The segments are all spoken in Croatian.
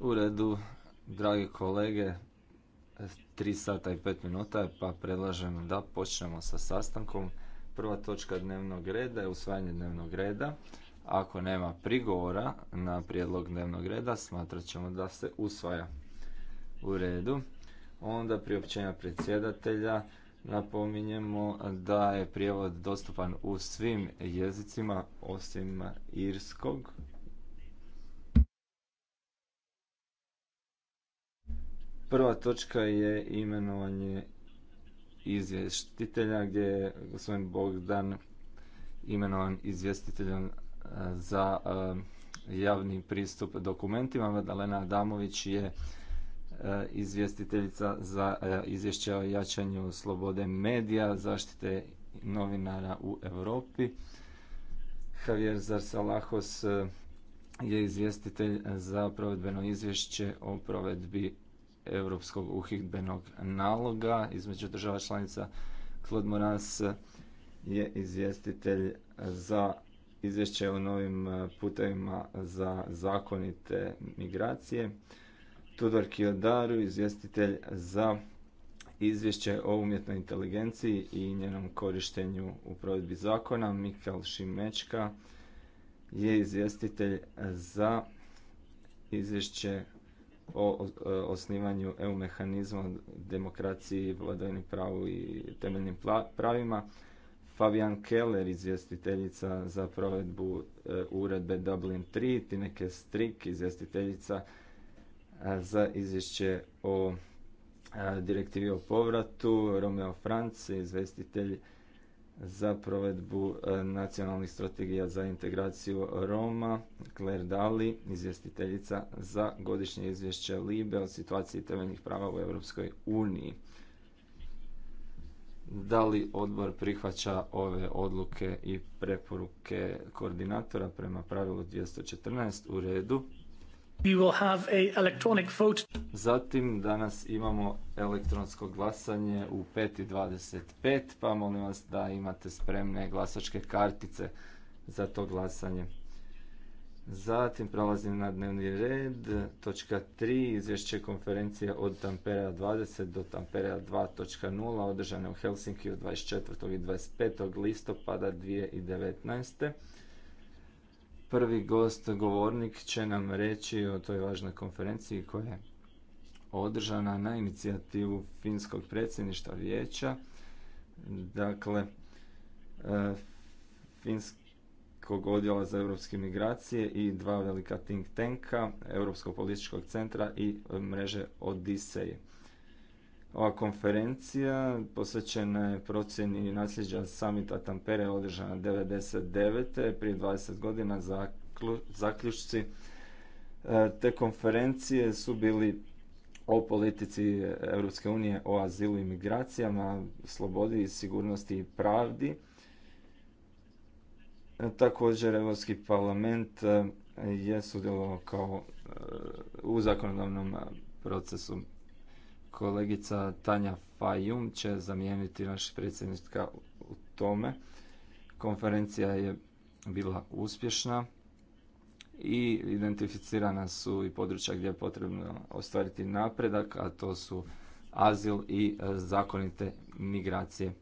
U redu, dragi kolege, 3 sata i 5 minuta pa predlažem da počnemo sa sastankom. Prva točka dnevnog reda je usvajanje dnevnog reda. Ako nema prigovora na prijedlog dnevnog reda, smatrat ćemo da se usvaja. U redu. Onda priopćenja predsjedatelja napominjemo da je prijevod dostupan u svim jezicima osim irskog, Prva točka je imenovanje izvjestitelja gdje je gospodin Bogdan imenovan izvjestiteljem e, za e, javni pristup dokumentima. Madalena Adamović je e, izvjestiteljica za izvješće o jačanju slobode medija, zaštite novinara u Europi. Javier Zarsalahos je izvjestitelj za provedbeno izvješće o provedbi europskog uhidbenog naloga između država članica. Claude Moras je izvjestitelj za izvješće o novim e, putevima za zakonite migracije. Tudor Kiodaru, izvjestitelj za izvješće o umjetnoj inteligenciji i njenom korištenju u provedbi zakona. Mikael Šimečka je izvjestitelj za izvješće o osnivanju EU mehanizma demokraciji, vladavini pravu i temeljnim pravima. Fabian Keller, izvjestiteljica za provedbu e, uredbe Dublin 3, Tineke Strik, izvjestiteljica e, za izvješće o e, direktivi o povratu, Romeo Franci, izvjestitelj za provedbu e, nacionalnih strategija za integraciju Roma, Claire Dali, izvjestiteljica za godišnje izvješće Libe o situaciji temeljnih prava u Europskoj uniji. Da li odbor prihvaća ove odluke i preporuke koordinatora prema pravilu 214 u redu? We will have a electronic vote. Zatim danas imamo elektronsko glasanje u 5.25, pa molim vas da imate spremne glasačke kartice za to glasanje. Zatim prelazim na dnevni red, točka 3, izvješće konferencije od Tampere 20 do Tampere 2.0, održane u Helsinki od 24. i 25. listopada 2019. Prvi gost, govornik, će nam reći o toj važnoj konferenciji koja je održana na inicijativu finskog predsjedništva vijeća. Dakle, e, finskog odjela za europske migracije i dva velika think tanka, Europskog političkog centra i mreže Odiseje. Ova konferencija posvećena je procjeni nasljeđa samita Tampere održana 1999. prije 20 godina zaključci e, te konferencije su bili o politici Europske unije o azilu i migracijama, slobodi, sigurnosti i pravdi. E, također Europski parlament e, je sudjelovao kao u zakonodavnom procesu. Kolegica Tanja Fajum će zamijeniti naš predsjednika u tome. Konferencija je bila uspješna i identificirana su i područja gdje je potrebno ostvariti napredak, a to su azil i e, zakonite migracije.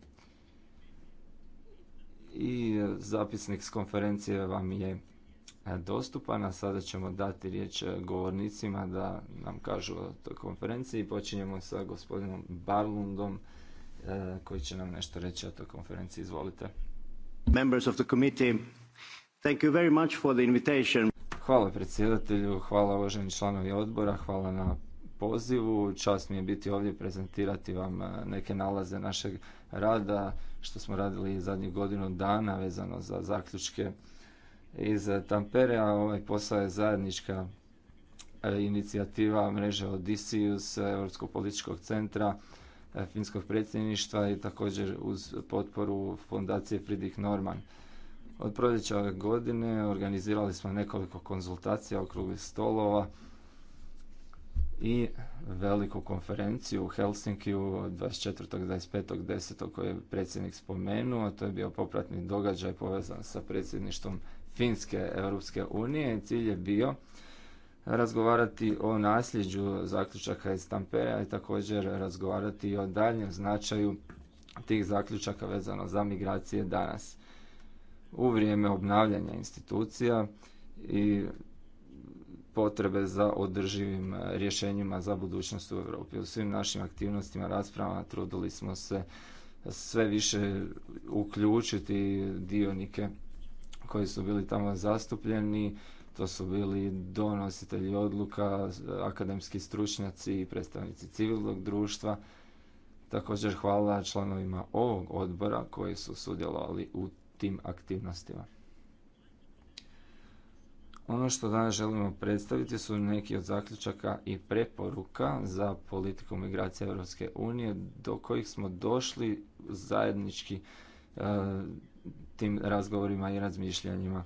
I e, zapisnik s konferencije vam je E, dostupan, a sada ćemo dati riječ e, govornicima da nam kažu o toj konferenciji. Počinjemo sa gospodinom Barlundom e, koji će nam nešto reći o toj konferenciji. Izvolite. Members of the for Hvala predsjedatelju, hvala uvaženi članovi odbora, hvala na pozivu. Čast mi je biti ovdje prezentirati vam neke nalaze našeg rada, što smo radili zadnjih godinu dana vezano za zaključke iz a Ovaj posao je zajednička e, inicijativa mreže Odisius, Europskog političkog centra, e, finskog predsjedništva i također uz potporu fondacije Friedrich Norman. Od proljeća ove godine organizirali smo nekoliko konzultacija, okruglih stolova i veliku konferenciju u Helsinkiju 24. 25. 10. koju je predsjednik spomenuo. To je bio popratni događaj povezan sa predsjedništvom Finske Europske unije. Cilj je bio razgovarati o nasljeđu zaključaka iz Tampere i također razgovarati o daljnjem značaju tih zaključaka vezano za migracije danas. U vrijeme obnavljanja institucija i potrebe za održivim rješenjima za budućnost u Europi. U svim našim aktivnostima, raspravama trudili smo se sve više uključiti dionike koji su bili tamo zastupljeni. To su bili donositelji odluka, akademski stručnjaci i predstavnici civilnog društva. Također hvala članovima ovog odbora koji su sudjelovali u tim aktivnostima. Ono što danas želimo predstaviti su neki od zaključaka i preporuka za politiku migracije EU do kojih smo došli zajednički e, tim razgovorima i razmišljanjima.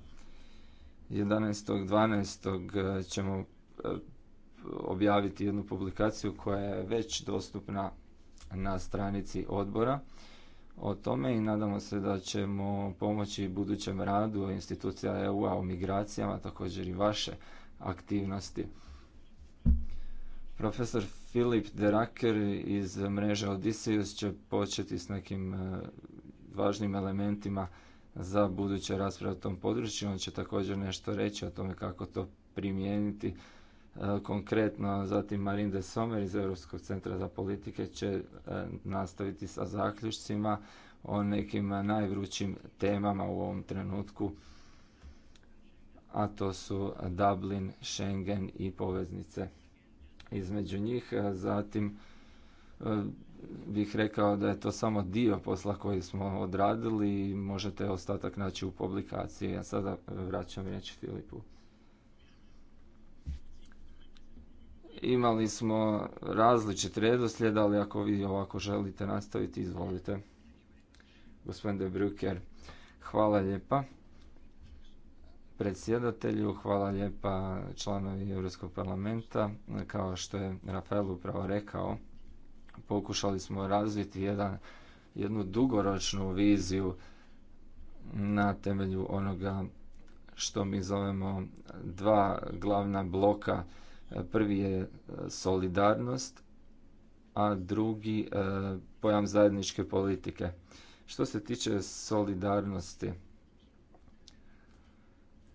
11.12. E, ćemo e, objaviti jednu publikaciju koja je već dostupna na stranici odbora o tome i nadamo se da ćemo pomoći budućem radu institucija EU-a o migracijama, također i vaše aktivnosti. Profesor Filip Deraker iz mreže Odysseus će početi s nekim e, važnim elementima za buduće rasprave o tom području. On će također nešto reći o tome kako to primijeniti e, konkretno. Zatim de Somer iz Europskog centra za politike će e, nastaviti sa zaključcima o nekim najvrućim temama u ovom trenutku, a to su Dublin, Schengen i poveznice između njih. E, zatim bih rekao da je to samo dio posla koji smo odradili i možete ostatak naći u publikaciji. Ja sada vraćam riječ Filipu. Imali smo različit redoslijed, ali ako vi ovako želite nastaviti, izvolite. Gospodin De Brucker, hvala lijepa predsjedatelju, hvala lijepa članovi Europskog parlamenta. Kao što je Rafael upravo rekao, pokušali smo razviti jedan, jednu dugoročnu viziju na temelju onoga što mi zovemo dva glavna bloka. Prvi je e, solidarnost, a drugi e, pojam zajedničke politike. Što se tiče solidarnosti,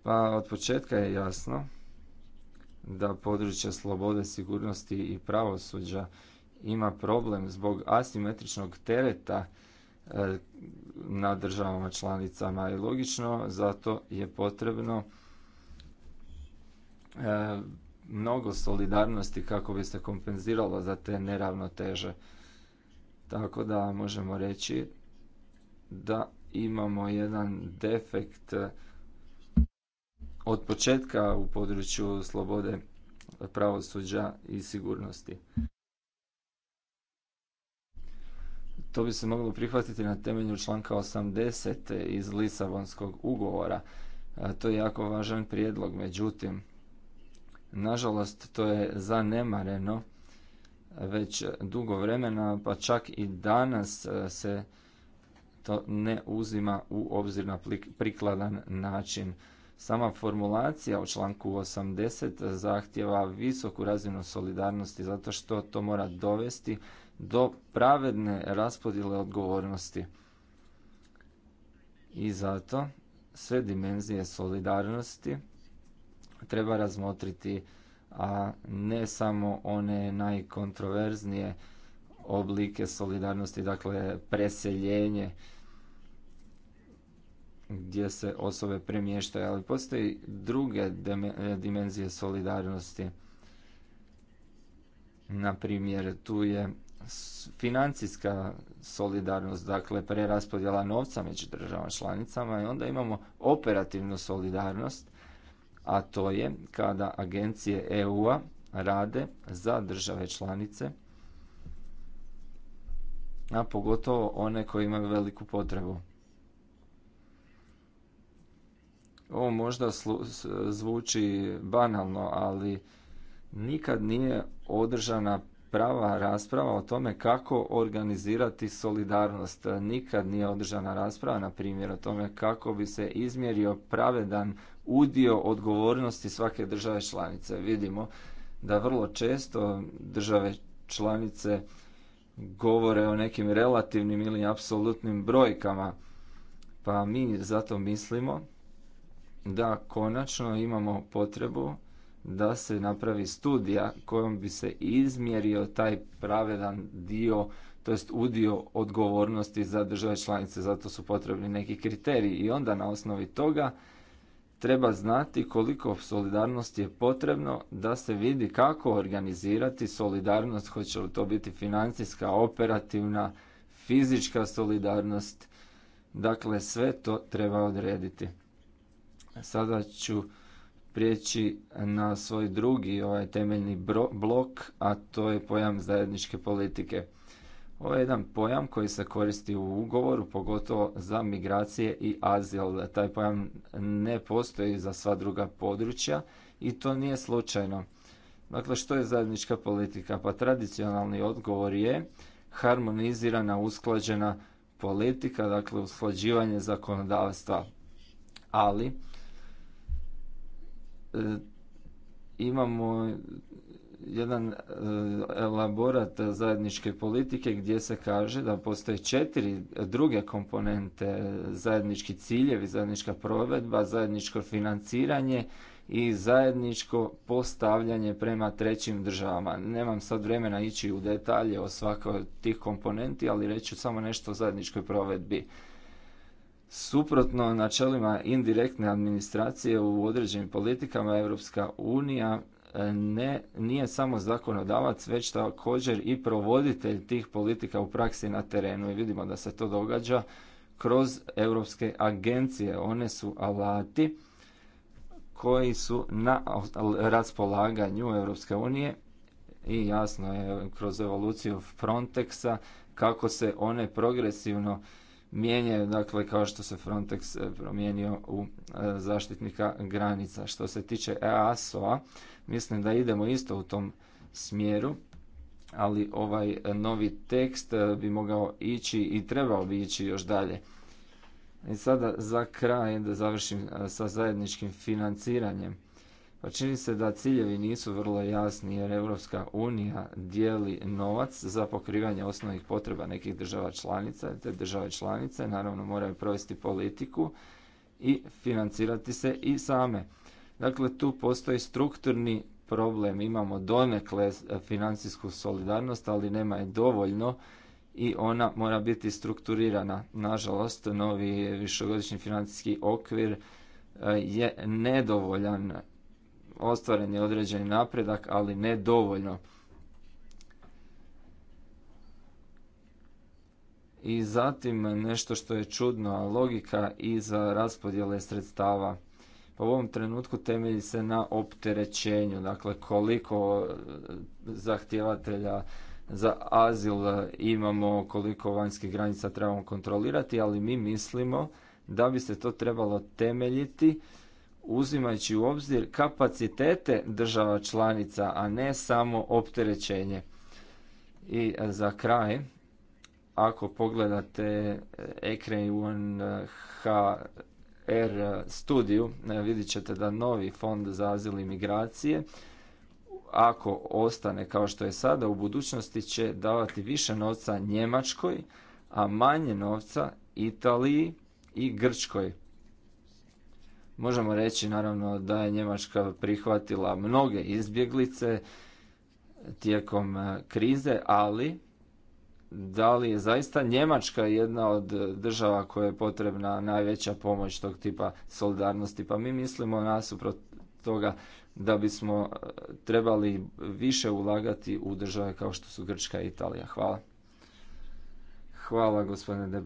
pa od početka je jasno da područje slobode, sigurnosti i pravosuđa ima problem zbog asimetričnog tereta e, na državama članicama i logično, zato je potrebno e, mnogo solidarnosti kako bi se kompenziralo za te neravnoteže. Tako da možemo reći da imamo jedan defekt e, od početka u području slobode pravosuđa i sigurnosti. To bi se moglo prihvatiti na temelju članka 80. iz Lisabonskog ugovora. E, to je jako važan prijedlog, međutim, nažalost to je zanemareno već dugo vremena, pa čak i danas e, se to ne uzima u obzir na prikladan način. Sama formulacija u članku 80 zahtjeva visoku razinu solidarnosti zato što to mora dovesti do pravedne raspodjele odgovornosti. I zato sve dimenzije solidarnosti treba razmotriti, a ne samo one najkontroverznije oblike solidarnosti, dakle preseljenje gdje se osobe premještaju, ali postoji druge dimenzije solidarnosti. Na primjer, tu je financijska solidarnost, dakle preraspodjela novca među državama članicama i onda imamo operativnu solidarnost, a to je kada agencije EU-a rade za države članice, a pogotovo one koje imaju veliku potrebu. Ovo možda zvuči banalno, ali nikad nije održana prava rasprava o tome kako organizirati solidarnost. Nikad nije održana rasprava, na primjer, o tome kako bi se izmjerio pravedan udio odgovornosti svake države članice. Vidimo da vrlo često države članice govore o nekim relativnim ili apsolutnim brojkama. Pa mi zato mislimo da konačno imamo potrebu da se napravi studija kojom bi se izmjerio taj pravedan dio jest udio odgovornosti za države članice, zato su potrebni neki kriteriji i onda na osnovi toga treba znati koliko solidarnosti je potrebno da se vidi kako organizirati solidarnost, hoće li to biti financijska, operativna, fizička solidarnost, dakle sve to treba odrediti. Sada ću prijeći na svoj drugi ovaj temeljni blok, a to je pojam zajedničke politike. Ovo je jedan pojam koji se koristi u ugovoru, pogotovo za migracije i azil. Taj pojam ne postoji za sva druga područja i to nije slučajno. Dakle, što je zajednička politika? Pa tradicionalni odgovor je harmonizirana, usklađena politika, dakle usklađivanje zakonodavstva. Ali, E, imamo jedan e, elaborat zajedničke politike gdje se kaže da postoje četiri druge komponente zajednički ciljevi, zajednička provedba, zajedničko financiranje i zajedničko postavljanje prema trećim državama. Nemam sad vremena ići u detalje o svakoj tih komponenti, ali reći ću samo nešto o zajedničkoj provedbi. Suprotno načelima indirektne administracije u određenim politikama Europska unija e, ne, nije samo zakonodavac, već također i provoditelj tih politika u praksi na terenu. I vidimo da se to događa kroz europske agencije. One su alati koji su na raspolaganju Europske unije i jasno je kroz evoluciju Frontexa kako se one progresivno mijenjaju, dakle kao što se Frontex e, promijenio u e, zaštitnika granica. Što se tiče EASO-a, mislim da idemo isto u tom smjeru, ali ovaj e, novi tekst bi mogao ići i trebao bi ići još dalje. I sada za kraj da završim sa zajedničkim financiranjem pa čini se da ciljevi nisu vrlo jasni jer Europska unija dijeli novac za pokrivanje osnovnih potreba nekih država članica. Te države članice naravno moraju provesti politiku i financirati se i same. Dakle, tu postoji strukturni problem. Imamo donekle e, financijsku solidarnost, ali nema je dovoljno i ona mora biti strukturirana. Nažalost, novi višegodišnji financijski okvir e, je nedovoljan ostvaren je određeni napredak, ali ne dovoljno. I zatim nešto što je čudno, a logika iza raspodjele sredstava u ovom trenutku temelji se na opterećenju, dakle koliko e, zahtjevatelja za azil imamo, koliko vanjskih granica trebamo kontrolirati, ali mi mislimo da bi se to trebalo temeljiti uzimajući u obzir kapacitete država članica, a ne samo opterećenje. I e, za kraj, ako pogledate 1 e, HR studiju, e, vidjet ćete da novi fond za azil i migracije, ako ostane kao što je sada, u budućnosti će davati više novca Njemačkoj, a manje novca Italiji i Grčkoj. Možemo reći naravno da je Njemačka prihvatila mnoge izbjeglice tijekom e, krize, ali da li je zaista Njemačka jedna od država koja je potrebna najveća pomoć tog tipa solidarnosti? Pa mi mislimo nasuprot toga da bismo e, trebali više ulagati u države kao što su Grčka i Italija. Hvala. Hvala gospodine De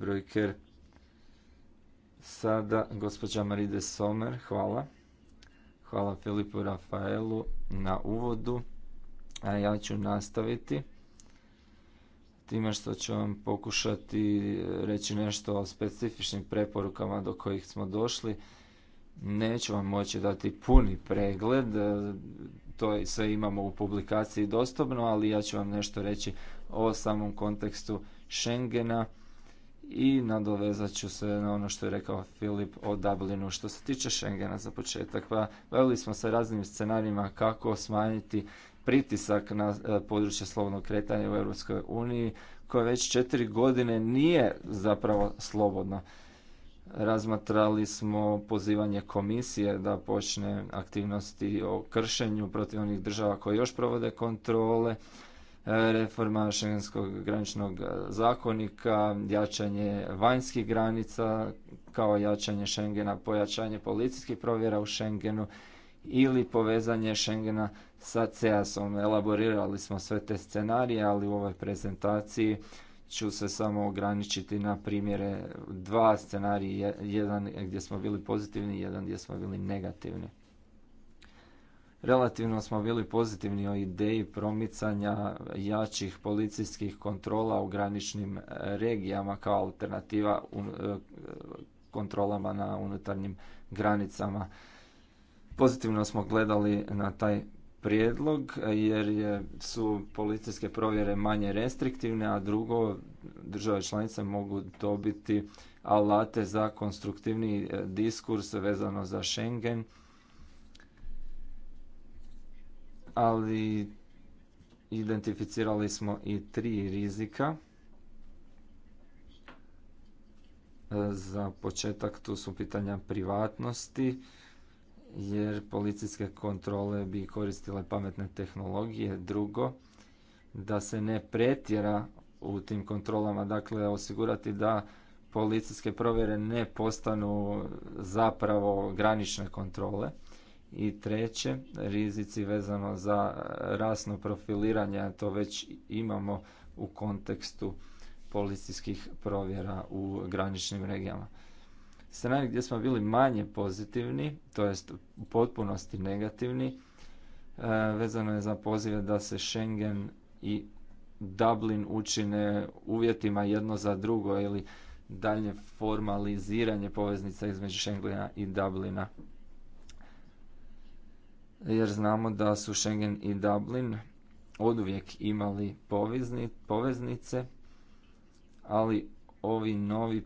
Sada gospođa Maride Somer, hvala. Hvala Filipu Rafaelu na uvodu, a ja ću nastaviti time što ću vam pokušati reći nešto o specifičnim preporukama do kojih smo došli. Neću vam moći dati puni pregled, to sve imamo u publikaciji dostupno, ali ja ću vam nešto reći o samom kontekstu Schengena i nadovezat ću se na ono što je rekao Filip o Dublinu. Što se tiče Schengena za početak, pa bavili smo se raznim scenarijima kako smanjiti pritisak na e, područje slobodnog kretanja u Europskoj uniji koje već četiri godine nije zapravo slobodno. Razmatrali smo pozivanje komisije da počne aktivnosti o kršenju protiv onih država koje još provode kontrole reforma šengenskog graničnog zakonika, jačanje vanjskih granica kao jačanje Šengena, pojačanje policijskih provjera u Šengenu ili povezanje Schengena sa CEAS-om. Elaborirali smo sve te scenarije, ali u ovoj prezentaciji ću se samo ograničiti na primjere dva scenarija, jedan gdje smo bili pozitivni, jedan gdje smo bili negativni. Relativno smo bili pozitivni o ideji promicanja jačih policijskih kontrola u graničnim e, regijama kao alternativa e, kontrolama na unutarnjim granicama. Pozitivno smo gledali na taj prijedlog e, jer je, su policijske provjere manje restriktivne, a drugo države članice mogu dobiti alate za konstruktivni diskurs vezano za Schengen ali identificirali smo i tri rizika. E, za početak tu su pitanja privatnosti, jer policijske kontrole bi koristile pametne tehnologije. Drugo, da se ne pretjera u tim kontrolama, dakle osigurati da policijske provjere ne postanu zapravo granične kontrole. I treće, rizici vezano za e, rasno profiliranje, to već imamo u kontekstu policijskih provjera u graničnim regijama. Strane gdje smo bili manje pozitivni, to jest u potpunosti negativni, e, vezano je za pozive da se Schengen i Dublin učine uvjetima jedno za drugo ili daljnje formaliziranje poveznica između Schengena i Dublina jer znamo da su Schengen i Dublin oduvijek imali poveznice, ali ovi novi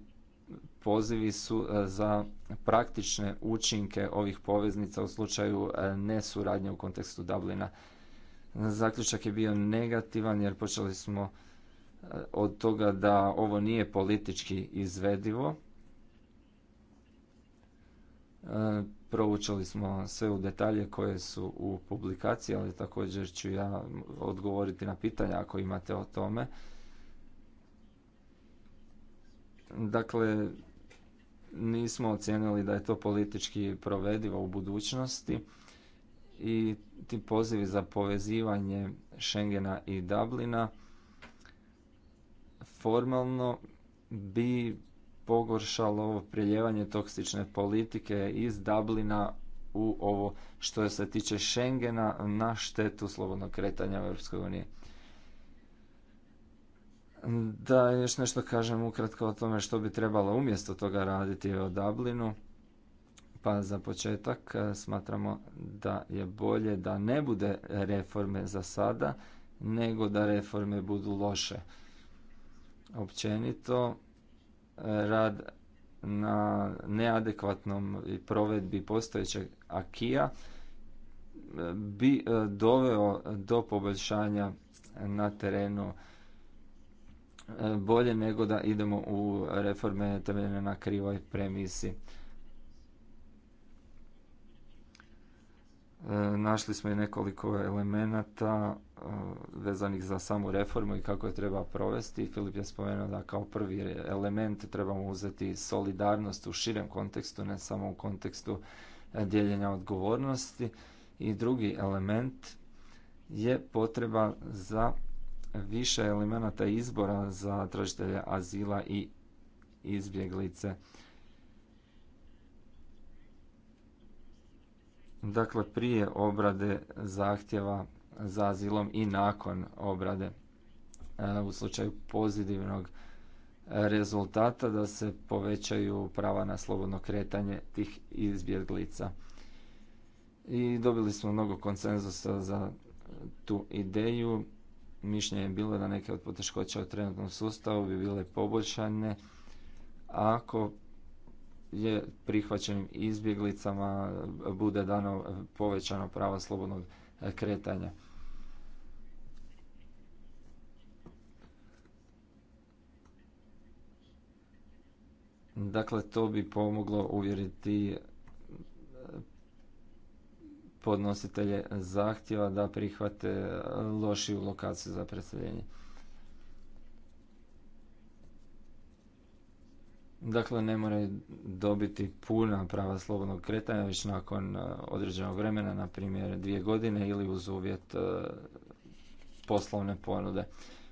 pozivi su e, za praktične učinke ovih poveznica u slučaju e, nesuradnje u kontekstu Dublina. Zaključak je bio negativan jer počeli smo e, od toga da ovo nije politički izvedivo E, proučili smo sve u detalje koje su u publikaciji, ali također ću ja odgovoriti na pitanja ako imate o tome. Dakle, nismo ocijenili da je to politički provedivo u budućnosti i ti pozivi za povezivanje Schengena i Dublina formalno bi pogoršalo ovo priljevanje toksične politike iz Dublina u ovo što se tiče Schengena na štetu slobodnog kretanja u Europskoj uniji. Da još nešto kažem ukratko o tome što bi trebalo umjesto toga raditi o Dublinu. Pa za početak e, smatramo da je bolje da ne bude reforme za sada, nego da reforme budu loše. Općenito rad na neadekvatnom provedbi postojećeg akija e, bi e, doveo do poboljšanja na terenu e, bolje nego da idemo u reforme temeljene na krivoj premisi. Našli smo i nekoliko elemenata Eh, vezanih za samu reformu i kako je treba provesti. Filip je spomenuo da kao prvi element trebamo uzeti solidarnost u širem kontekstu, ne samo u kontekstu eh, dijeljenja odgovornosti. I drugi element je potreba za više elemenata izbora za tražitelje azila i izbjeglice. Dakle, prije obrade zahtjeva za i nakon obrade e, u slučaju pozitivnog rezultata da se povećaju prava na slobodno kretanje tih izbjeglica. I dobili smo mnogo konsenzusa za tu ideju. Mišljenje je bilo da neke od poteškoća u trenutnom sustavu bi bile poboljšane ako je prihvaćenim izbjeglicama bude dano povećano pravo slobodnog kretanja. Dakle, to bi pomoglo uvjeriti e, podnositelje zahtjeva da prihvate lošiju lokaciju za preseljenje. Dakle, ne moraju dobiti puna prava slobodnog kretanja, već nakon e, određenog vremena, na primjer dvije godine ili uz uvjet e, poslovne ponude.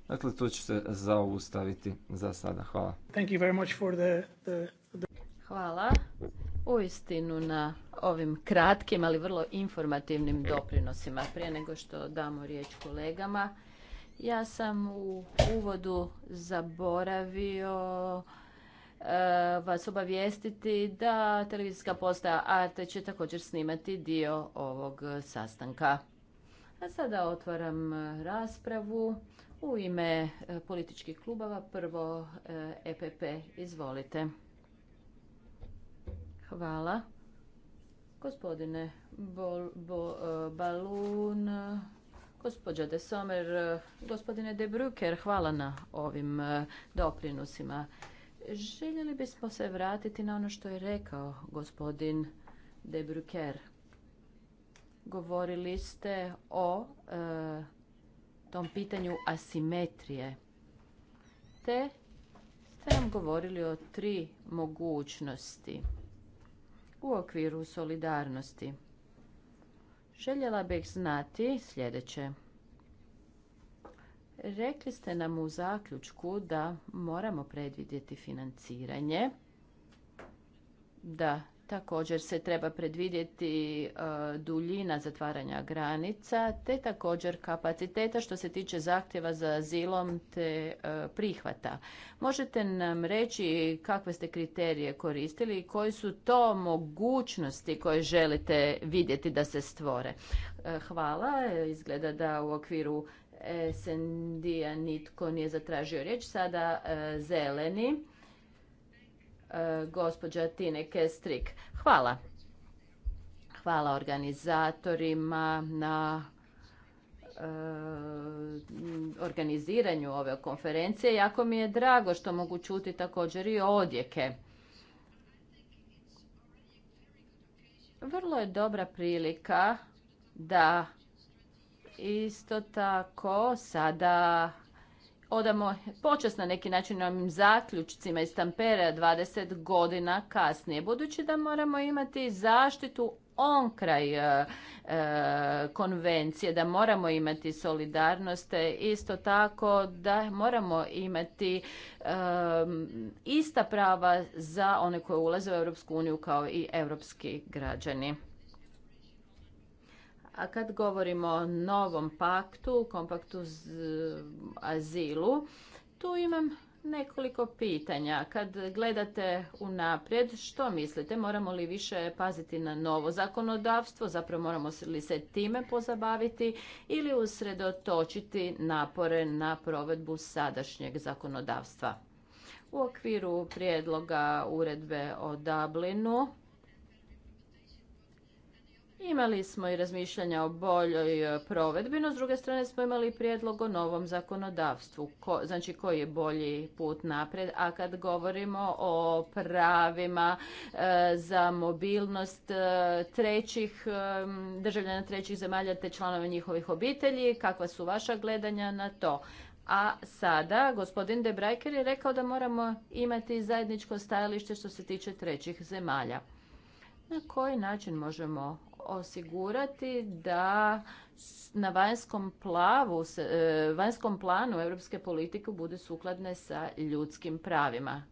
Dakle, tu ću se zaustaviti za sada. Hvala. Thank you very for Hvala uistinu na ovim kratkim, ali vrlo informativnim doprinosima. Prije nego što damo riječ kolegama, ja sam u uvodu zaboravio eh, vas obavijestiti da televizijska postaja Arte će također snimati dio ovog sastanka. A sada otvaram eh, raspravu u ime e, političkih klubova. Prvo EPP, e izvolite. Hvala. Gospodine e, Balun, gospođa de Somer, gospodine de Brucker, hvala na ovim doprinosima. Željeli bismo se vratiti na ono što je rekao gospodin de Brucker. Govorili ste o tom pitanju asimetrije. Te ste nam govorili o tri mogućnosti u okviru solidarnosti. Željela bih znati sljedeće. Rekli ste nam u zaključku da moramo predvidjeti financiranje, da Također se treba predvidjeti e, duljina zatvaranja granica, te također kapaciteta što se tiče zahtjeva za azilom te e, prihvata. Možete nam reći kakve ste kriterije koristili i koji su to mogućnosti koje želite vidjeti da se stvore? E, hvala. Izgleda da u okviru SND-a nitko nije zatražio riječ. Sada zeleni. E, gospođa Tine Kestrik. Hvala. Hvala organizatorima na e, organiziranju ove konferencije. Jako mi je drago što mogu čuti također i odjeke. Vrlo je dobra prilika da isto tako sada odamo počest na neki način ovim zaključcima iz Tampere 20 godina kasnije, budući da moramo imati zaštitu on kraj e, e, konvencije, da moramo imati solidarnost, e, isto tako da moramo imati ista prava za one koje ulaze u Europsku uniju kao i europski građani. A kad govorimo o novom paktu, kompaktu z, azilu, tu imam nekoliko pitanja. Kad gledate unaprijed, što mislite? Moramo li više paziti na novo zakonodavstvo? Zapravo moramo li se time pozabaviti ili usredotočiti napore na provedbu sadašnjeg zakonodavstva? U okviru prijedloga uredbe o Dublinu Imali smo i razmišljanja o boljoj e, provedbi, no s druge strane smo imali prijedlog o novom zakonodavstvu, ko, znači koji je bolji put naprijed, a kad govorimo o pravima e, za mobilnost e, trećih državljana trećih zemalja te članova njihovih obitelji, kakva su vaša gledanja na to? A sada gospodin De Brajker je rekao da moramo imati zajedničko stajalište što se tiče trećih zemalja. Na koji način možemo osigurati da na vanjskom, plavu, e, vanjskom planu europske politike bude sukladne sa ljudskim pravima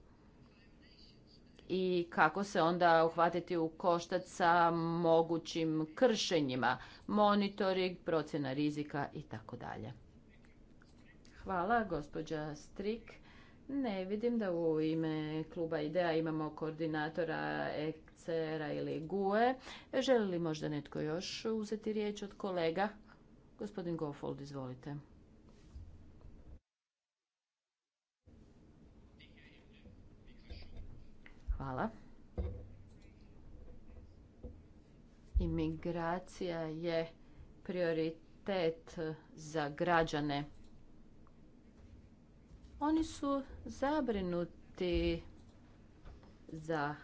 i kako se onda uhvatiti u koštac sa mogućim kršenjima, monitoring, procjena rizika i tako dalje. Hvala, gospođa Strik. Ne vidim da u ime kluba IDEA imamo koordinatora EK ili GUE. Želi li možda netko još uzeti riječ od kolega? Gospodin Gofold, izvolite. Hvala. Imigracija je prioritet za građane. Oni su zabrinuti za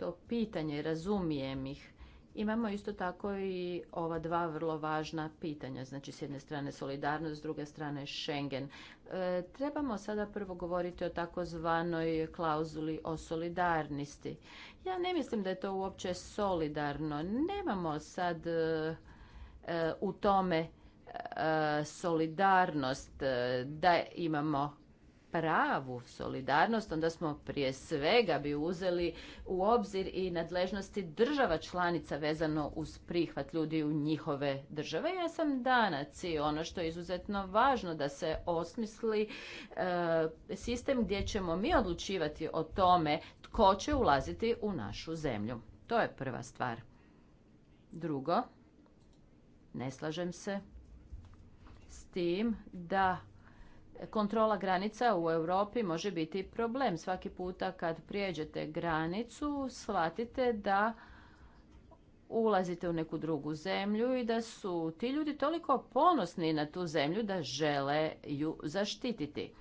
to pitanje, razumijem ih. Imamo isto tako i ova dva vrlo važna pitanja, znači s jedne strane solidarnost, s druge strane Schengen. E, trebamo sada prvo govoriti o takozvanoj klauzuli o solidarnosti. Ja ne mislim da je to uopće solidarno. Nemamo sad e, e, u tome solidarnost da imamo pravu solidarnost, onda smo prije svega bi uzeli u obzir i nadležnosti država članica vezano uz prihvat ljudi u njihove države. Ja sam danac i ono što je izuzetno važno da se osmisli e, sistem gdje ćemo mi odlučivati o tome tko će ulaziti u našu zemlju. To je prva stvar. Drugo, ne slažem se s tim da Kontrola granica u Europi može biti problem. Svaki puta kad prijeđete granicu, shvatite da ulazite u neku drugu zemlju i da su ti ljudi toliko ponosni na tu zemlju da žele ju zaštititi.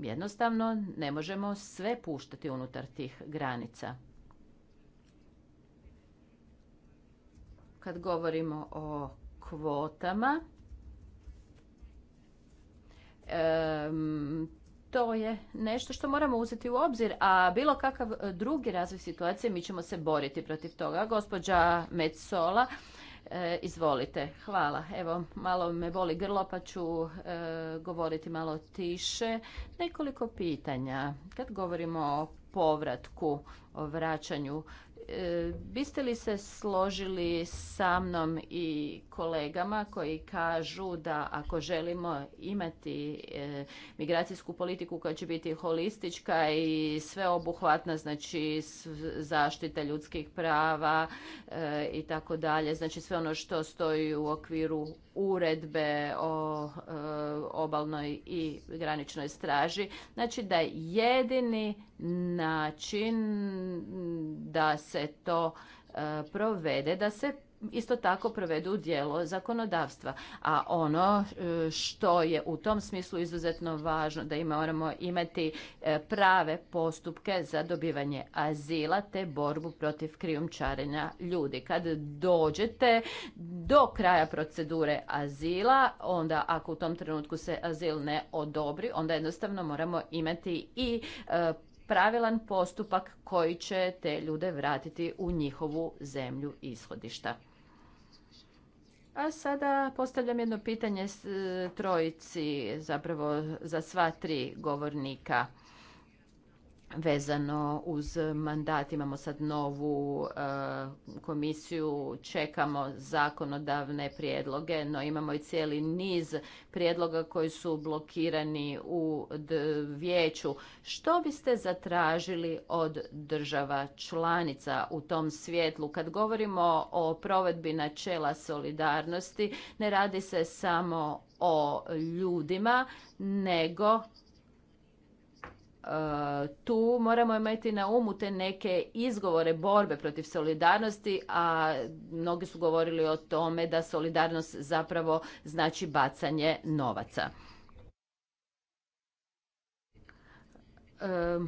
Jednostavno ne možemo sve puštati unutar tih granica. Kad govorimo o kvotama, to je nešto što moramo uzeti u obzir, a bilo kakav e, drugi razvoj situacije mi ćemo se boriti protiv toga. Gospođa Metsola, e, izvolite. Hvala. Evo, malo me boli grlo pa ću e, govoriti malo tiše. Nekoliko pitanja. Kad govorimo o povratku, o vraćanju biste li se složili sa mnom i kolegama koji kažu da ako želimo imati e, migracijsku politiku koja će biti holistička i sveobuhvatna, znači zaštita ljudskih prava e, i tako dalje, znači sve ono što stoji u okviru uredbe o e, obalnoj i graničnoj straži, znači da jedini način da se to e, provede, da se isto tako provedu u dijelo zakonodavstva. A ono e, što je u tom smislu izuzetno važno da moramo imati e, prave postupke za dobivanje azila te borbu protiv krijumčarenja ljudi. Kad dođete do kraja procedure azila, onda ako u tom trenutku se azil ne odobri, onda jednostavno moramo imati i pravilan postupak koji će te ljude vratiti u njihovu zemlju ishodišta. A sada postavljam jedno pitanje e, trojici, zapravo za sva tri govornika vezano uz mandat. Imamo sad novu eh, komisiju, čekamo zakonodavne prijedloge, no imamo i cijeli niz prijedloga koji su blokirani u vijeću. Što biste zatražili od država članica u tom svjetlu? Kad govorimo o provedbi načela solidarnosti, ne radi se samo o ljudima, nego tu moramo imati na umu te neke izgovore borbe protiv solidarnosti, a mnogi su govorili o tome da solidarnost zapravo znači bacanje novaca. E,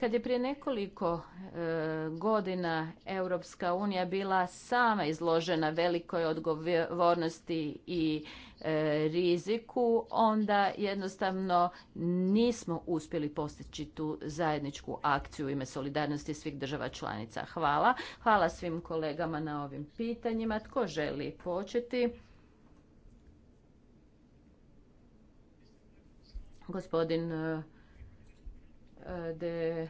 kad je prije nekoliko e, godina Europska unija bila sama izložena velikoj odgovornosti i e, riziku, onda jednostavno nismo uspjeli postići tu zajedničku akciju u ime solidarnosti svih država članica. Hvala. Hvala svim kolegama na ovim pitanjima. Tko želi početi? Gospodin e, E, de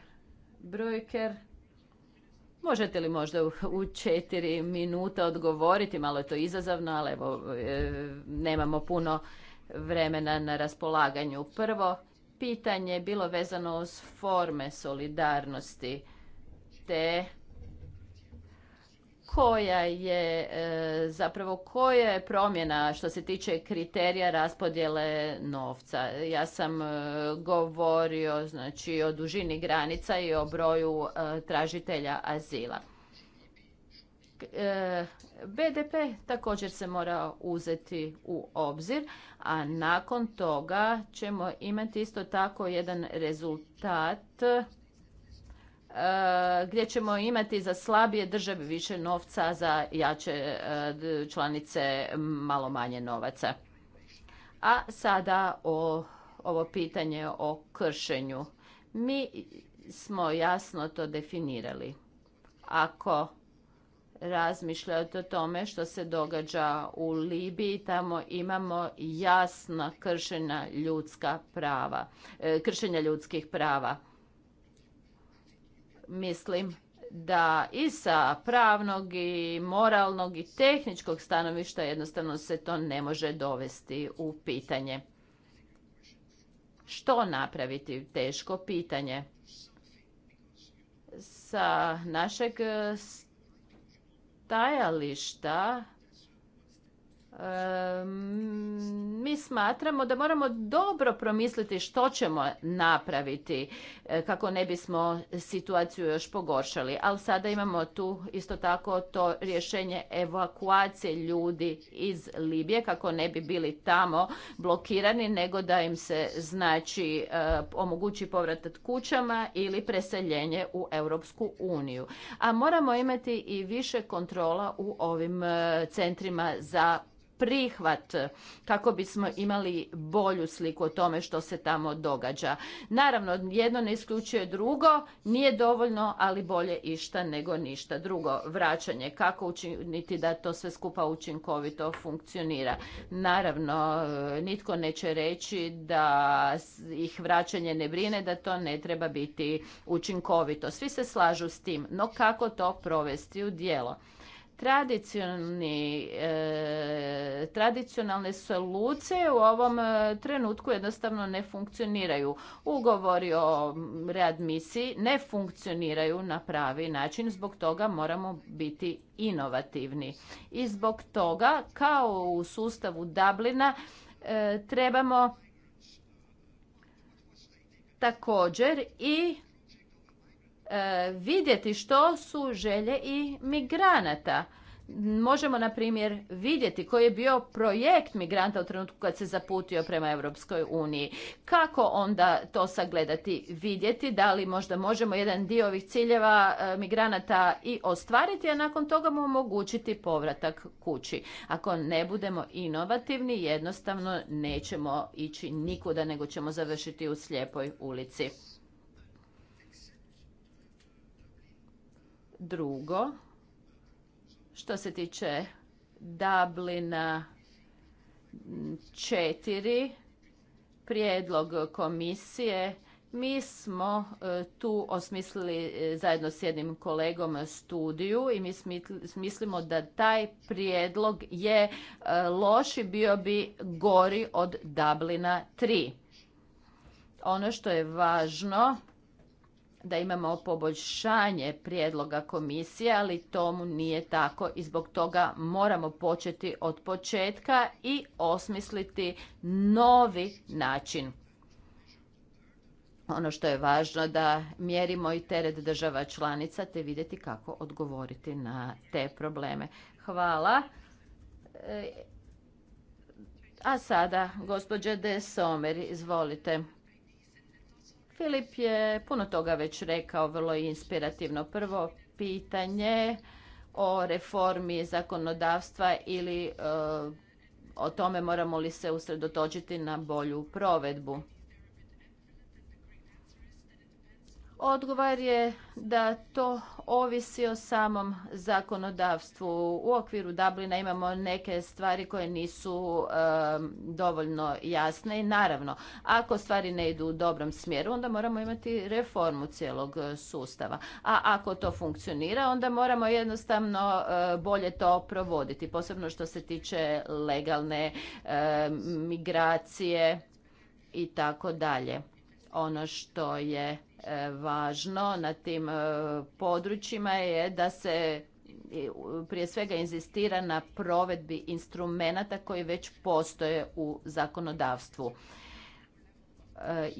Brojker. Možete li možda u četiri minuta odgovoriti, malo je to izazovno, ali evo, e, nemamo puno vremena na raspolaganju. Prvo, pitanje je bilo vezano uz forme solidarnosti, te koja je e, zapravo koja je promjena što se tiče kriterija raspodjele novca. Ja sam e, govorio znači o dužini granica i o broju e, tražitelja azila. BDP također se mora uzeti u obzir, a nakon toga ćemo imati isto tako jedan rezultat Eh, gdje ćemo imati za slabije države više novca, za jače eh, članice malo manje novaca. A sada o ovo pitanje o kršenju. Mi smo jasno to definirali. Ako razmišljate o tome što se događa u Libiji, tamo imamo jasna kršena ljudska prava, eh, kršenja ljudskih prava mislim da i sa pravnog i moralnog i tehničkog stanovišta jednostavno se to ne može dovesti u pitanje. Što napraviti? Teško pitanje. Sa našeg stajališta mi smatramo da moramo dobro promisliti što ćemo napraviti e, kako ne bismo situaciju još pogoršali. Ali sada imamo tu isto tako to rješenje evakuacije ljudi iz Libije kako ne bi bili tamo blokirani nego da im se znači e, omogući povratak kućama ili preseljenje u Europsku uniju. A moramo imati i više kontrola u ovim e, centrima za prihvat kako bismo imali bolju sliku o tome što se tamo događa. Naravno, jedno ne isključuje drugo, nije dovoljno, ali bolje išta nego ništa. Drugo, vraćanje, kako učiniti da to sve skupa učinkovito funkcionira. Naravno, nitko neće reći da ih vraćanje ne brine, da to ne treba biti učinkovito. Svi se slažu s tim, no kako to provesti u djelo? tradicionalni, e, tradicionalne solucije u ovom e, trenutku jednostavno ne funkcioniraju. Ugovori o readmisiji ne funkcioniraju na pravi način, zbog toga moramo biti inovativni. I zbog toga, kao u sustavu Dublina, e, trebamo također i E, vidjeti što su želje i migranata. Možemo, na primjer, vidjeti koji je bio projekt migranta u trenutku kad se zaputio prema Europskoj uniji. Kako onda to sagledati, vidjeti, da li možda možemo jedan dio ovih ciljeva e, migranata i ostvariti, a nakon toga mu omogućiti povratak kući. Ako ne budemo inovativni, jednostavno nećemo ići nikuda, nego ćemo završiti u slijepoj ulici. Drugo, što se tiče Dublina 4, prijedlog komisije, mi smo e, tu osmislili e, zajedno s jednim kolegom studiju i mi mislimo da taj prijedlog je e, loš i bio bi gori od Dublina 3. Ono što je važno da imamo poboljšanje prijedloga komisije, ali tomu nije tako i zbog toga moramo početi od početka i osmisliti novi način. Ono što je važno da mjerimo i teret država članica te vidjeti kako odgovoriti na te probleme. Hvala. E, a sada, gospođe De Someri, izvolite. Filip je puno toga već rekao, vrlo inspirativno. Prvo pitanje o reformi zakonodavstva ili e, o tome moramo li se usredotočiti na bolju provedbu. Odgovor je da to ovisi o samom zakonodavstvu. U okviru Dublina imamo neke stvari koje nisu dovoljno jasne i naravno, ako stvari ne idu u dobrom smjeru, onda moramo imati reformu cijelog sustava. A ako to funkcionira, onda moramo jednostavno eh, bolje to provoditi, posebno što se tiče legalne migracije i tako dalje ono što je e, važno na tim e, područjima je da se prije svega inzistira na provedbi instrumenata koji već postoje u zakonodavstvu. E,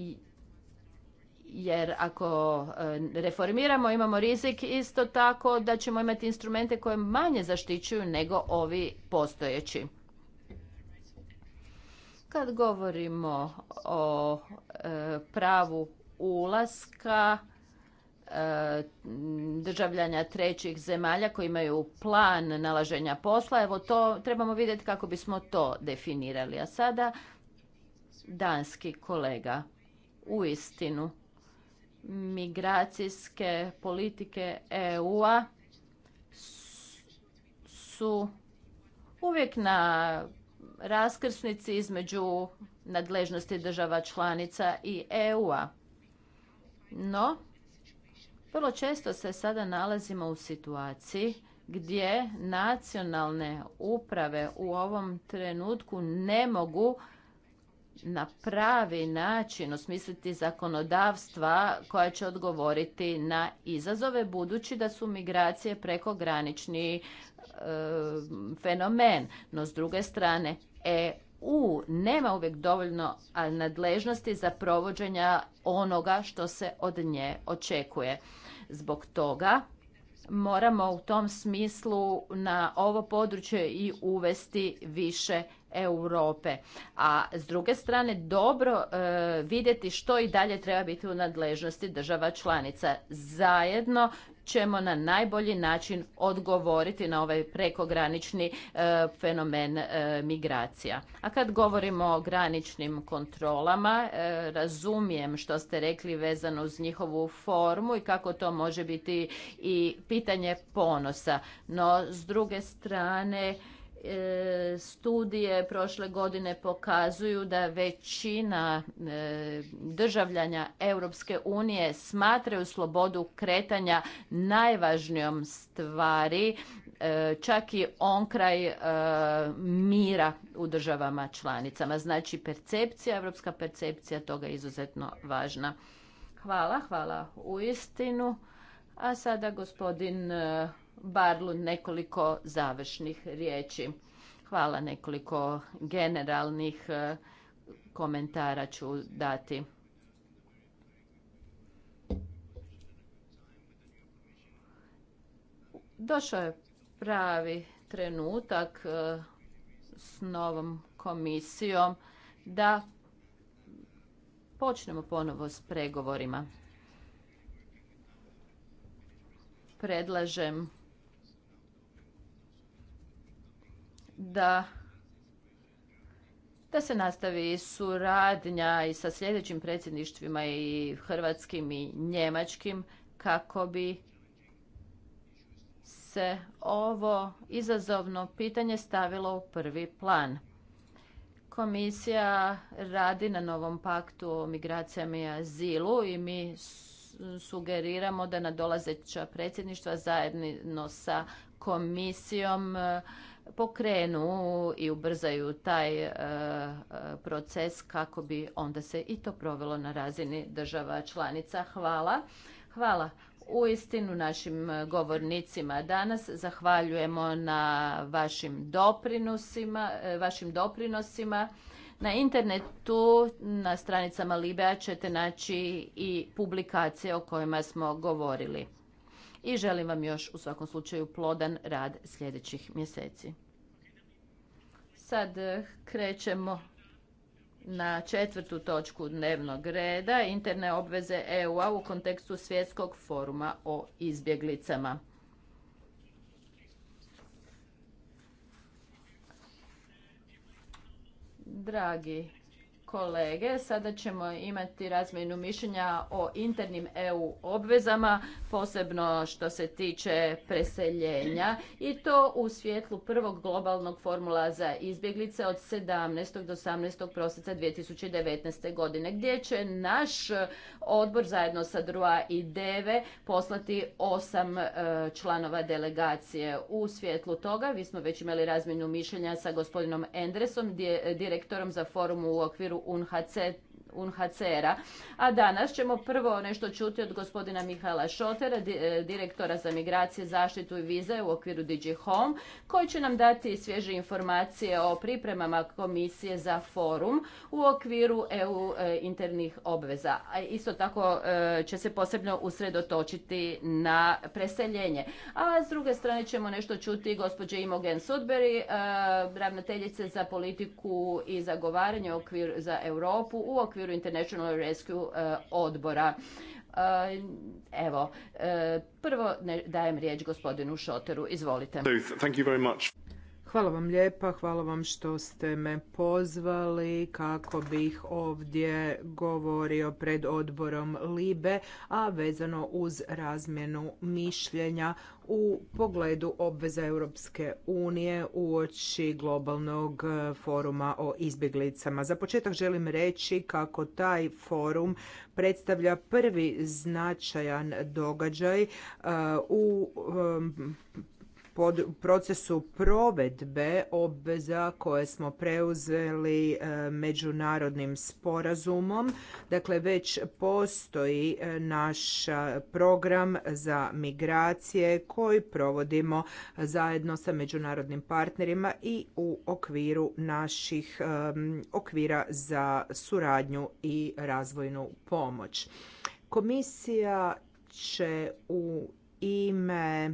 jer ako reformiramo imamo rizik isto tako da ćemo imati instrumente koje manje zaštićuju nego ovi postojeći. Kad govorimo o e, pravu ulaska e, državljanja trećih zemalja koji imaju plan nalaženja posla, evo to trebamo vidjeti kako bismo to definirali. A sada danski kolega u istinu migracijske politike EU-a su uvijek na raskrsnici između nadležnosti država članica i EU-a. No, vrlo često se sada nalazimo u situaciji gdje nacionalne uprave u ovom trenutku ne mogu na pravi način osmisliti zakonodavstva koja će odgovoriti na izazove budući da su migracije prekogranični granični e, fenomen. No s druge strane EU nema uvijek dovoljno nadležnosti za provođenja onoga što se od nje očekuje. Zbog toga moramo u tom smislu na ovo područje i uvesti više Europe. A s druge strane dobro e, vidjeti što i dalje treba biti u nadležnosti država članica. Zajedno ćemo na najbolji način odgovoriti na ovaj prekogranični e, fenomen e, migracija. A kad govorimo o graničnim kontrolama, e, razumijem što ste rekli vezano uz njihovu formu i kako to može biti i pitanje ponosa. No, s druge strane, E, studije prošle godine pokazuju da većina e, državljanja Europske unije smatraju slobodu kretanja najvažnijom stvari, e, čak i onkraj mira u državama članicama. Znači percepcija, europska percepcija toga je izuzetno važna. Hvala, hvala u istinu. A sada gospodin Barlu nekoliko završnih riječi. Hvala nekoliko generalnih e, komentara ću dati. Došao je pravi trenutak e, s novom komisijom da počnemo ponovo s pregovorima. Predlažem da da se nastavi suradnja i sa sljedećim predsjedništvima i hrvatskim i njemačkim kako bi se ovo izazovno pitanje stavilo u prvi plan. Komisija radi na novom paktu o migracijama i azilu i mi sugeriramo da nadolazeća predsjedništva zajedno sa komisijom pokrenu i ubrzaju taj e, e, proces kako bi onda se i to provelo na razini država članica. Hvala. Hvala u istinu našim govornicima danas. Zahvaljujemo na vašim doprinosima, e, vašim doprinosima. Na internetu, na stranicama Libea ćete naći i publikacije o kojima smo govorili i želim vam još u svakom slučaju plodan rad sljedećih mjeseci. Sad eh, krećemo na četvrtu točku dnevnog reda, interne obveze EU-a u kontekstu svjetskog foruma o izbjeglicama. Dragi kolege. Sada ćemo imati razmjenu mišljenja o internim EU obvezama, posebno što se tiče preseljenja i to u svjetlu prvog globalnog formula za izbjeglice od 17. do 18. prosinca 2019. godine, gdje će naš odbor zajedno sa DRUA i DEVE poslati osam e, članova delegacije. U svjetlu toga, vi smo već imali razmjenu mišljenja sa gospodinom Endresom, direktorom za forum u okviru unhc UNHCR-a. A danas ćemo prvo nešto čuti od gospodina Mihaela Šotera, e, direktora za migracije, zaštitu i vize u okviru DG Home, koji će nam dati svježe informacije o pripremama komisije za forum u okviru EU e, internih obveza. isto tako e, će se posebno usredotočiti na preseljenje. A s druge strane ćemo nešto čuti gospođe Imogen Sudberi, ravnateljice za politiku i zagovaranje okviru za Europu u okviru okviru International Rescue e, odbora. E, evo, e, prvo dajem riječ gospodinu Šoteru. Izvolite. Thank you Hvala vam lijepa, hvala vam što ste me pozvali kako bih ovdje govorio pred odborom LIBE, a vezano uz razmjenu mišljenja u pogledu obveza Europske unije u oči globalnog foruma o izbjeglicama. Za početak želim reći kako taj forum predstavlja prvi značajan događaj uh, u um, pod procesu provedbe obveza koje smo preuzeli e, međunarodnim sporazumom. Dakle, već postoji e, naš e, program za migracije koji provodimo zajedno sa međunarodnim partnerima i u okviru naših okvira za suradnju i razvojnu pomoć. Komisija će u ime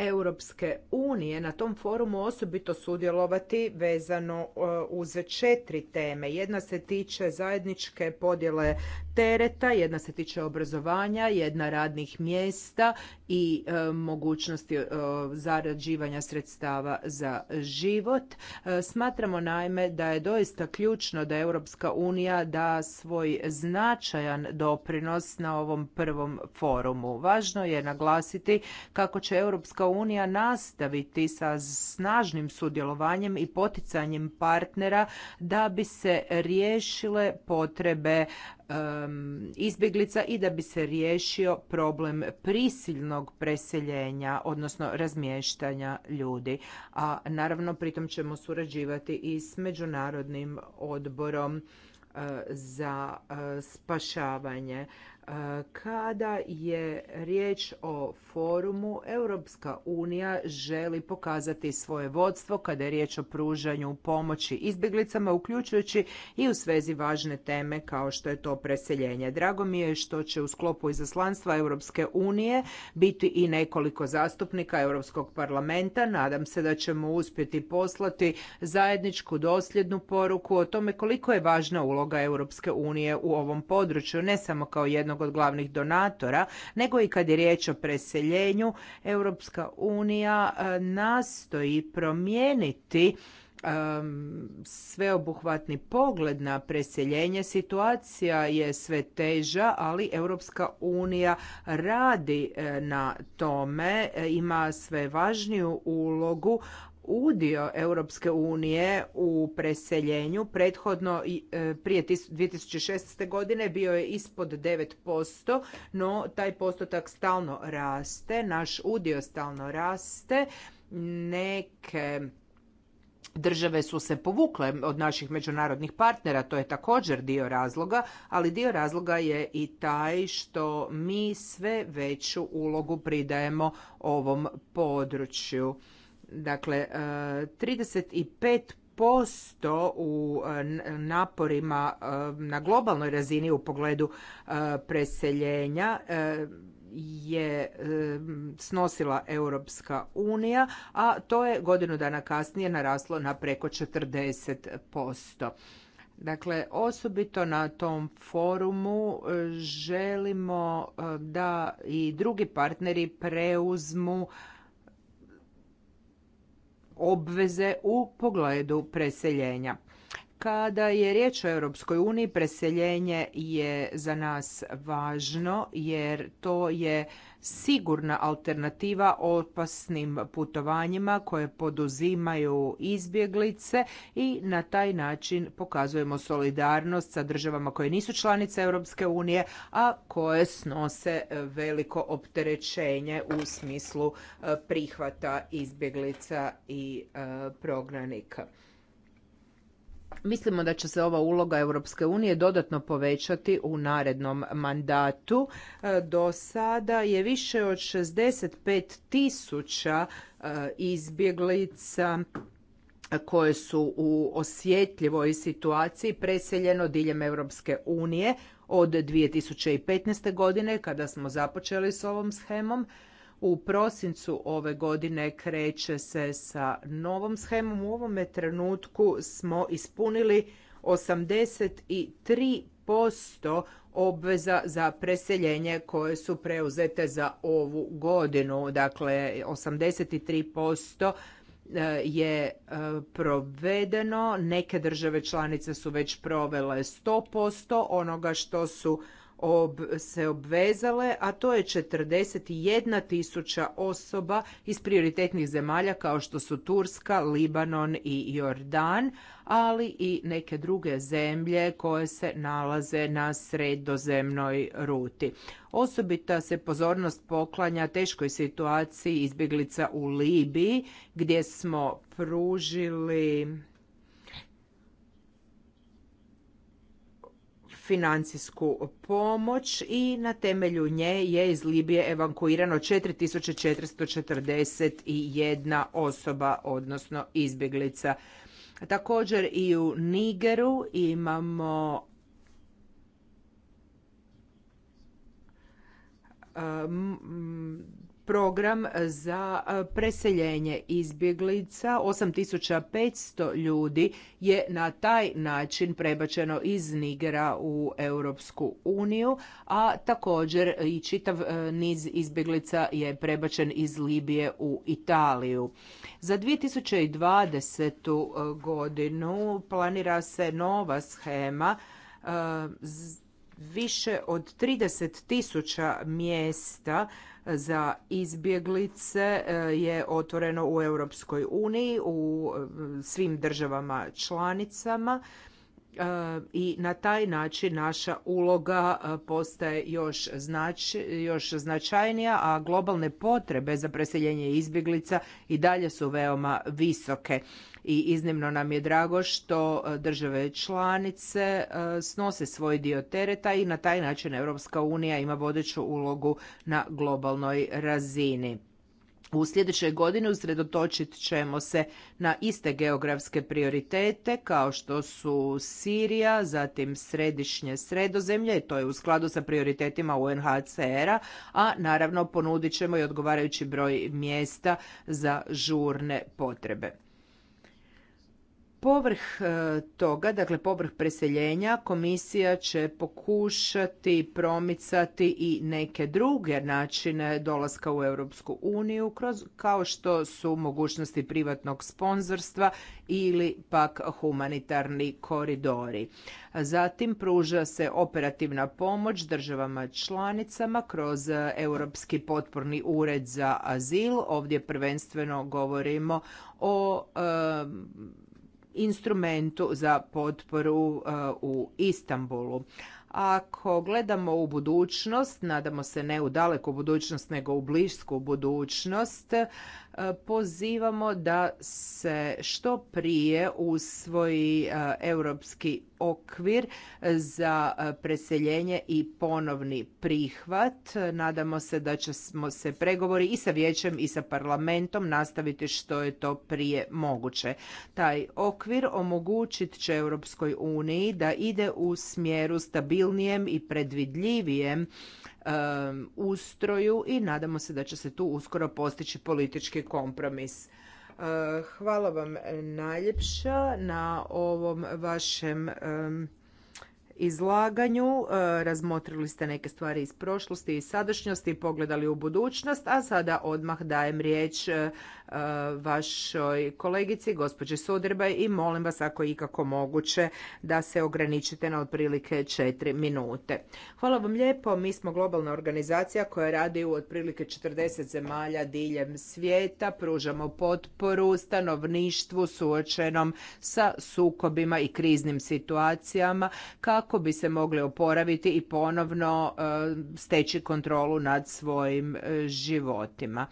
Europske unije na tom forumu osobito sudjelovati vezano e, uz četiri teme. Jedna se tiče zajedničke podjele tereta, jedna se tiče obrazovanja, jedna radnih mjesta i e, mogućnosti e, zarađivanja sredstava za život. E, smatramo naime da je doista ključno da Europska unija da svoj značajan doprinos na ovom prvom forumu. Važno je naglasiti kako će Europska unija nastaviti sa snažnim sudjelovanjem i poticanjem partnera da bi se riješile potrebe izbjeglica i da bi se riješio problem prisilnog preseljenja, odnosno razmještanja ljudi. A naravno pritom ćemo surađivati i s Međunarodnim odborom eh, za eh, spašavanje. Kada je riječ o forumu, Europska unija želi pokazati svoje vodstvo kada je riječ o pružanju pomoći izbjeglicama, uključujući i u svezi važne teme kao što je to preseljenje. Drago mi je što će u sklopu izaslanstva Europske unije biti i nekoliko zastupnika Europskog parlamenta. Nadam se da ćemo uspjeti poslati zajedničku dosljednu poruku o tome koliko je važna uloga Europske unije u ovom području, ne samo kao jednog jednog od glavnih donatora, nego i kad je riječ o preseljenju, Europska unija e, nastoji promijeniti e, sveobuhvatni pogled na preseljenje. Situacija je sve teža, ali Europska unija radi e, na tome, ima sve važniju ulogu udio Europske unije u preseljenju prethodno e, prije 2006. godine bio je ispod 9%, no taj postotak stalno raste, naš udio stalno raste, neke Države su se povukle od naših međunarodnih partnera, to je također dio razloga, ali dio razloga je i taj što mi sve veću ulogu pridajemo ovom području. Dakle, 35% e, u e, naporima e, na globalnoj razini u pogledu preseljenja je snosila Europska unija, a to je godinu dana kasnije naraslo na preko 40%. Dakle, osobito na tom forumu želimo da i drugi partneri preuzmu obveze u pogledu preseljenja. Kada je riječ o Europskoj uniji, preseljenje je za nas važno jer to je sigurna alternativa opasnim putovanjima koje poduzimaju izbjeglice i na taj način pokazujemo solidarnost sa državama koje nisu članice Europske unije, a koje snose veliko opterećenje u smislu eh, prihvata izbjeglica i eh, prognanika. Mislimo da će se ova uloga Europske unije dodatno povećati u narednom mandatu. E, do sada je više od 65 tisuća e, izbjeglica koje su u osjetljivoj situaciji preseljeno diljem Europske unije od 2015. godine kada smo započeli s ovom shemom u prosincu ove godine kreće se sa novom shemom. U ovome trenutku smo ispunili 83% obveza za preseljenje koje su preuzete za ovu godinu. Dakle, 83% e, je e, provedeno. Neke države članice su već provele 100% onoga što su ob, se obvezale, a to je 41 tisuća osoba iz prioritetnih zemalja kao što su Turska, Libanon i Jordan, ali i neke druge zemlje koje se nalaze na sredozemnoj ruti. Osobita se pozornost poklanja teškoj situaciji izbjeglica u Libiji gdje smo pružili financijsku pomoć i na temelju nje je iz Libije evakuirano 4441 osoba, odnosno izbjeglica. Također i u Nigeru imamo program za preseljenje izbjeglica. 8500 ljudi je na taj način prebačeno iz Nigera u Europsku uniju, a također i čitav niz izbjeglica je prebačen iz Libije u Italiju. Za 2020. godinu planira se nova schema više od 30 tisuća mjesta za izbjeglice e, je otvoreno u Europskoj uniji u e, svim državama članicama E, i na taj način naša uloga e, postaje još, znač, još značajnija, a globalne potrebe za preseljenje izbjeglica i dalje su veoma visoke. I iznimno nam je drago što e, države članice snose svoj dio tereta i na taj način Europska unija ima vodeću ulogu na globalnoj razini. U sljedećoj godini usredotočit ćemo se na iste geografske prioritete kao što su Sirija, zatim središnje sredozemlje, to je u skladu sa prioritetima UNHCR-a, a naravno ponudit ćemo i odgovarajući broj mjesta za žurne potrebe. Povrh e, toga, dakle povrh preseljenja, komisija će pokušati promicati i neke druge načine dolaska u Europsku uniju kroz kao što su mogućnosti privatnog sponzorstva ili pak humanitarni koridori. Zatim pruža se operativna pomoć državama članicama kroz Europski potporni ured za azil. Ovdje prvenstveno govorimo o e, instrumentu za potporu e, u Istanbulu. Ako gledamo u budućnost, nadamo se ne u daleku budućnost nego u blisku budućnost, E, pozivamo da se što prije usvoji e, europski okvir za e, preseljenje i ponovni prihvat. Nadamo se da ćemo se pregovori i sa vijećem i sa parlamentom nastaviti što je to prije moguće. Taj okvir omogućit će Europskoj uniji da ide u smjeru stabilnijem i predvidljivijem ustroju i nadamo se da će se tu uskoro postići politički kompromis. Eh, hvala vam najljepša na ovom vašem izlaganju. E, razmotrili ste neke stvari iz prošlosti i sadašnjosti, pogledali u budućnost, a sada odmah dajem riječ e, e, vašoj kolegici, gospođi sudrbaj i molim vas ako je ikako moguće da se ograničite na otprilike četiri minute. Hvala vam lijepo. Mi smo globalna organizacija koja radi u otprilike 40 zemalja diljem svijeta. Pružamo potporu stanovništvu suočenom sa sukobima i kriznim situacijama kako kako bi se mogli oporaviti i ponovno e, steći kontrolu nad svojim e, životima.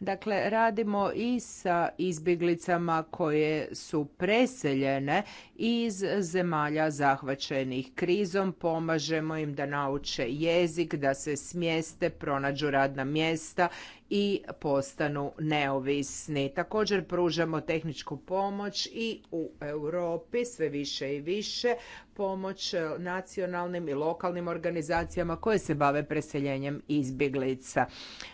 Dakle, radimo i sa izbjeglicama koje su preseljene iz zemalja zahvaćenih krizom. Pomažemo im da nauče jezik, da se smjeste, pronađu radna mjesta i postanu neovisni. Također pružamo tehničku pomoć i u Europi sve više i više pomoć nacionalnim i lokalnim organizacijama koje se bave preseljenjem izbjeglica.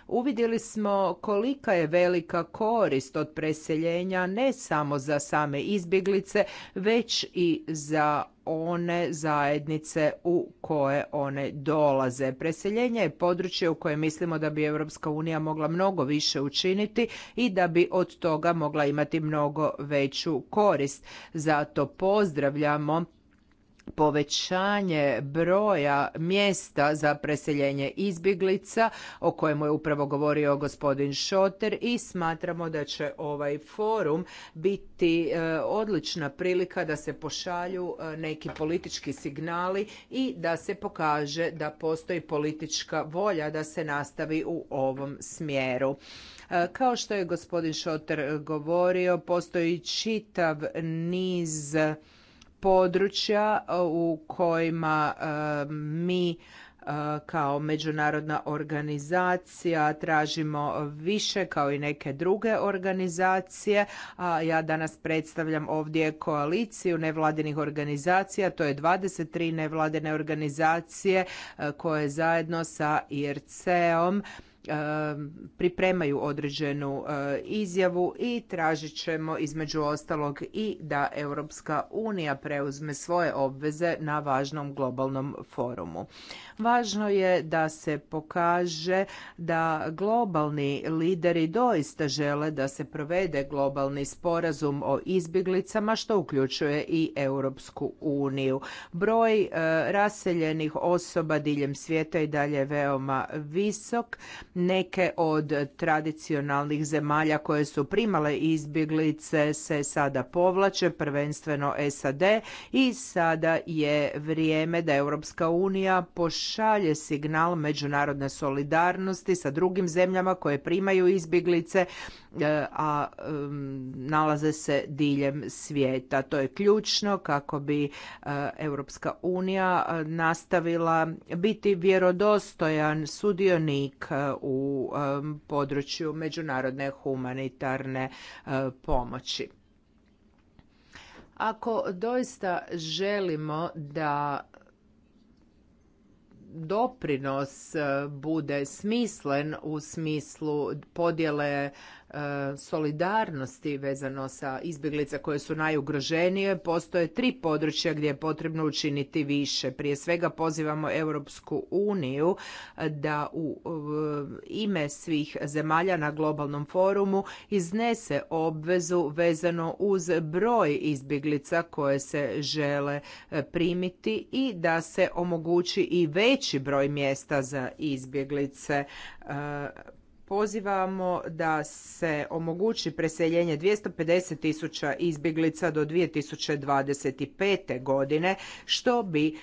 Uvidjeli smo kolika je velika korist od preseljenja ne samo za same izbjeglice, već i za one zajednice u koje one dolaze. Preseljenje je područje u koje mislimo da bi Europska unija mogla mnogo više učiniti i da bi od toga mogla imati mnogo veću korist. Zato pozdravljamo povećanje broja mjesta za preseljenje izbjeglica o kojemu je upravo govorio gospodin Šoter i smatramo da će ovaj forum biti e, odlična prilika da se pošalju e, neki politički signali i da se pokaže da postoji politička volja da se nastavi u ovom smjeru. E, kao što je gospodin Šoter govorio, postoji čitav niz područja e, u kojima e, mi e, kao međunarodna organizacija tražimo više kao i neke druge organizacije. A ja danas predstavljam ovdje koaliciju nevladinih organizacija, to je 23 nevladine organizacije koje zajedno sa IRC-om pripremaju određenu eh, izjavu i tražit ćemo između ostalog i da Europska unija preuzme svoje obveze na važnom globalnom forumu. Važno je da se pokaže da globalni lideri doista žele da se provede globalni sporazum o izbjeglicama što uključuje i Europsku uniju. Broj e, raseljenih osoba diljem svijeta i dalje veoma visok. Neke od tradicionalnih zemalja koje su primale izbjeglice se sada povlače, prvenstveno SAD i sada je vrijeme da Europska unija šalje signal međunarodne solidarnosti sa drugim zemljama koje primaju izbjeglice, e, a nalaze se diljem svijeta. To je ključno kako bi e, Europska unija e, nastavila biti vjerodostojan sudionik u području međunarodne humanitarne pomoći. Ako doista želimo da doprinos e, bude smislen u smislu podjele E, solidarnosti vezano sa izbjeglica koje su najugroženije, postoje tri područja gdje je potrebno učiniti više. Prije svega pozivamo Europsku uniju e, da u e, ime svih zemalja na globalnom forumu iznese obvezu vezano uz broj izbjeglica koje se žele primiti i da se omogući i veći broj mjesta za izbjeglice pozivamo da se omogući preseljenje 250 tisuća izbjeglica do 2025. godine, što bi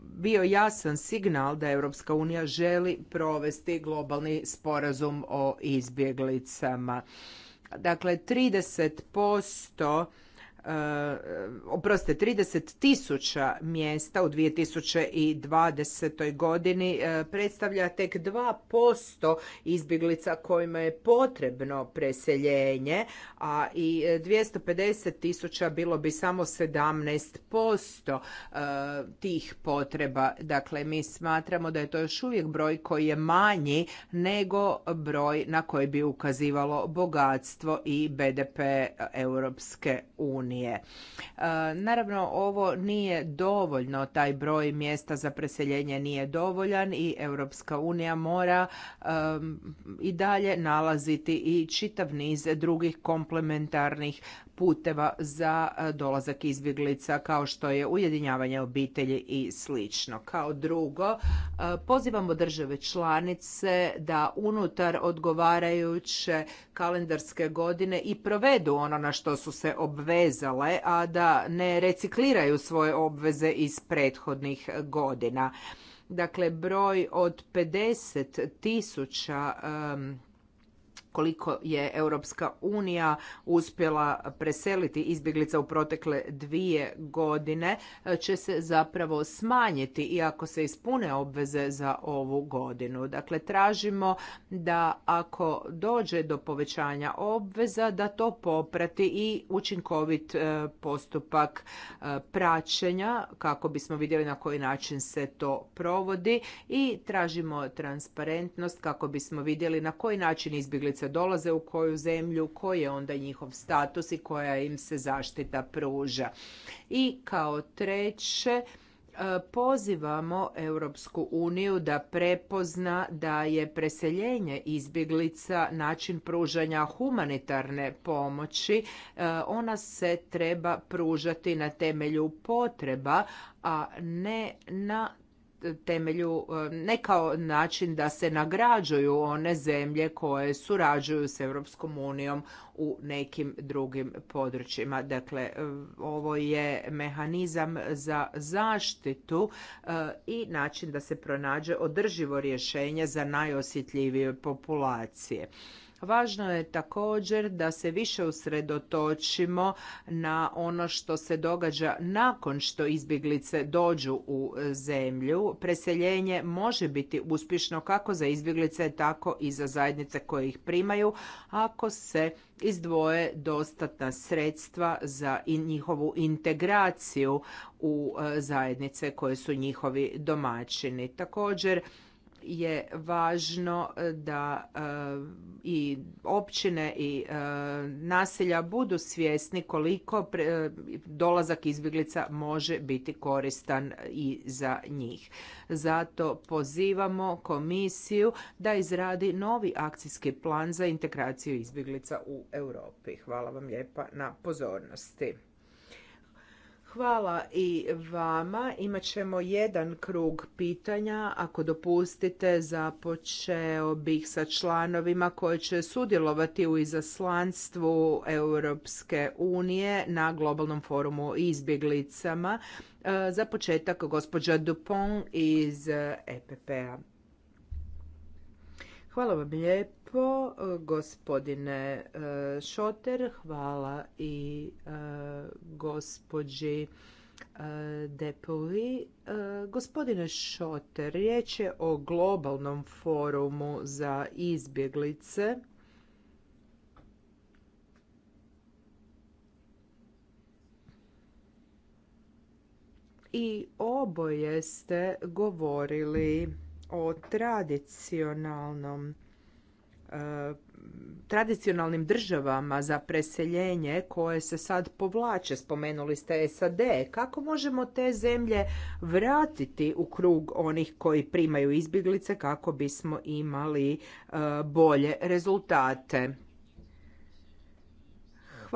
bio jasan signal da Europska unija želi provesti globalni sporazum o izbjeglicama. Dakle, 30% Eh, oprostite, 30 tisuća mjesta u 2020. godini eh, predstavlja tek 2% izbjeglica kojima je potrebno preseljenje, a i 250 eh, tisuća bilo bi samo 17% tih potreba. Dakle, mi smatramo da je to još uvijek broj koji je manji nego broj na koji bi ukazivalo bogatstvo i BDP Europske unije unije. E, naravno, ovo nije dovoljno, taj broj mjesta za preseljenje nije dovoljan i Europska unija mora i dalje nalaziti i čitav niz drugih komplementarnih puteva za e, dolazak izbjeglica kao što je ujedinjavanje obitelji i slično. Kao drugo, e, pozivamo države članice da unutar odgovarajuće kalendarske godine i provedu ono na što su se obvezale, a da ne recikliraju svoje obveze iz prethodnih godina. Dakle, broj od 50 tisuća koliko je Europska unija uspjela preseliti izbjeglica u protekle dvije godine će se zapravo smanjiti ako se ispune obveze za ovu godinu. Dakle, tražimo da ako dođe do povećanja obveza da to poprati i učinkovit e, postupak e, praćenja kako bismo vidjeli na koji način se to provodi i tražimo transparentnost kako bismo vidjeli na koji način izbjeglice dolaze u koju zemlju, koji je onda njihov status i koja im se zaštita pruža. I kao treće, e, pozivamo Europsku uniju da prepozna da je preseljenje izbjeglica način pružanja humanitarne pomoći. E, ona se treba pružati na temelju potreba, a ne na temelju, e, ne kao način da se nagrađuju one zemlje koje surađuju s Europskom unijom u nekim drugim područjima. Dakle, e, ovo je mehanizam za zaštitu e, i način da se pronađe održivo rješenje za najosjetljivije populacije. Važno je također da se više usredotočimo na ono što se događa nakon što izbjeglice dođu u zemlju. Preseljenje može biti uspješno kako za izbjeglice, tako i za zajednice koje ih primaju ako se izdvoje dostatna sredstva za njihovu integraciju u e, zajednice koje su njihovi domaćini. Također je važno e, da e, i općine i e, naselja budu svjesni koliko dolazak izbjeglica može biti koristan i za njih. Zato pozivamo komisiju da izradi novi akcijski plan za integraciju izbjeglica u Europi. Hvala vam lijepa na pozornosti. Hvala i vama. Imat ćemo jedan krug pitanja. Ako dopustite, započeo bih sa članovima koji će sudjelovati u izaslanstvu Europske unije na globalnom forumu izbjeglicama. E, za početak, gospođa Dupont iz EPP-a. Hvala vam lijepo lijepo, gospodine eh, Šoter, hvala i eh, gospođi eh, Depovi. Gospodine Šoter, riječ je o globalnom forumu za izbjeglice. I oboje ste govorili o tradicionalnom tradicionalnim državama za preseljenje koje se sad povlače, spomenuli ste SAD, kako možemo te zemlje vratiti u krug onih koji primaju izbjeglice kako bismo imali e, bolje rezultate?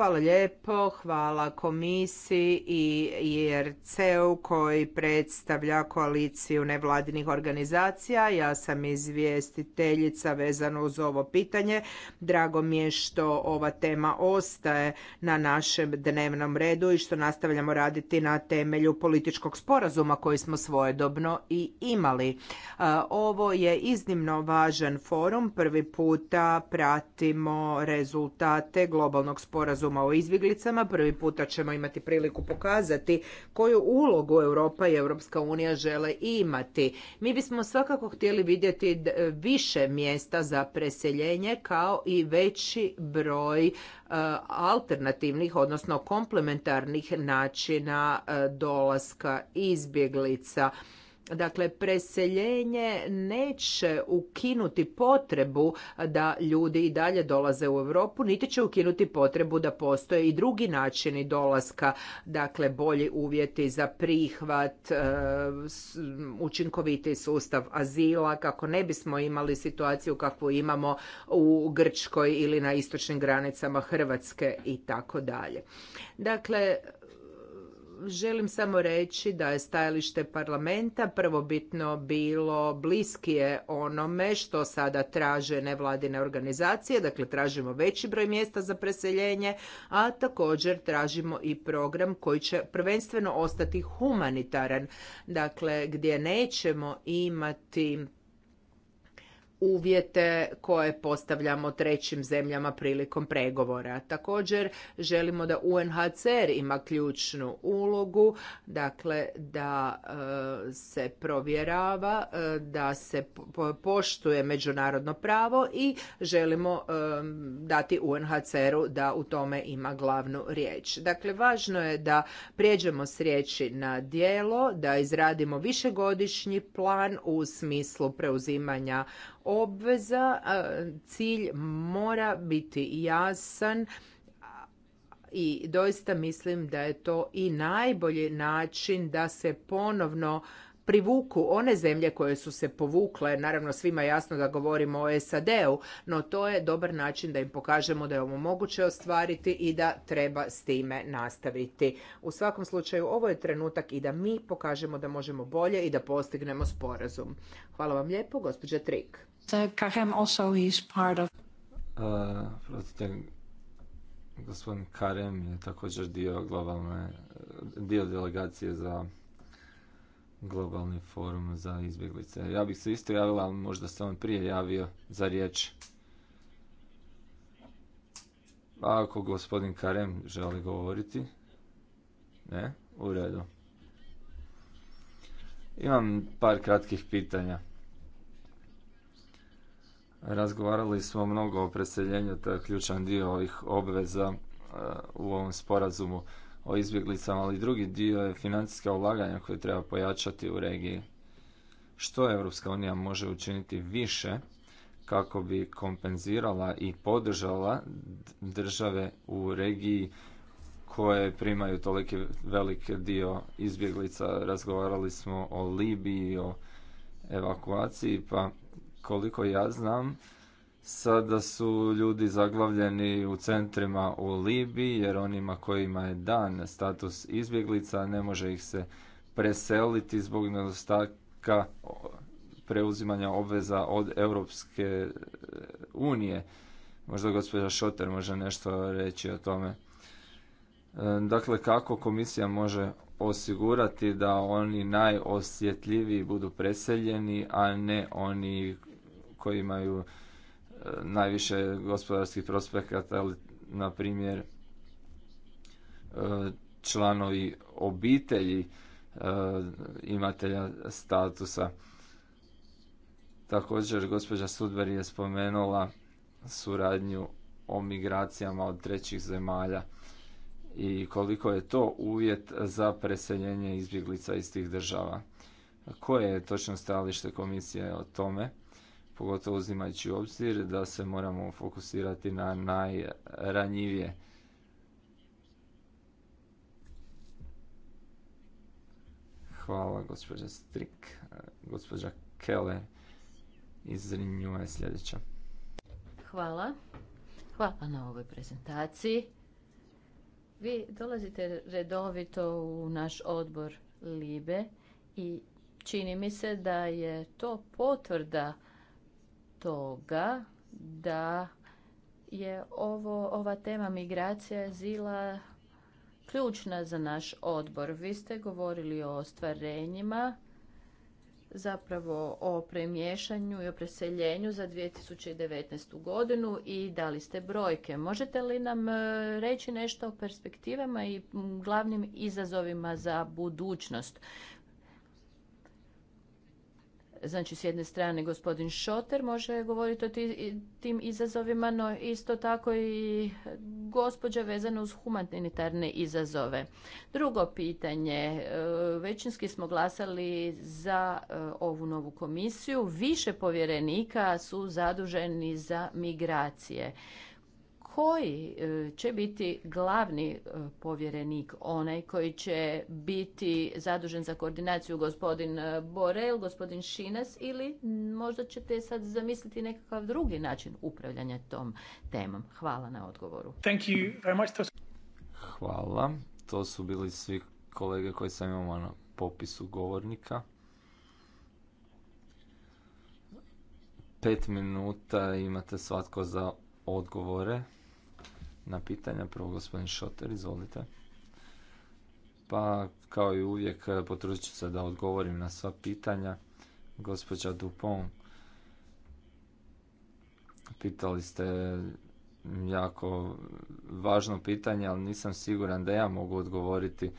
Hvala lijepo, hvala komisiji i IRC-u koji predstavlja koaliciju nevladinih organizacija. Ja sam izvjestiteljica vezano uz ovo pitanje. Drago mi je što ova tema ostaje na našem dnevnom redu i što nastavljamo raditi na temelju političkog sporazuma koji smo svojedobno i imali. Ovo je iznimno važan forum. Prvi puta pratimo rezultate globalnog sporazuma sporazuma o izbjeglicama. Prvi puta ćemo imati priliku pokazati koju ulogu Europa i Europska unija žele imati. Mi bismo svakako htjeli vidjeti više mjesta za preseljenje kao i veći broj e, alternativnih, odnosno komplementarnih načina e, dolaska izbjeglica. Dakle, preseljenje neće ukinuti potrebu da ljudi i dalje dolaze u Europu, niti će ukinuti potrebu da postoje i drugi načini dolaska, dakle bolji uvjeti za prihvat, e, učinkoviti sustav azila, kako ne bismo imali situaciju kakvu imamo u Grčkoj ili na istočnim granicama Hrvatske i tako dalje. Dakle, želim samo reći da je stajalište parlamenta prvobitno bilo bliskije onome što sada traže nevladine organizacije, dakle tražimo veći broj mjesta za preseljenje, a također tražimo i program koji će prvenstveno ostati humanitaran, dakle gdje nećemo imati uvjete koje postavljamo trećim zemljama prilikom pregovora. Također želimo da UNHCR ima ključnu ulogu, dakle da e, se provjerava, e, da se poštuje međunarodno pravo i želimo e, dati UNHCR-u da u tome ima glavnu riječ. Dakle, važno je da prijeđemo s riječi na djelo, da izradimo višegodišnji plan u smislu preuzimanja obveza, cilj mora biti jasan i doista mislim da je to i najbolji način da se ponovno privuku one zemlje koje su se povukle. Naravno, svima jasno da govorimo o SAD-u, no to je dobar način da im pokažemo da je ovo moguće ostvariti i da treba s time nastaviti. U svakom slučaju, ovo je trenutak i da mi pokažemo da možemo bolje i da postignemo sporazum. Hvala vam lijepo, gospođa Trik. gospodin Karem je također dio dio delegacije za globalni forum za izbjeglice. Ja bih se isto javila, ali možda se on prije javio za riječ. Pa ako gospodin Karem želi govoriti? Ne? U redu. Imam par kratkih pitanja. Razgovarali smo mnogo o preseljenju, to je ključan dio ovih obveza e, u ovom sporazumu o izbjeglicama, ali drugi dio je financijska ulaganja koje treba pojačati u regiji. Što Europska unija može učiniti više kako bi kompenzirala i podržala države u regiji koje primaju toliki velik dio izbjeglica. Razgovarali smo o Libiji, o evakuaciji, pa koliko ja znam, Sada su ljudi zaglavljeni u centrima u Libiji jer onima kojima je dan status izbjeglica ne može ih se preseliti zbog nedostatka preuzimanja obveza od Europske e, unije. Možda gospođa Šoter može nešto reći o tome. E, dakle, kako komisija može osigurati da oni najosjetljiviji budu preseljeni, a ne oni koji imaju najviše gospodarskih prospekata, ali na primjer e, članovi obitelji e, imatelja statusa. Također, gospođa Sudber je spomenula suradnju o migracijama od trećih zemalja i koliko je to uvjet za preseljenje izbjeglica iz tih država. Koje je točno stajalište komisije o tome? pogotovo uzimajući u obzir da se moramo fokusirati na najranjivije. Hvala gospođa Strik, gospođa Keller iz sljedeća. Hvala. Hvala na ovoj prezentaciji. Vi dolazite redovito u naš odbor Libe i čini mi se da je to potvrda toga da je ovo, ova tema migracija azila ključna za naš odbor. Vi ste govorili o ostvarenjima, zapravo o premješanju i o preseljenju za 2019. godinu i dali ste brojke. Možete li nam e, reći nešto o perspektivama i glavnim izazovima za budućnost? Znači, s jedne strane gospodin Šoter može govoriti o tim izazovima, no isto tako i gospođa vezana uz humanitarne izazove. Drugo pitanje, e, većinski smo glasali za e, ovu novu komisiju. Više povjerenika su zaduženi za migracije koji e, će biti glavni e, povjerenik, onaj koji će biti zadužen za koordinaciju gospodin e, Borel, gospodin Šinas ili možda ćete sad zamisliti nekakav drugi način upravljanja tom temom. Hvala na odgovoru. Thank you very much. Hvala. To su bili svi kolege koji sam imao na popisu govornika. Pet minuta imate svatko za odgovore na pitanja. Prvo gospodin Šoter, izvolite. Pa kao i uvijek potrudit ću se da odgovorim na sva pitanja. Gospođa Dupont, pitali ste jako važno pitanje, ali nisam siguran da ja mogu odgovoriti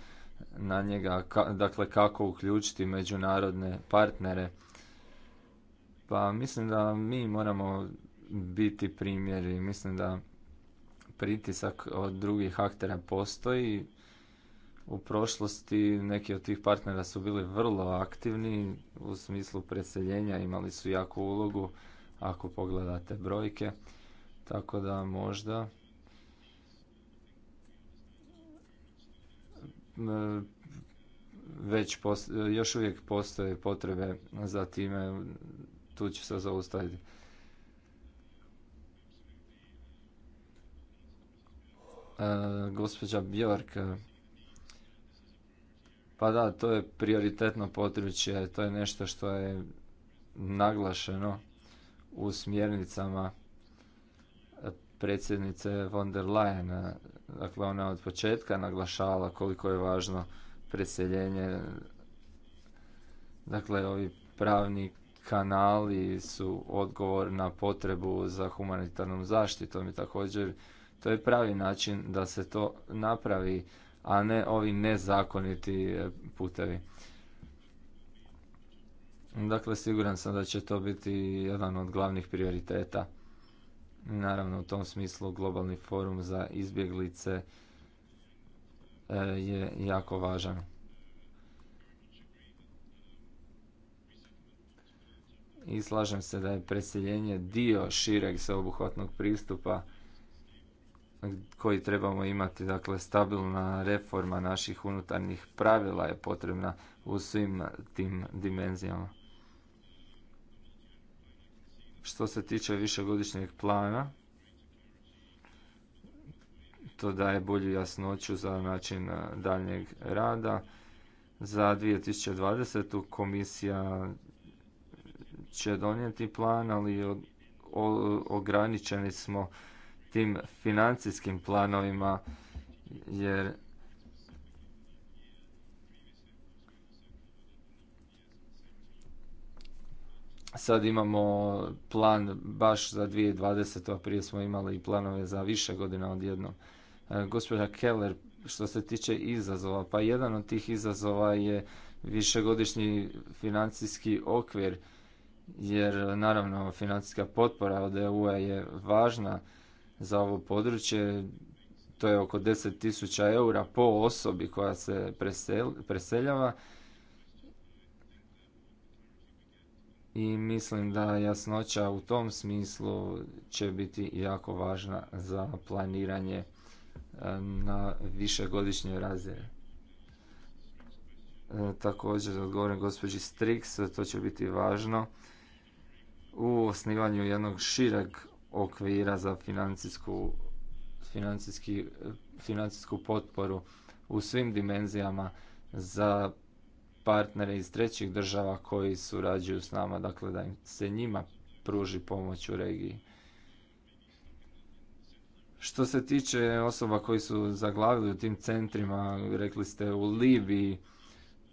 na njega, dakle kako uključiti međunarodne partnere. Pa mislim da mi moramo biti primjeri, mislim da pritisak od drugih aktera postoji. U prošlosti neki od tih partnera su bili vrlo aktivni u smislu preseljenja, imali su jaku ulogu ako pogledate brojke. Tako da možda već još uvijek postoje potrebe za time, tu će se zaustaviti. E, gospođa Bjork. E, pa da, to je prioritetno područje, to je nešto što je naglašeno u smjernicama predsjednice von der Leyen. E, dakle, ona od početka naglašala koliko je važno preseljenje. Dakle, ovi pravni kanali su odgovor na potrebu za humanitarnom zaštitom i također to je pravi način da se to napravi, a ne ovi nezakoniti e, putevi. Dakle, siguran sam da će to biti jedan od glavnih prioriteta. Naravno, u tom smislu globalni forum za izbjeglice e, je jako važan. I slažem se da je preseljenje dio šireg sveobuhvatnog pristupa koji trebamo imati. Dakle, stabilna reforma naših unutarnjih pravila je potrebna u svim tim dimenzijama. Što se tiče višegodišnjeg plana, to daje bolju jasnoću za način daljnjeg rada. Za 2020. komisija će donijeti plan, ali ograničeni smo tim financijskim planovima jer sad imamo plan baš za 2020. a prije smo imali i planove za više godina odjednom. E, gospođa Keller, što se tiče izazova, pa jedan od tih izazova je višegodišnji financijski okvir, jer naravno financijska potpora od EU-a je važna, za ovo područje. To je oko 10.000 eura po osobi koja se preseljava. I mislim da jasnoća u tom smislu će biti jako važna za planiranje e, na višegodišnjoj razini. E, također, da odgovorim gospođi Strix, to će biti važno u osnivanju jednog šireg okvira za financijsku, financijski, financijsku potporu u svim dimenzijama za partnere iz trećih država koji surađuju s nama, dakle da im se njima pruži pomoć u regiji. Što se tiče osoba koji su zaglavili u tim centrima, rekli ste u Libiji,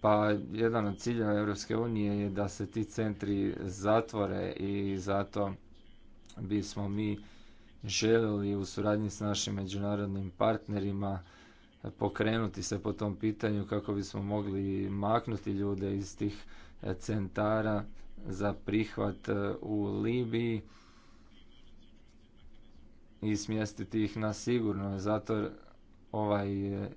pa jedan od ciljeva Europske unije je da se ti centri zatvore i zato bismo mi željeli u suradnji s našim međunarodnim partnerima pokrenuti se po tom pitanju kako bismo mogli maknuti ljude iz tih e, centara za prihvat e, u Libiji i smjestiti ih na sigurno. Zato ovaj e,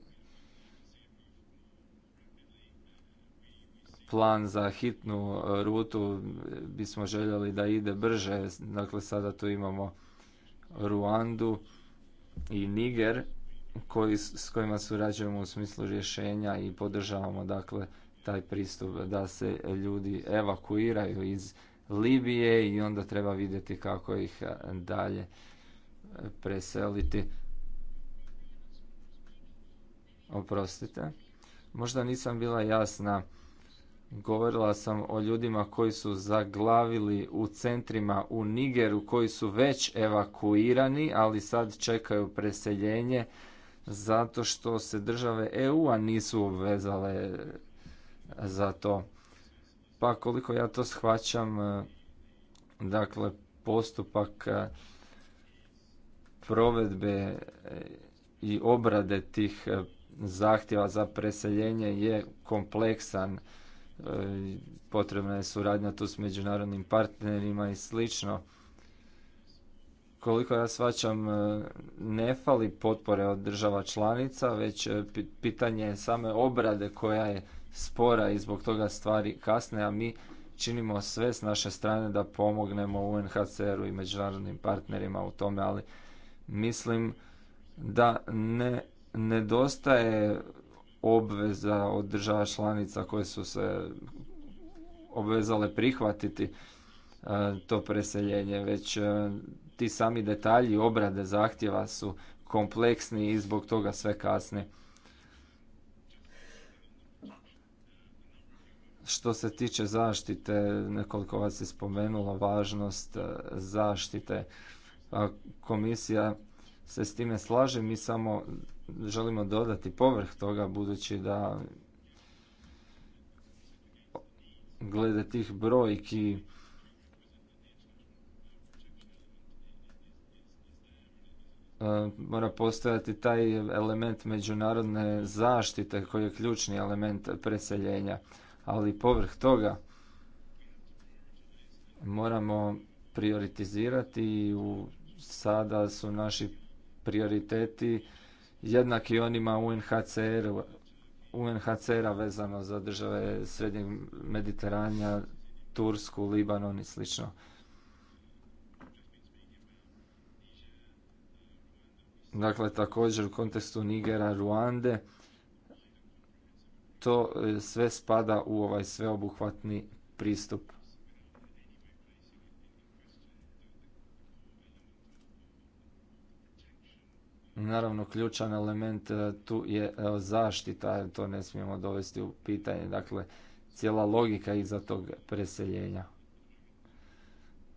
plan za hitnu e, rutu e, bismo željeli da ide brže. Dakle, sada tu imamo Ruandu i Niger s kojima surađujemo u smislu rješenja i podržavamo dakle taj pristup da se ljudi evakuiraju iz Libije i onda treba vidjeti kako ih e, dalje preseliti. Oprostite. Možda nisam bila jasna Govorila sam o ljudima koji su zaglavili u centrima u Nigeru, koji su već evakuirani, ali sad čekaju preseljenje zato što se države EU-a nisu obvezale e, za to. Pa koliko ja to shvaćam, e, dakle, postupak e, provedbe i obrade tih zahtjeva za preseljenje je kompleksan potrebna je suradnja tu s međunarodnim partnerima i slično. Koliko ja svačam, e, ne fali potpore od država članica, već e, pitanje je same obrade koja je spora i zbog toga stvari kasne, a mi činimo sve s naše strane da pomognemo UNHCR-u i međunarodnim partnerima u tome, ali mislim da ne nedostaje obveza od država članica koje su se obvezale prihvatiti e, to preseljenje, već e, ti sami detalji obrade zahtjeva su kompleksni i zbog toga sve kasni. Što se tiče zaštite, nekoliko vas je spomenula važnost e, zaštite. Komisija se s time slažem, mi samo želimo dodati povrh toga budući da glede tih brojki e, mora postojati taj element međunarodne zaštite koji je ključni element preseljenja. Ali povrh toga moramo prioritizirati i u sada su naši prioriteti jednaki onima UNHCR-a vezano za države Srednjeg Mediteranja, Tursku, Libanon i slično. Dakle, također u kontekstu Nigera, Ruande, to e, sve spada u ovaj sveobuhvatni pristup. Naravno, ključan element e, tu je e, zaštita, to ne smijemo dovesti u pitanje, dakle, cijela logika iza tog preseljenja.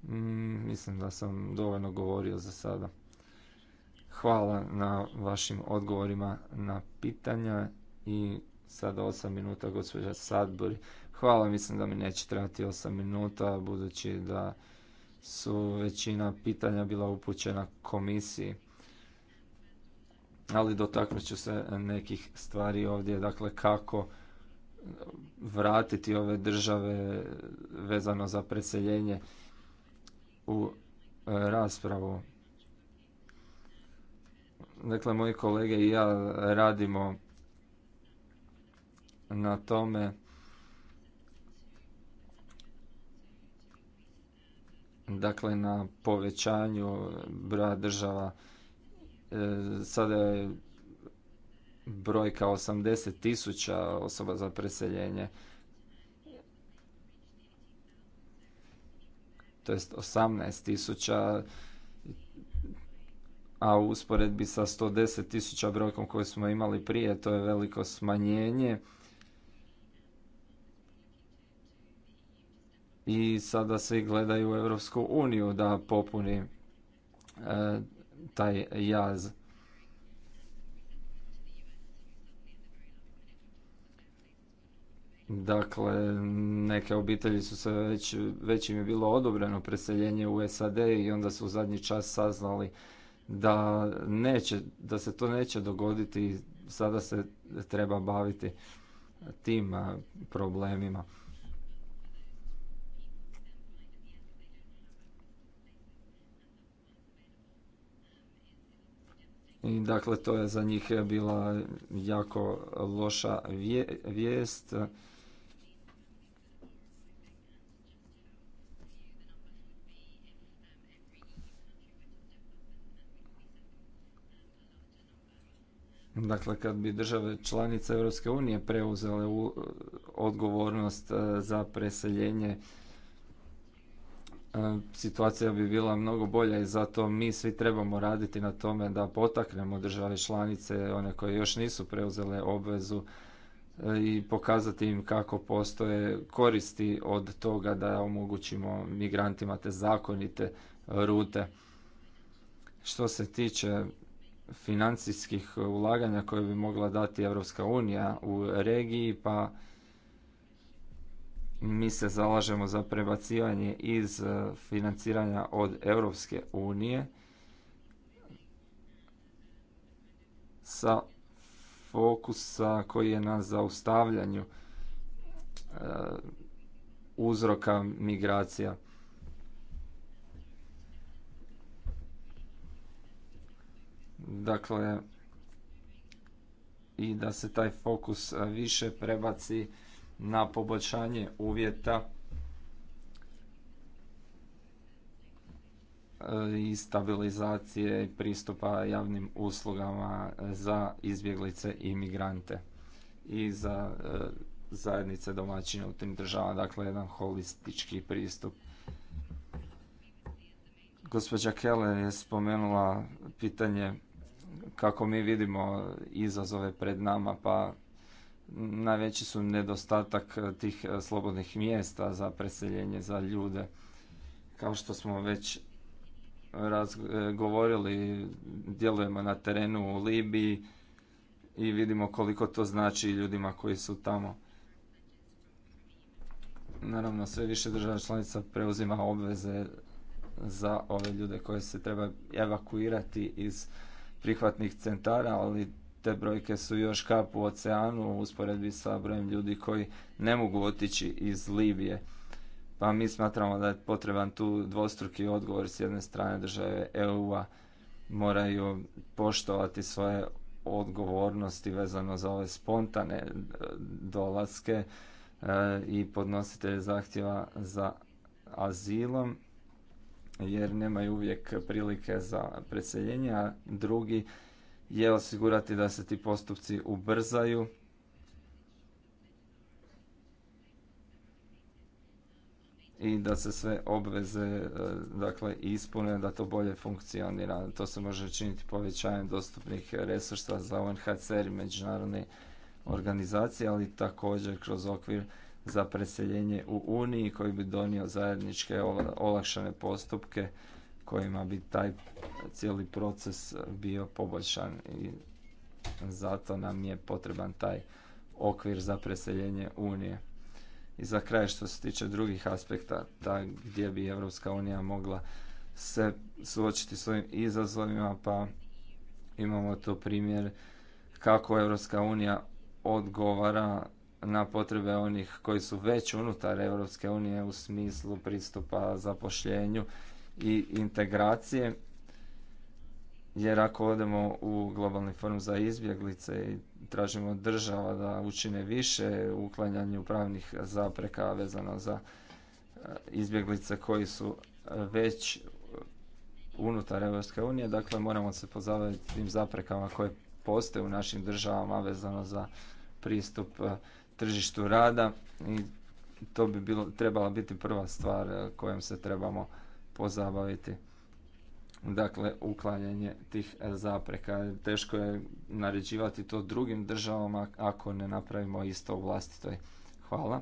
Mm, mislim da sam dovoljno govorio za sada. Hvala na vašim odgovorima na pitanja i sada 8 minuta gospođa Sadbori. Hvala, mislim da mi neće trebati 8 minuta budući da su većina pitanja bila upućena komisiji ali dotaknut ću se nekih stvari ovdje, dakle kako vratiti ove države vezano za preseljenje u e, raspravu. Dakle, moji kolege i ja radimo na tome dakle na povećanju broja država E, sada je brojka 80 tisuća osoba za preseljenje. To jest 18 tisuća a u usporedbi sa 110 tisuća brojkom koju smo imali prije, to je veliko smanjenje. I sada svi gledaju u Europsku uniju da popuni e, taj jaz. Dakle, neke obitelji su se već, već im je bilo odobreno preseljenje u SAD i onda su u zadnji čas saznali da, neće, da se to neće dogoditi i sada se treba baviti tim problemima. I dakle, to je za njih bila jako loša vijest. Dakle, kad bi države članice Europske unije preuzele odgovornost e, za preseljenje E, situacija bi bila mnogo bolja i zato mi svi trebamo raditi na tome da potaknemo države članice, one koje još nisu preuzele obvezu e, i pokazati im kako postoje koristi od toga da omogućimo migrantima te zakonite rute. Što se tiče financijskih ulaganja koje bi mogla dati Europska unija u regiji, pa mi se zalažemo za prebacivanje iz e, financiranja od Europske unije sa fokusa koji je na zaustavljanju e, uzroka migracija. Dakle, i da se taj fokus e, više prebaci na poboljšanje uvjeta e, i stabilizacije pristupa javnim uslugama za izbjeglice i migrante i za e, zajednice domaćina u tim državama, dakle jedan holistički pristup. Gospođa Keller je spomenula pitanje kako mi vidimo izazove pred nama, pa najveći su nedostatak e, tih e, slobodnih mjesta za preseljenje za ljude. Kao što smo već e, govorili, djelujemo na terenu u Libiji i vidimo koliko to znači ljudima koji su tamo. Naravno, sve više država članica preuzima obveze za ove ljude koje se treba evakuirati iz prihvatnih centara, ali te brojke su još kap u oceanu u usporedbi sa brojem ljudi koji ne mogu otići iz Libije. Pa mi smatramo da je potreban tu dvostruki odgovor s jedne strane države EU-a moraju poštovati svoje odgovornosti vezano za ove spontane e, dolaske e, i podnositelje zahtjeva za azilom jer nemaju uvijek prilike za preseljenje, a drugi je osigurati da se ti postupci ubrzaju. i da se sve obveze e, dakle ispune da to bolje funkcionira. To se može činiti povećanjem dostupnih resursa za UNHCR i međunarodne organizacije, ali također kroz okvir za preseljenje u Uniji koji bi donio zajedničke olakšane postupke kojima bi taj cijeli proces bio poboljšan i zato nam je potreban taj okvir za preseljenje Unije. I za kraj što se tiče drugih aspekta, gdje bi Europska unija mogla se suočiti svojim izazovima, pa imamo to primjer kako Europska unija odgovara na potrebe onih koji su već unutar Europske unije u smislu pristupa zapošljenju i integracije. Jer ako odemo u globalni forum za izbjeglice i tražimo država da učine više u uklanjanju pravnih zapreka vezano za e, izbjeglice koji su već unutar Europske unije, dakle moramo se pozabaviti tim zaprekama koje postoje u našim državama vezano za pristup e, tržištu rada i to bi bilo, trebala biti prva stvar e, kojom se trebamo pozabaviti. Dakle, uklanjanje tih zapreka. Teško je naređivati to drugim državama ako ne napravimo isto u vlastitoj. Hvala.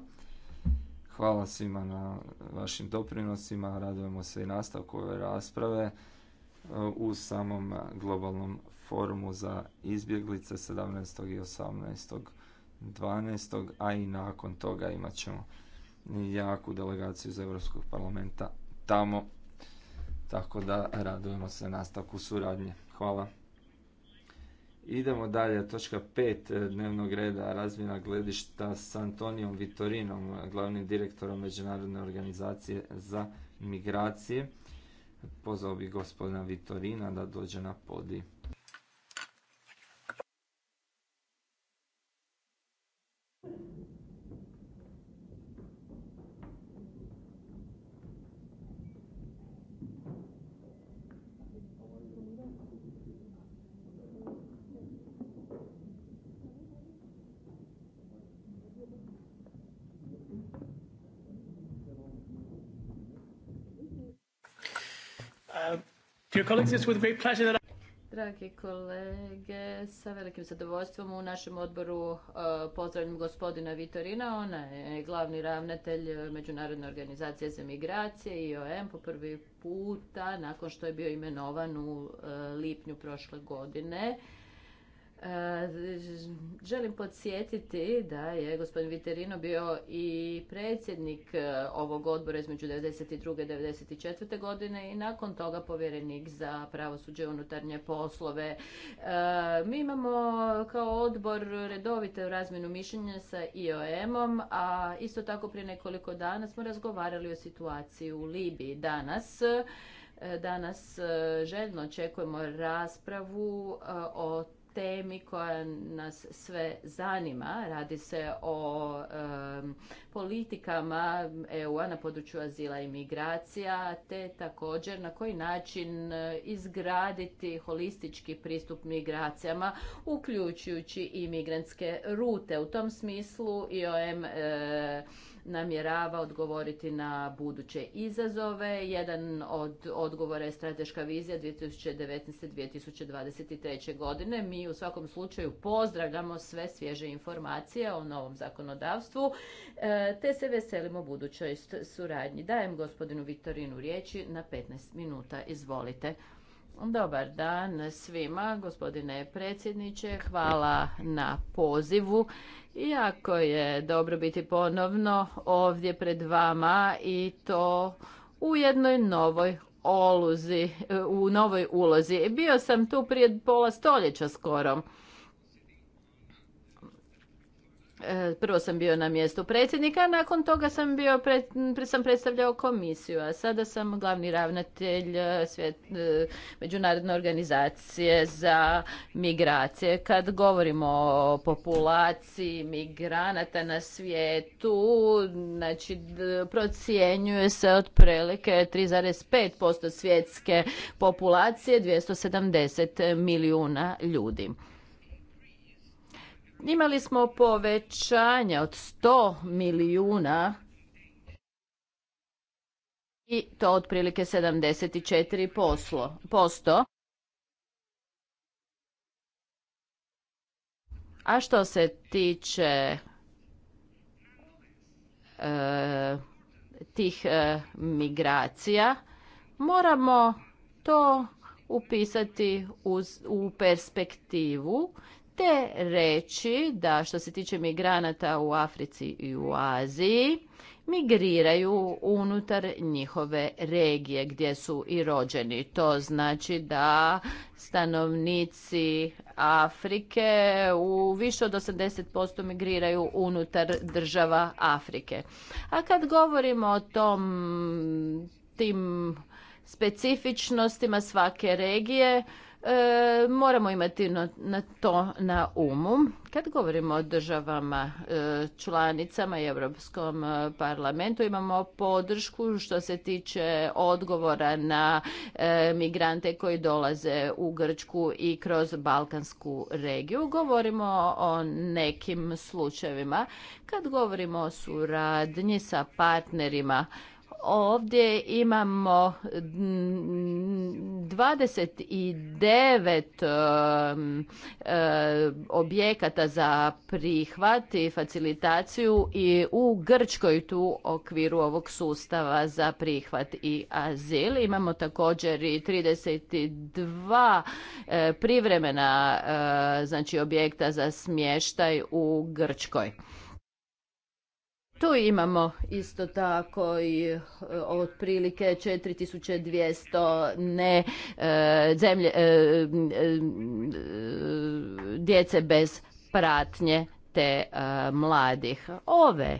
Hvala svima na vašim doprinosima. Radujemo se i nastavku ove rasprave e, u samom globalnom forumu za izbjeglice 17. i 18. 12. a i nakon toga imat ćemo jaku delegaciju iz Europskog parlamenta tamo tako da radujemo se nastavku suradnje. Hvala. Idemo dalje, točka 5 dnevnog reda, razmjena gledišta s Antonijom Vitorinom, glavnim direktorom Međunarodne organizacije za migracije. Pozvao bih gospodina Vitorina da dođe na podij. Dragi kolege, sa velikim zadovoljstvom u našem odboru e, pozdravljam gospodina Vitorina. Ona je glavni ravnatelj Međunarodne organizacije za migracije i OM po prvi puta nakon što je bio imenovan u e, lipnju prošle godine. E, želim podsjetiti da je gospodin Viterino bio i predsjednik e, ovog odbora između 1992. i 1994. godine i nakon toga povjerenik za pravosuđe unutarnje poslove. E, mi imamo kao odbor redovite razmjenu mišljenja sa IOM-om, a isto tako prije nekoliko dana smo razgovarali o situaciji u Libiji. Danas Danas željno očekujemo raspravu o temi koja nas sve zanima. Radi se o politikama EU-a na području azila i migracija, te također na koji način eh, izgraditi holistički pristup migracijama, uključujući i migrantske rute. U tom smislu IOM e, eh, namjerava odgovoriti na buduće izazove. Jedan od odgovora je strateška vizija 2019-2023. godine. Mi u svakom slučaju pozdravljamo sve svježe informacije o novom zakonodavstvu e, te se veselimo budućoj suradnji. Dajem gospodinu Viktorinu riječi na 15 minuta. Izvolite. Dobar dan svima, gospodine predsjedniče. Hvala na pozivu. Jako je dobro biti ponovno ovdje pred vama i to u jednoj novoj oluzi, u novoj ulozi. Bio sam tu prije pola stoljeća skoro. E, prvo sam bio na mjestu predsjednika, a nakon toga sam bio pred, sam predstavljao komisiju, a sada sam glavni ravnatelj e, e, međunarodne organizacije za migracije. Kad govorimo o populaciji migranata na svijetu, znači procjenjuje se otprilike 3,5% svjetske populacije, 270 milijuna ljudi. Imali smo povećanje od 100 milijuna i to otprilike 74 posto. A što se tiče e, tih e, migracija, moramo to upisati u perspektivu te reći da što se tiče migranata u Africi i u Aziji, migriraju unutar njihove regije gdje su i rođeni. To znači da stanovnici Afrike u više od 80% migriraju unutar država Afrike. A kad govorimo o tom tim specifičnostima svake regije, E, moramo imati na, na to na umu. Kad govorimo o državama e, članicama i Europskom e, parlamentu imamo podršku što se tiče odgovora na migrante koji dolaze u Grčku i kroz Balkansku regiju. Govorimo o nekim slučajevima. Kad govorimo o suradnji sa partnerima Ovdje imamo 29 mm, um, uh, objekata za prihvat i facilitaciju i u Grčkoj tu okviru ovog sustava za prihvat i azil. Imamo također i 32 uh, privremena uh, znači objekta za smještaj u Grčkoj. Tu imamo isto tako i e, otprilike 4200 ne e, zemlje, e, djece bez pratnje te mladih. Ove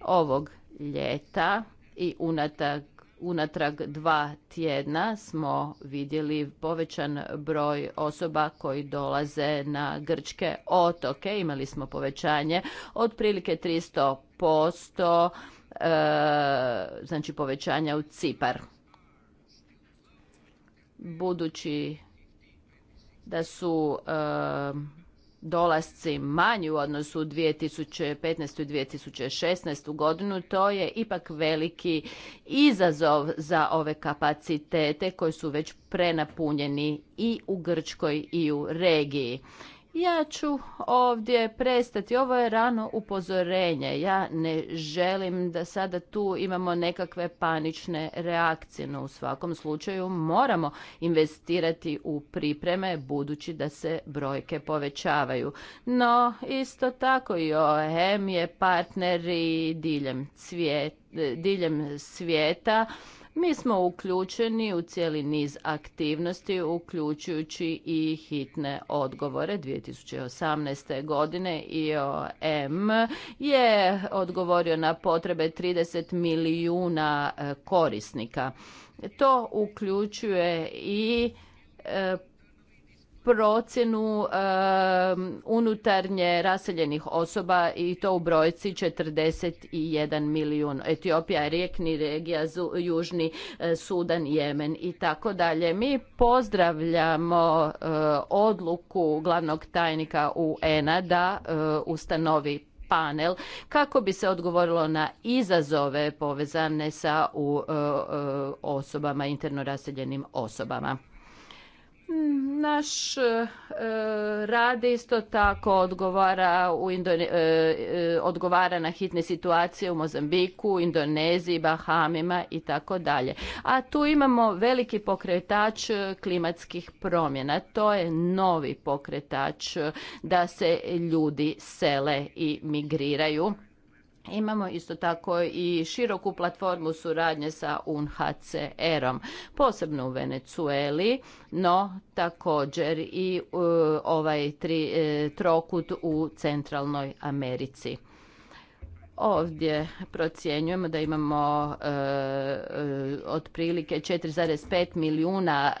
ovog ljeta i unatak unatrag dva tjedna smo vidjeli povećan broj osoba koji dolaze na grčke otoke. Imali smo povećanje otprilike 300%, e, znači povećanja u Cipar. Budući da su e, dolasci manji u odnosu 2015. i 2016. godinu, to je ipak veliki izazov za ove kapacitete koji su već prenapunjeni i u Grčkoj i u regiji. Ja ću ovdje prestati. Ovo je rano upozorenje. Ja ne želim da sada tu imamo nekakve panične reakcije, no u svakom slučaju moramo investirati u pripreme budući da se brojke povećavaju. No, isto tako i OEM je partner i diljem, diljem svijeta mi smo uključeni u cijeli niz aktivnosti, uključujući i hitne odgovore. 2018. godine IOM je odgovorio na potrebe 30 milijuna e, korisnika. To uključuje i e, procjenu unutarnje raseljenih osoba i to u brojci 41 milijun. Etiopija, Rijekni regija, Južni e, Sudan, Jemen i tako dalje. Mi pozdravljamo e, odluku glavnog tajnika UN-a da e, ustanovi panel kako bi se odgovorilo na izazove povezane sa u, osobama, interno raseljenim osobama. Mm, naš e, e, rad isto tako odgovara, u e, odgovara na hitne situacije u Mozambiku, Indoneziji, Bahamima i tako dalje. A tu imamo veliki pokretač klimatskih promjena. To je novi pokretač da se ljudi sele i migriraju Imamo isto tako i široku platformu suradnje sa UNHCR-om, posebno u Venecueli, no također i e, ovaj tri, e, trokut u Centralnoj Americi. Ovdje procjenjujemo da imamo e, e, otprilike 4,5 milijuna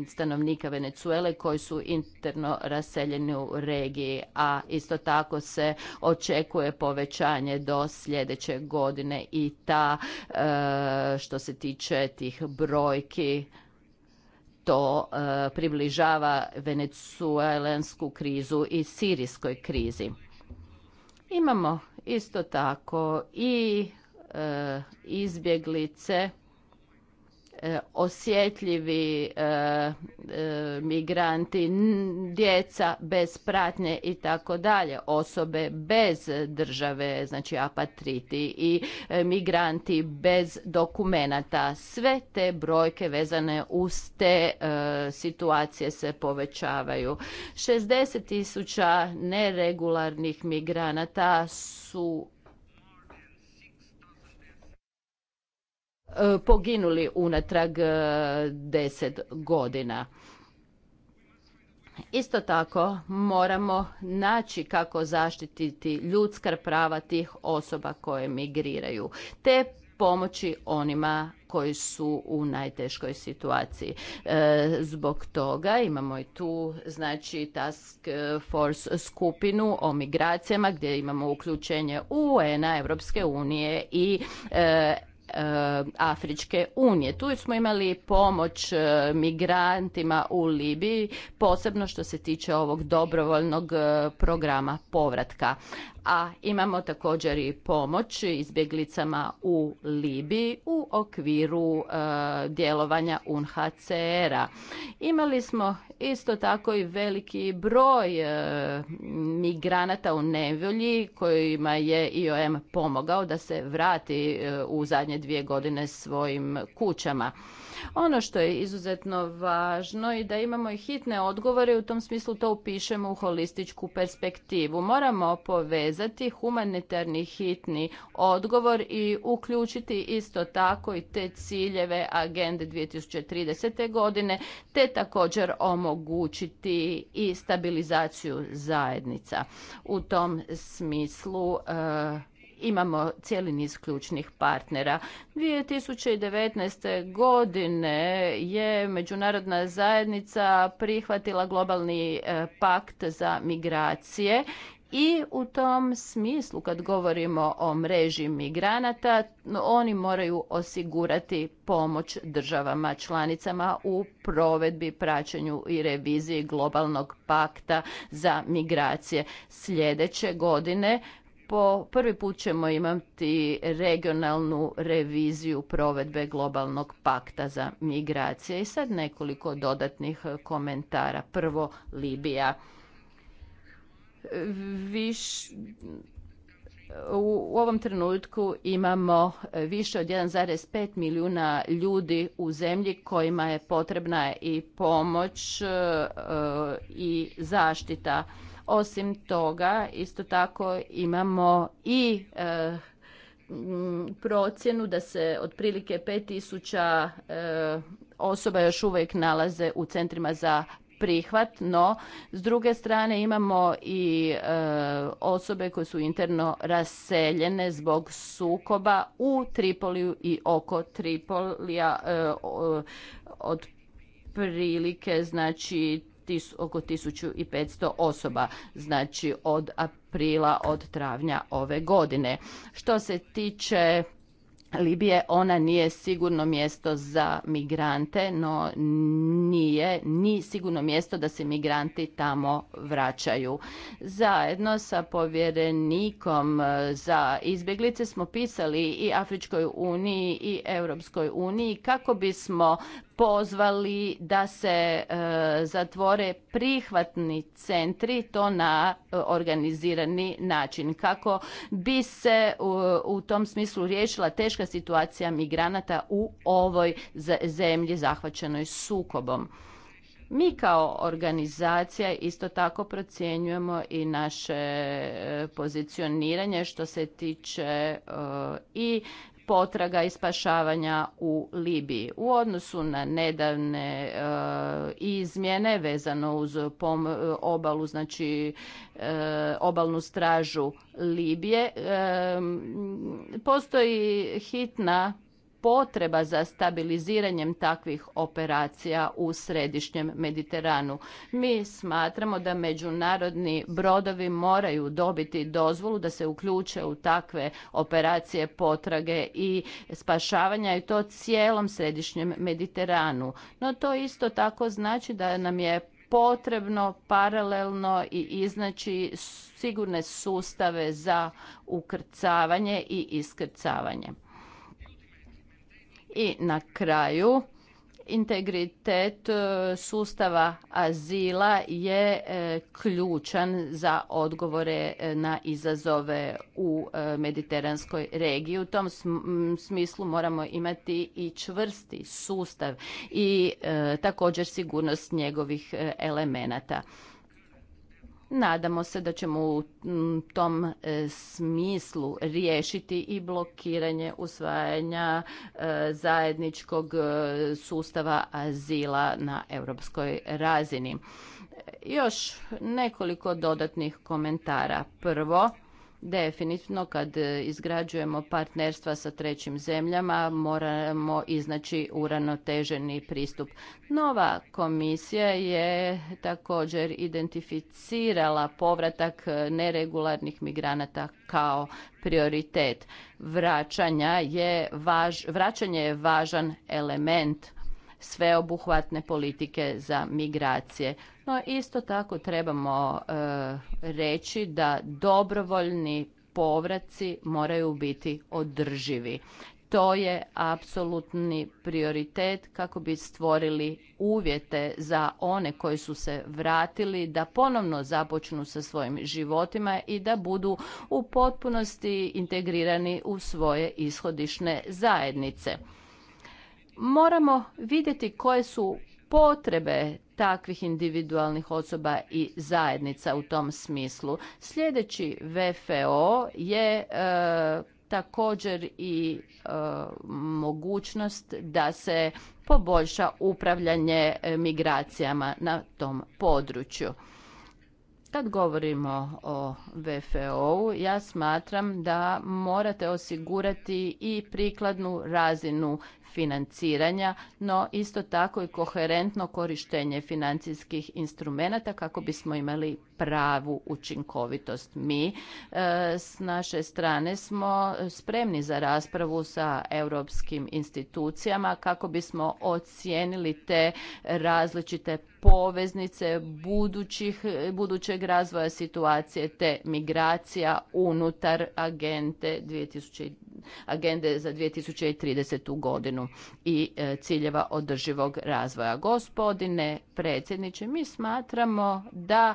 e, stanovnika Venezuele koji su interno raseljeni u regiji, a isto tako se očekuje povećanje do sljedeće godine i ta što se tiče tih brojki to približava venezuelansku krizu i sirijskoj krizi. Imamo Isto tako i e, izbjeglice E, osjetljivi e, e, migranti, djeca bez pratnje i tako dalje, osobe bez države, znači apatriti i migranti bez dokumenata. Sve te brojke vezane uz te situacije se povećavaju. 60 tisuća neregularnih migranata su Eh, poginuli unatrag eh, deset godina. Isto tako moramo naći kako zaštititi ljudska prava tih osoba koje migriraju, te pomoći onima koji su u najteškoj situaciji. Eh, zbog toga imamo i tu znači task force skupinu o migracijama gdje imamo uključenje UN-a, Europske unije i Eh, Afričke unije. Tu smo imali pomoć eh, migrantima u Libiji, posebno što se tiče ovog dobrovoljnog eh, programa povratka. A imamo također i pomoć izbjeglicama u Libiji u okviru djelovanja UNHCR-a. Imali smo isto tako i veliki broj migranata u nevolji kojima je IOM pomogao da se vrati u zadnje dvije godine svojim kućama. Ono što je izuzetno važno i da imamo i hitne odgovore u tom smislu to upišemo u holističku perspektivu. Moramo povezati humanitarni hitni odgovor i uključiti isto tako i te ciljeve agende 2030. godine te također omogućiti i stabilizaciju zajednica. U tom smislu e, imamo cijeli niz ključnih partnera. 2019. godine je međunarodna zajednica prihvatila globalni e, pakt za migracije i u tom smislu kad govorimo o mreži migranata oni moraju osigurati pomoć državama članicama u provedbi, praćenju i reviziji globalnog pakta za migracije. Sljedeće godine po prvi put ćemo imati regionalnu reviziju provedbe globalnog pakta za migracije. I sad nekoliko dodatnih komentara. Prvo, Libija. Viš, u ovom trenutku imamo više od 1,5 milijuna ljudi u zemlji kojima je potrebna i pomoć e, i zaštita osim toga, isto tako imamo i e, procjenu da se otprilike 5000 e, osoba još uvijek nalaze u centrima za prihvat, no s druge strane imamo i e, osobe koje su interno raseljene zbog sukoba u Tripoliju i oko Tripolija e, od prilike znači oko 1500 osoba, znači od aprila, od travnja ove godine. Što se tiče Libije ona nije sigurno mjesto za migrante, no nije ni sigurno mjesto da se migranti tamo vraćaju. Zajedno sa povjerenikom e, za izbjeglice smo pisali i Afričkoj uniji i Europskoj uniji kako bismo pozvali da se e, zatvore prihvatni centri to na e, organizirani način kako bi se u tom smislu riješila teška situacija migranata u ovoj zemlji zahvaćenoj sukobom. Mi kao organizacija isto tako procjenjujemo i naše e, pozicioniranje što se tiče i potraga i spašavanja u Libiji. U odnosu na nedavne e, izmjene vezano uz obalu, znači e, obalnu stražu Libije, e, postoji hitna potreba za stabiliziranjem takvih operacija u središnjem Mediteranu. Mi smatramo da međunarodni brodovi moraju dobiti dozvolu da se uključe u takve operacije potrage i spašavanja i to cijelom središnjem Mediteranu. No to isto tako znači da nam je potrebno paralelno i iznaći sigurne sustave za ukrcavanje i iskrcavanje. I na kraju, integritet e, sustava azila je e, ključan za odgovore e, na izazove u mediteranskoj regiji. U tom smislu moramo imati i čvrsti sustav i također sigurnost njegovih elemenata. Nadamo se da ćemo u tom e, smislu riješiti i blokiranje usvajanja e, zajedničkog e, sustava azila na europskoj razini. Još nekoliko dodatnih komentara. Prvo, Definitivno kad e, izgrađujemo partnerstva sa trećim zemljama moramo iznaći uranoteženi pristup. Nova komisija je također identificirala povratak e, neregularnih migranata kao prioritet. Vraćanja je važ, vraćanje je važan element sveobuhvatne politike za migracije. No isto tako trebamo e, reći da dobrovoljni povraci moraju biti održivi. To je apsolutni prioritet kako bi stvorili uvjete za one koji su se vratili da ponovno započnu sa svojim životima i da budu u potpunosti integrirani u svoje ishodišne zajednice moramo vidjeti koje su potrebe takvih individualnih osoba i zajednica u tom smislu. Sljedeći VFO je e, također i e, mogućnost da se poboljša upravljanje e, migracijama na tom području. Kad govorimo o VFO-u, ja smatram da morate osigurati i prikladnu razinu financiranja, no isto tako i koherentno korištenje financijskih instrumenata kako bismo imali pravu učinkovitost. Mi e, s naše strane smo spremni za raspravu sa europskim institucijama kako bismo ocijenili te različite poveznice budućih, budućeg razvoja situacije te migracija unutar agente 2020 agende za 2030. godinu i e, ciljeva održivog razvoja. Gospodine predsjedniče, mi smatramo da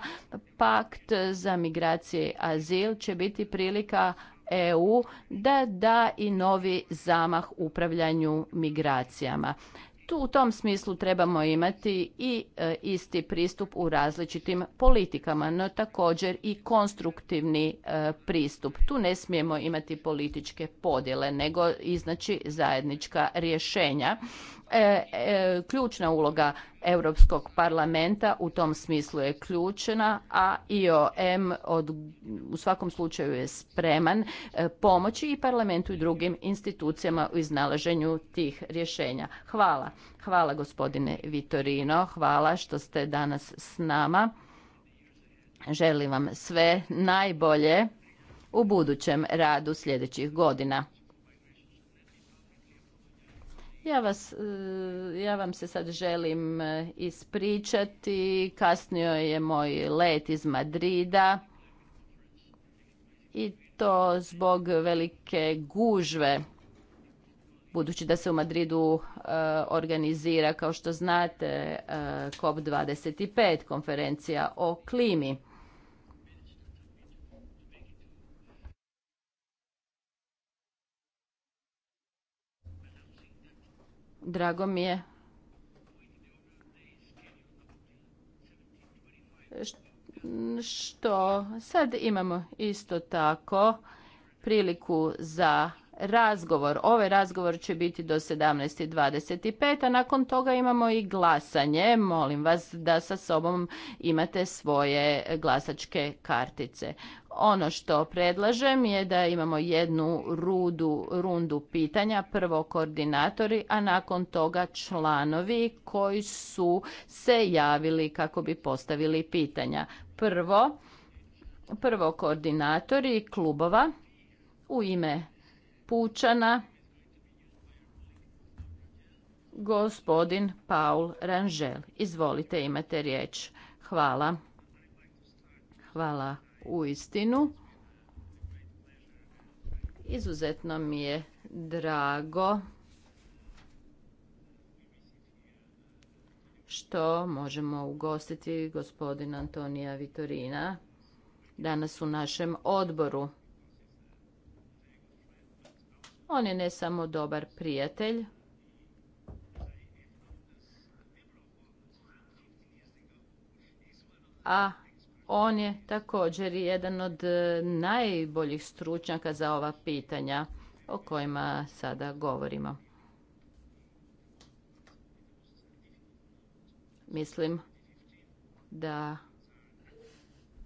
pakt za migracije i azil će biti prilika EU da da i novi zamah upravljanju migracijama. Tu u tom smislu trebamo imati i e, isti pristup u različitim politikama, no također i konstruktivni e, pristup. Tu ne smijemo imati političke podjele, nego iznaći zajednička rješenja E, e, ključna uloga Europskog parlamenta u tom smislu je ključna, a IOM od, u svakom slučaju je spreman e, pomoći i parlamentu i drugim institucijama u iznalaženju tih rješenja. Hvala. Hvala gospodine Vitorino, hvala što ste danas s nama. Želim vam sve najbolje u budućem radu sljedećih godina. Ja, vas, e, ja vam se sad želim e, ispričati. Kasnio je moj let iz Madrida i to zbog velike gužve budući da se u Madridu e, organizira, kao što znate, COP25, konferencija o klimi. Drago mi je što sad imamo isto tako priliku za razgovor. Ovaj razgovor će biti do 17.25, a nakon toga imamo i glasanje. Molim vas da sa sobom imate svoje glasačke kartice. Ono što predlažem je da imamo jednu rudu, rundu pitanja, prvo koordinatori, a nakon toga članovi koji su se javili kako bi postavili pitanja. Prvo, prvo koordinatori klubova u ime Pučana, gospodin Paul Ranžel. Izvolite, imate riječ. Hvala. Hvala u istinu. Izuzetno mi je drago što možemo ugostiti gospodina Antonija Vitorina danas u našem odboru. On je ne samo dobar prijatelj, a on je također jedan od e, najboljih stručnjaka za ova pitanja o kojima sada govorimo. Mislim da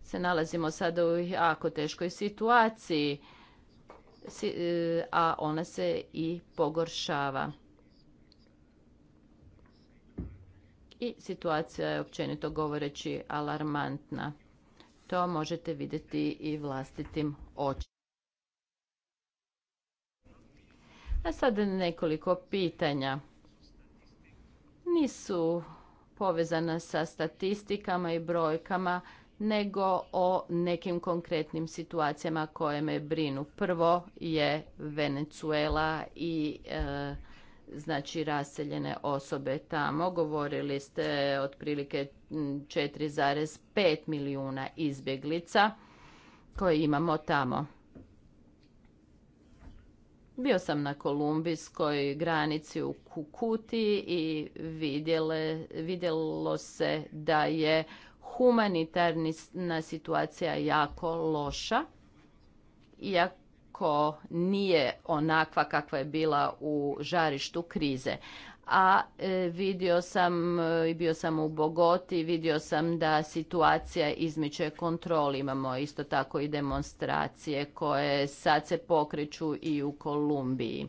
se nalazimo sada u jako teškoj situaciji, e, a ona se i pogoršava. I situacija je općenito govoreći alarmantna to možete vidjeti i vlastitim očima. A sad nekoliko pitanja. Nisu povezana sa statistikama i brojkama, nego o nekim konkretnim situacijama koje me brinu. Prvo je Venezuela i e, znači raseljene osobe tamo. Govorili ste otprilike 4,5 milijuna izbjeglica koje imamo tamo. Bio sam na kolumbijskoj granici u Kukuti i vidjele, vidjelo se da je humanitarna situacija jako loša. Iako ko nije onakva kakva je bila u žarištu krize a e, vidio sam e, i bio sam u Bogoti, vidio sam da situacija izmiče kontroli. Imamo isto tako i demonstracije koje sad se pokreću i u Kolumbiji.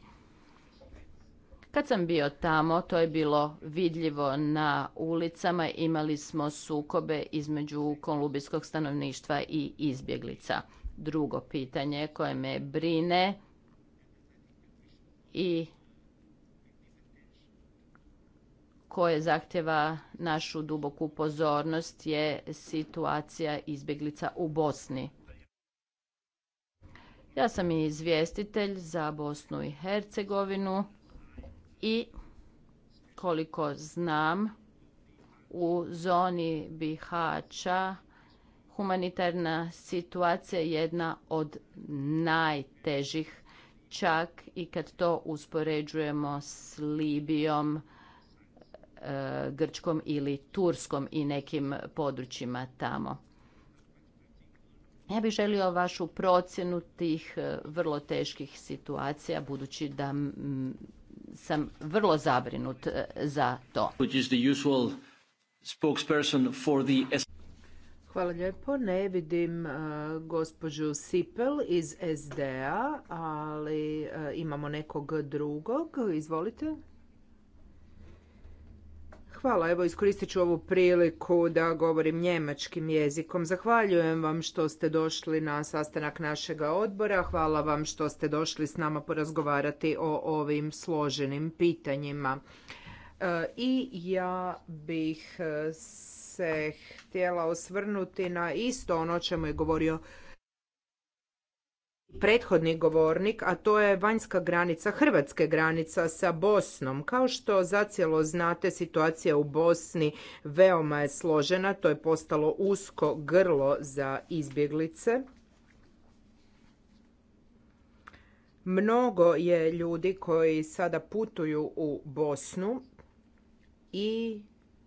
Kad sam bio tamo, to je bilo vidljivo na ulicama, imali smo sukobe između kolumbijskog stanovništva i izbjeglica drugo pitanje koje me brine i koje zahtjeva našu duboku pozornost je situacija izbjeglica u Bosni. Ja sam i izvjestitelj za Bosnu i Hercegovinu i koliko znam u zoni Bihaća humanitarna situacija je jedna od najtežih, čak i kad to uspoređujemo s Libijom, e, Grčkom ili Turskom i nekim područjima tamo. Ja bih želio vašu procjenu tih e, vrlo teških situacija, budući da sam vrlo zabrinut e, za to. Hvala lijepo. Ne vidim e, gospođu Sipel iz SDA, ali e, imamo nekog drugog. Izvolite. Hvala, evo iskoristit ću ovu priliku da govorim njemačkim jezikom. Zahvaljujem vam što ste došli na sastanak našega odbora. Hvala vam što ste došli s nama porazgovarati o ovim složenim pitanjima. E, I ja bih se htjela osvrnuti na isto ono o čemu je govorio prethodni govornik, a to je vanjska granica, hrvatske granica sa Bosnom. Kao što zacijelo znate, situacija u Bosni veoma je složena, to je postalo usko grlo za izbjeglice. Mnogo je ljudi koji sada putuju u Bosnu i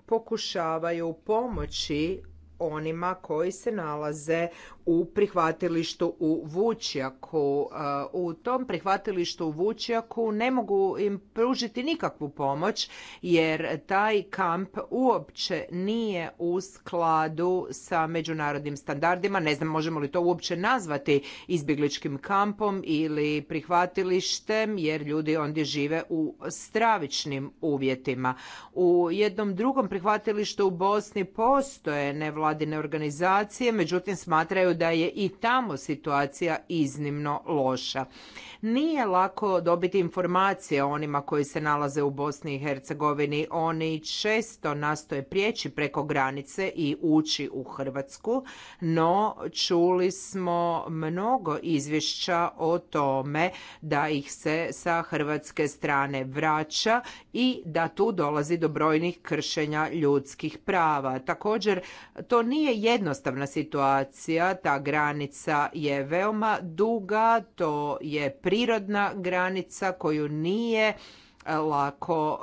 pokušavaju pomoći onima koji se nalaze u prihvatilištu u Vučjaku. E, u tom prihvatilištu u Vučjaku ne mogu im pružiti nikakvu pomoć jer taj kamp uopće nije u skladu sa međunarodnim standardima. Ne znam možemo li to uopće nazvati izbjegličkim kampom ili prihvatilištem jer ljudi ondje žive u stravičnim uvjetima. U jednom drugom prihvatilištu u Bosni postoje nevladine organizacije, međutim smatraju da je i tamo situacija iznimno loša. Nije lako dobiti informacije o onima koji se nalaze u Bosni i Hercegovini. Oni često nastoje prijeći preko granice i ući u Hrvatsku, no čuli smo mnogo izvješća o tome da ih se sa hrvatske strane vraća i da tu dolazi do brojnih kršenja ljudskih prava. Također, to nije jednostavna situacija, ta granica je veoma duga, to je prirodna granica koju nije lako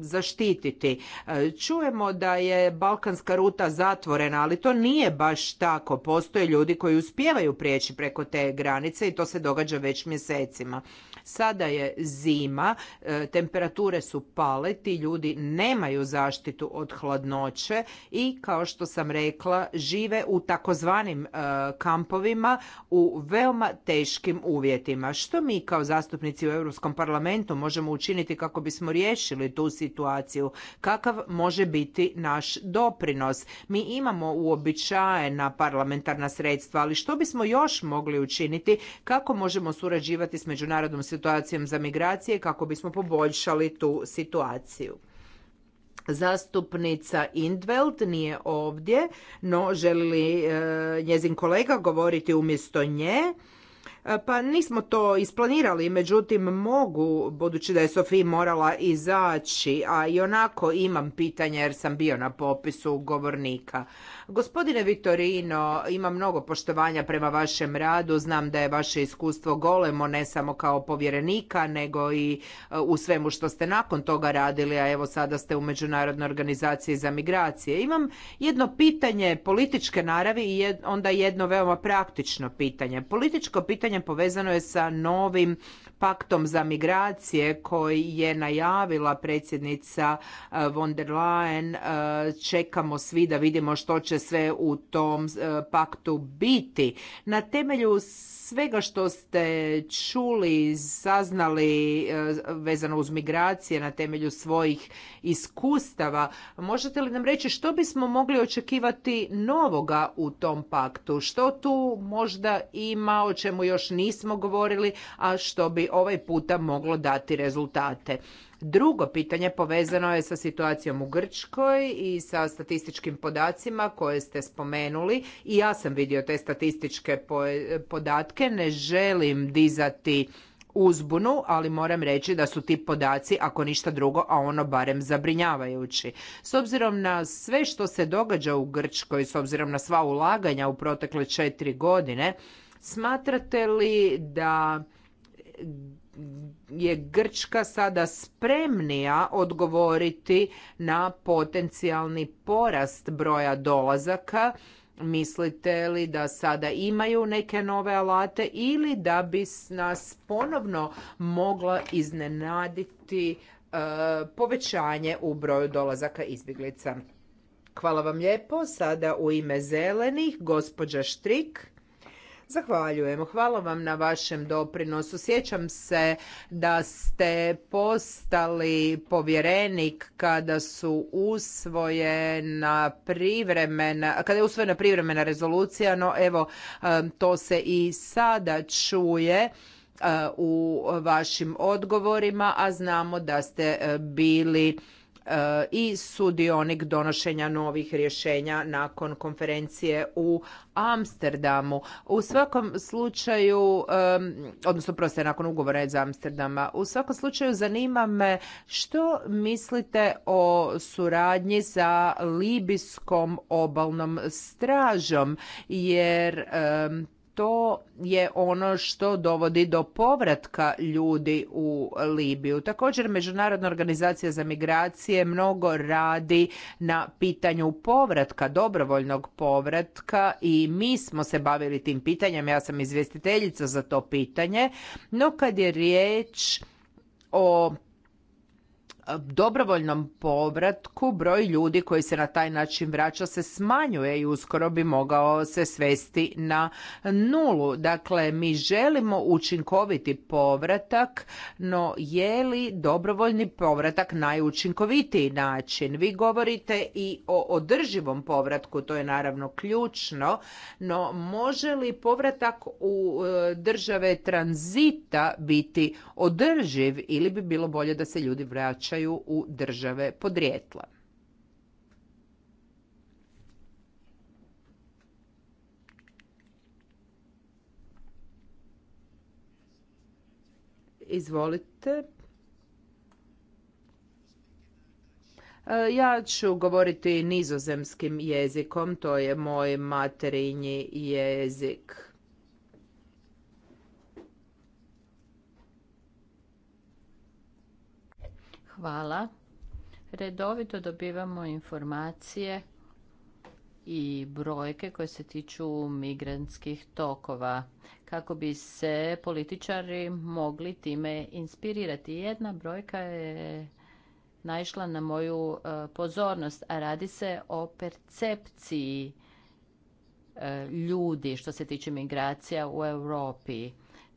zaštititi. E, čujemo da je balkanska ruta zatvorena, ali to nije baš tako. Postoje ljudi koji uspijevaju prijeći preko te granice i to se događa već mjesecima. Sada je zima, e, temperature su pale, ti ljudi nemaju zaštitu od hladnoće i kao što sam rekla, žive u takozvanim e, kampovima u veoma teškim uvjetima. Što mi kao zastupnici u Europskom parlamentu možemo učiniti učiniti kako bismo riješili tu situaciju? Kakav može biti naš doprinos? Mi imamo uobičajena parlamentarna sredstva, ali što bismo još mogli učiniti? Kako možemo surađivati s međunarodnom situacijom za migracije kako bismo poboljšali tu situaciju? Zastupnica Indveld nije ovdje, no želi e, njezin kolega govoriti umjesto nje? E, pa nismo to isplanirali, međutim mogu, budući da je Sofija morala izaći, a i onako imam pitanje jer sam bio na popisu govornika. Gospodine Vitorino, ima mnogo poštovanja prema vašem radu, znam da je vaše iskustvo golemo, ne samo kao povjerenika, nego i e, u svemu što ste nakon toga radili, a evo sada ste u Međunarodnoj organizaciji za migracije. Imam jedno pitanje političke naravi i onda jedno veoma praktično pitanje. Političko pitanje povezano je sa novim paktom za migracije koji je najavila predsjednica eh, von der Leyen. Eh, čekamo svi da vidimo što će sve u tom eh, paktu biti. Na temelju svega što ste čuli, saznali e, vezano uz migracije na temelju svojih iskustava, možete li nam reći što bismo mogli očekivati novoga u tom paktu? Što tu možda ima, o čemu još nismo govorili, a što bi ovaj puta moglo dati rezultate? Drugo pitanje povezano je sa situacijom u Grčkoj i sa statističkim podacima koje ste spomenuli. I ja sam vidio te statističke podatke, ne želim dizati uzbunu, ali moram reći da su ti podaci, ako ništa drugo, a ono barem zabrinjavajući. S obzirom na sve što se događa u Grčkoj, s obzirom na sva ulaganja u protekle četiri godine, smatrate li da je Grčka sada spremnija odgovoriti na potencijalni porast broja dolazaka? Mislite li da sada imaju neke nove alate ili da bi nas ponovno mogla iznenaditi e, povećanje u broju dolazaka izbjeglica? Hvala vam lijepo. Sada u ime zelenih gospođa Štrik. Zahvaljujemo. Hvala vam na vašem doprinosu. Sjećam se da ste postali povjerenik kada su usvojena privremena, kada je usvojena privremena rezolucija, no evo to se i sada čuje u vašim odgovorima, a znamo da ste bili E, i sudionik donošenja novih rješenja nakon konferencije u Amsterdamu. U svakom slučaju, e, odnosno proste nakon ugovora iz Amsterdama, u svakom slučaju zanima me što mislite o suradnji sa Libijskom obalnom stražom, jer e, to je ono što dovodi do povratka ljudi u Libiju. Također Međunarodna organizacija za migracije mnogo radi na pitanju povratka, dobrovoljnog povratka i mi smo se bavili tim pitanjem, ja sam izvjestiteljica za to pitanje, no kad je riječ o dobrovoljnom povratku broj ljudi koji se na taj način vraća se smanjuje i uskoro bi mogao se svesti na nulu. Dakle, mi želimo učinkoviti povratak, no je li dobrovoljni povratak najučinkovitiji način? Vi govorite i o održivom povratku, to je naravno ključno, no može li povratak u e, države tranzita biti održiv ili bi bilo bolje da se ljudi vraćaju vraćaju u države podrijetla. Izvolite. E, ja ću govoriti nizozemskim jezikom, to je moj materinji jezik. Hvala. Redovito dobivamo informacije i brojke koje se tiču migrantskih tokova kako bi se političari mogli time inspirirati. Jedna brojka je naišla na moju e, pozornost, a radi se o percepciji e, ljudi što se tiče migracija u Europi.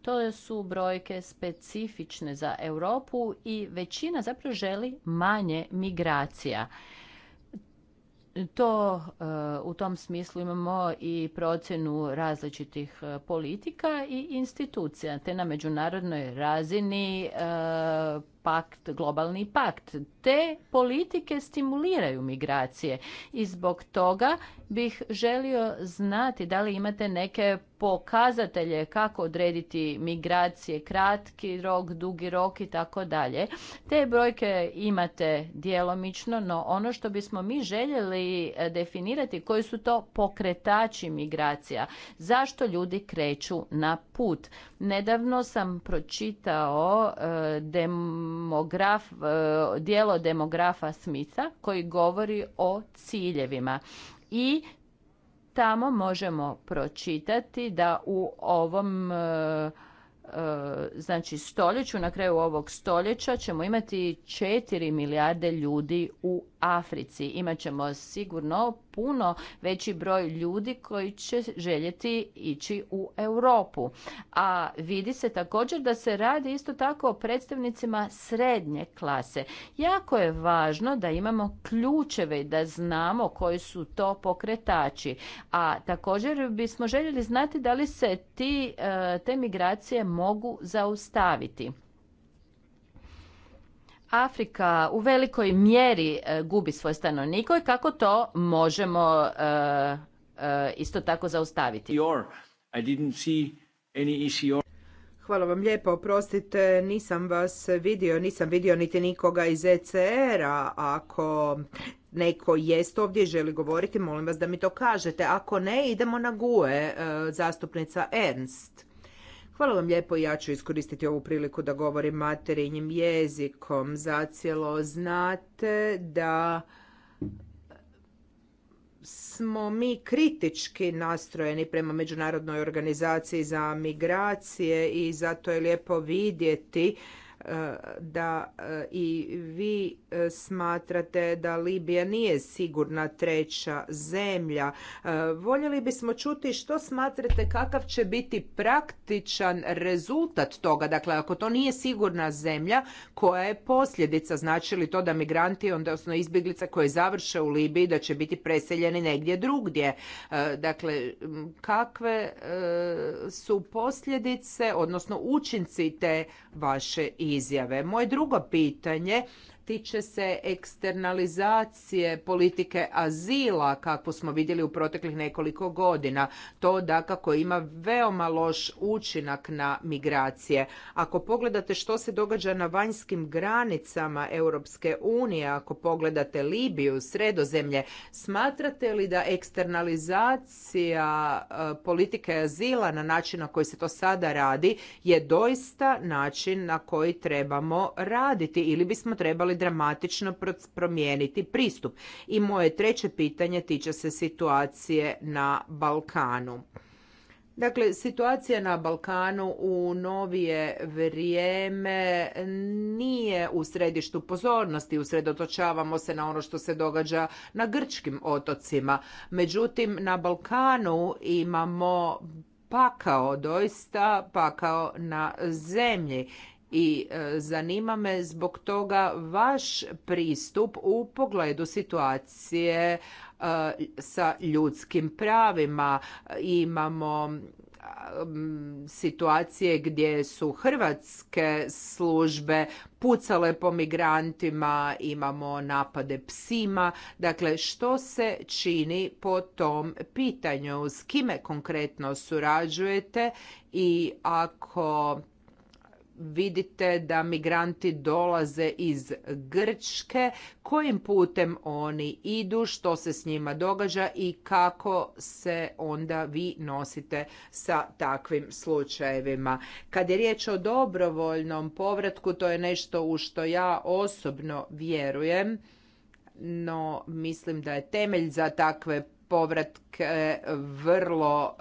To su brojke specifične za Europu i većina zapravo želi manje migracija. To e, u tom smislu imamo i procjenu različitih e, politika i institucija, te na međunarodnoj razini e, pakt, globalni pakt. Te politike stimuliraju migracije i zbog toga bih želio znati da li imate neke pokazatelje kako odrediti migracije, kratki rok, dugi rok i tako dalje. Te brojke imate djelomično, no ono što bismo mi željeli eh, definirati koji su to pokretači migracija, zašto ljudi kreću na put. Nedavno sam pročitao eh, dem demograf, e, dijelo demografa Smitha koji govori o ciljevima. I tamo možemo pročitati da u ovom e, e, znači stoljeću, na kraju ovog stoljeća ćemo imati 4 milijarde ljudi u Africi. Imaćemo sigurno puno veći broj ljudi koji će željeti ići u Europu. A vidi se također da se radi isto tako o predstavnicima srednje klase. Jako je važno da imamo ključeve i da znamo koji su to pokretači. A također bismo željeli znati da li se e, te migracije mogu zaustaviti. Afrika u velikoj mjeri e, gubi svoj stanovnik i kako to možemo e, e, isto tako zaustaviti. Hvala vam lijepo, oprostite, nisam vas vidio, nisam vidio niti nikoga iz ECR-a. Ako neko jest ovdje i želi govoriti, molim vas da mi to kažete. Ako ne, idemo na GUE, zastupnica Ernst. Hvala vam lijepo, ja ću iskoristiti ovu priliku da govorim materinjim jezikom. Zacijelo znate da smo mi kritički nastrojeni prema Međunarodnoj organizaciji za migracije i zato je lijepo vidjeti da e, i vi e, smatrate da Libija nije sigurna treća zemlja. E, voljeli bismo čuti što smatrate kakav će biti praktičan rezultat toga. Dakle, ako to nije sigurna zemlja, koja je posljedica? Znači li to da migranti, odnosno izbjeglice koje završe u Libiji, da će biti preseljeni negdje drugdje? Dakle, kakve su posljedice, odnosno učinci te vaše i izjave. Moje drugo pitanje tiče se eksternalizacije politike azila kako smo vidjeli u proteklih nekoliko godina. To dakako ima veoma loš učinak na migracije. Ako pogledate što se događa na vanjskim granicama Europske unije, ako pogledate Libiju, Sredozemlje, smatrate li da eksternalizacija e, politike azila na način na koji se to sada radi je doista način na koji trebamo raditi ili bismo trebali dramatično promijeniti pristup. I moje treće pitanje tiče se situacije na Balkanu. Dakle, situacija na Balkanu u novije vrijeme nije u središtu pozornosti. Usredotočavamo se na ono što se događa na grčkim otocima. Međutim, na Balkanu imamo pakao, doista pakao na zemlji i e, zanima me zbog toga vaš pristup u pogledu situacije e, sa ljudskim pravima. Imamo situacije gdje su hrvatske službe pucale po migrantima, imamo napade psima. Dakle, što se čini po tom pitanju? S kime konkretno surađujete i ako vidite da migranti dolaze iz Grčke, kojim putem oni idu, što se s njima događa i kako se onda vi nosite sa takvim slučajevima. Kad je riječ o dobrovoljnom povratku, to je nešto u što ja osobno vjerujem, no mislim da je temelj za takve povratke vrlo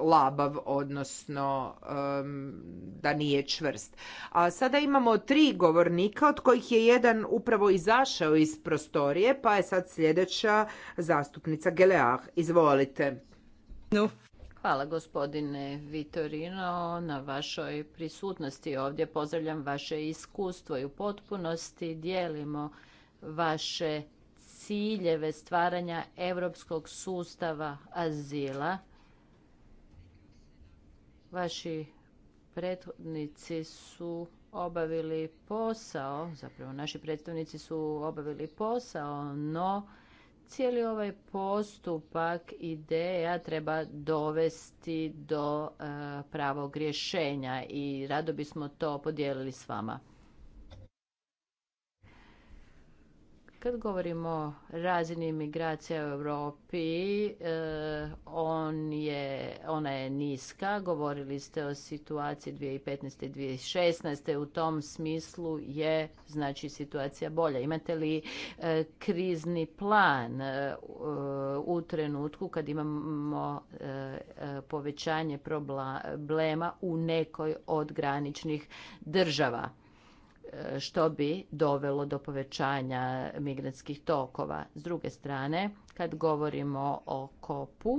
labav, odnosno da nije čvrst. A sada imamo tri govornika, od kojih je jedan upravo izašao iz prostorije, pa je sad sljedeća zastupnica Geleah. Izvolite. Hvala gospodine Vitorino na vašoj prisutnosti ovdje. Pozdravljam vaše iskustvo i u potpunosti dijelimo vaše ciljeve stvaranja europskog sustava azila Vaši prethodnici su obavili posao, zapravo naši predstavnici su obavili posao, no cijeli ovaj postupak ideja treba dovesti do eh, pravog rješenja i rado bismo to podijelili s vama. Kad govorimo o razini migracija u Europi, e, on je, ona je niska. Govorili ste o situaciji 2015. i 2016. U tom smislu je znači situacija bolja. Imate li e, krizni plan e, u trenutku kad imamo povećanje problema u nekoj od graničnih država? što bi dovelo do povećanja migrantskih tokova. S druge strane, kad govorimo o kopu,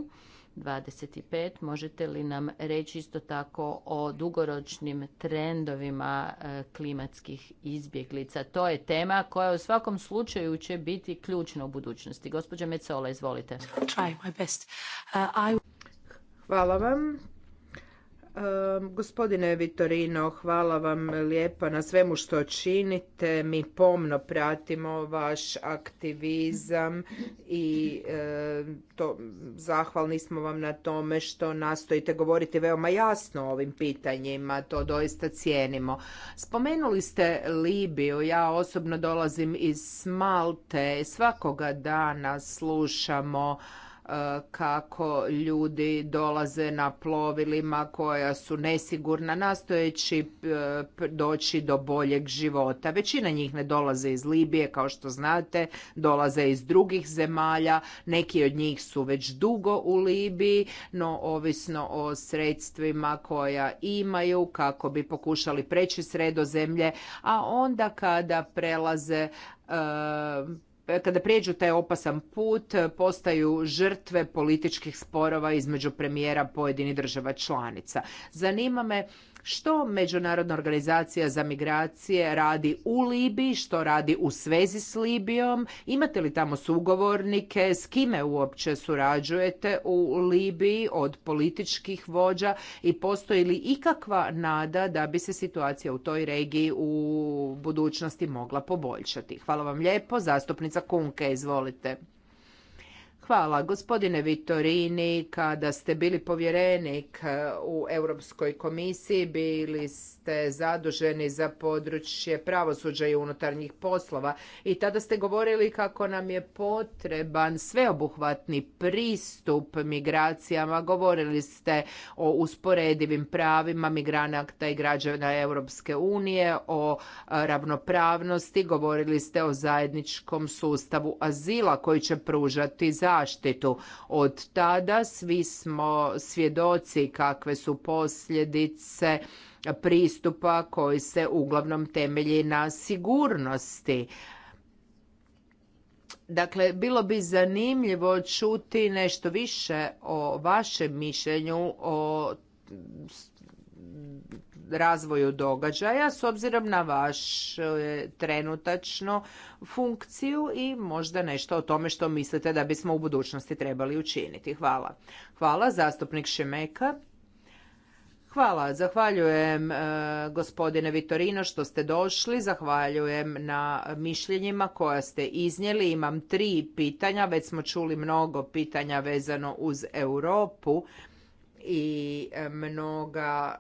25. Možete li nam reći isto tako o dugoročnim trendovima e, klimatskih izbjeglica? To je tema koja u svakom slučaju će biti ključna u budućnosti. Gospođa Mecola, izvolite. Uh, Hvala vam. Gospodine Vitorino, hvala vam lijepa na svemu što činite. Mi pomno pratimo vaš aktivizam i to, zahvalni smo vam na tome što nastojite govoriti veoma jasno o ovim pitanjima. To doista cijenimo. Spomenuli ste Libiju. Ja osobno dolazim iz Malte. Svakoga dana slušamo kako ljudi dolaze na plovilima koja su nesigurna nastojeći eh, doći do boljeg života. Većina njih ne dolaze iz Libije, kao što znate, dolaze iz drugih zemalja, neki od njih su već dugo u Libiji, no ovisno o sredstvima koja imaju kako bi pokušali preći sredozemlje, a onda kada prelaze eh, kada prijeđu taj opasan put postaju žrtve političkih sporova između premijera pojedinih država članica. Zanima me što Međunarodna organizacija za migracije radi u Libiji, što radi u svezi s Libijom, imate li tamo sugovornike, s kime uopće surađujete u Libiji od političkih vođa i postoji li ikakva nada da bi se situacija u toj regiji u budućnosti mogla poboljšati. Hvala vam lijepo, zastupnica Kunke, izvolite. Hvala. Gospodine Vitorini, kada ste bili povjerenik eh, u Europskoj komisiji, bili ste ste zaduženi za područje pravosuđa i unutarnjih poslova i tada ste govorili kako nam je potreban sveobuhvatni pristup migracijama. Govorili ste o usporedivim pravima migranata i građana Europske unije, o e, ravnopravnosti, govorili ste o zajedničkom sustavu azila koji će pružati zaštitu. Od tada svi smo svjedoci kakve su posljedice pristupa koji se uglavnom temelji na sigurnosti. Dakle, bilo bi zanimljivo čuti nešto više o vašem mišljenju o razvoju događaja s obzirom na vaš trenutačno funkciju i možda nešto o tome što mislite da bismo u budućnosti trebali učiniti. Hvala. Hvala, zastupnik Šemeka. Hvala, zahvaljujem e, gospodine Vitorino što ste došli, zahvaljujem na mišljenjima koja ste iznijeli. Imam tri pitanja, već smo čuli mnogo pitanja vezano uz Europu i mnoga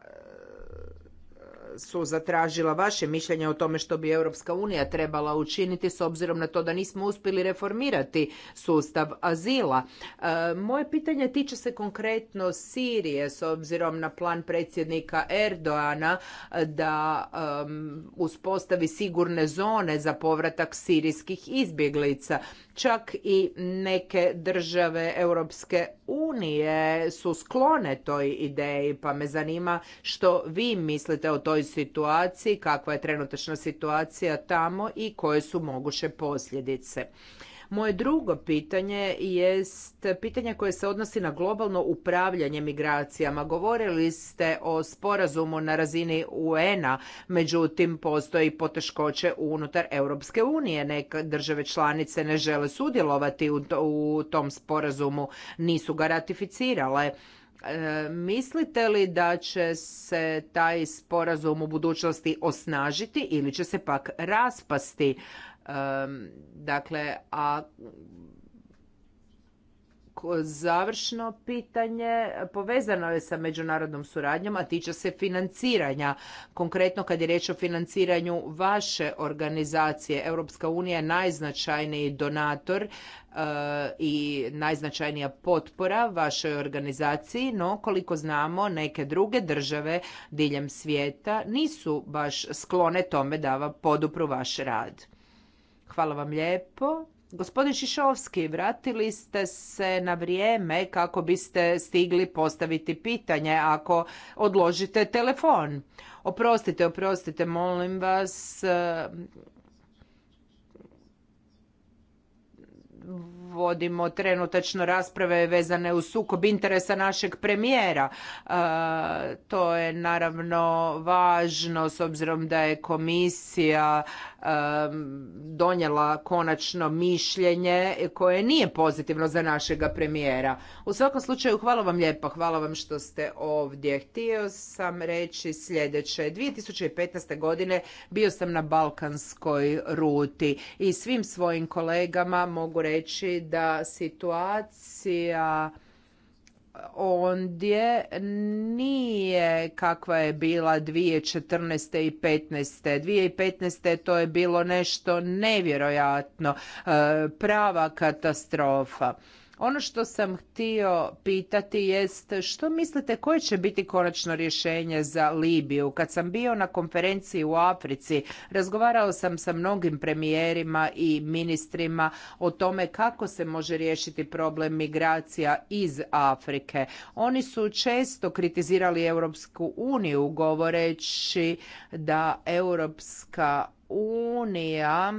su zatražila vaše mišljenje o tome što bi Europska unija trebala učiniti s obzirom na to da nismo uspjeli reformirati sustav azila. E, moje pitanje tiče se konkretno Sirije s obzirom na plan predsjednika Erdoana da uspostavi sigurne zone za povratak sirijskih izbjeglica. Čak i neke države Europske unije su sklone toj ideji, pa me zanima što vi mislite o toj situaciji, kakva je trenutačna situacija tamo i koje su moguće posljedice. Moje drugo pitanje jest pitanje koje se odnosi na globalno upravljanje migracijama. Govorili ste o sporazumu na razini UN-a, međutim postoji poteškoće unutar Europske unije. Neke države članice ne žele sudjelovati u tom sporazumu, nisu ga ratificirale. E, mislite li da će se taj sporazum u budućnosti osnažiti ili će se pak raspasti? Dakle, a završno pitanje povezano je sa međunarodnom suradnjom, a tiče se financiranja. Konkretno kad je riječ o financiranju vaše organizacije, Europska unija je najznačajniji donator e, i najznačajnija potpora vašoj organizaciji, no koliko znamo neke druge države diljem svijeta nisu baš sklone tome da vam podupru vaš rad. Hvala vam lijepo. Gospodin Šišovski, vratili ste se na vrijeme kako biste stigli postaviti pitanje ako odložite telefon. Oprostite, oprostite, molim vas. vodimo trenutačno rasprave vezane u sukob interesa našeg premijera. E, to je naravno važno s obzirom da je komisija donijela konačno mišljenje koje nije pozitivno za našega premijera. U svakom slučaju hvala vam lijepa, hvala vam što ste ovdje. Htio sam reći sljedeće. 2015. godine bio sam na balkanskoj ruti i svim svojim kolegama mogu reći da situacija ondje nije kakva je bila 2014. i 15. 2015. to je bilo nešto nevjerojatno, e, prava katastrofa. Ono što sam htio pitati jest što mislite koje će biti konačno rješenje za Libiju? Kad sam bio na konferenciji u Africi, razgovarao sam sa mnogim premijerima i ministrima o tome kako se može riješiti problem migracija iz Afrike. Oni su često kritizirali Europsku uniju govoreći da Europska unija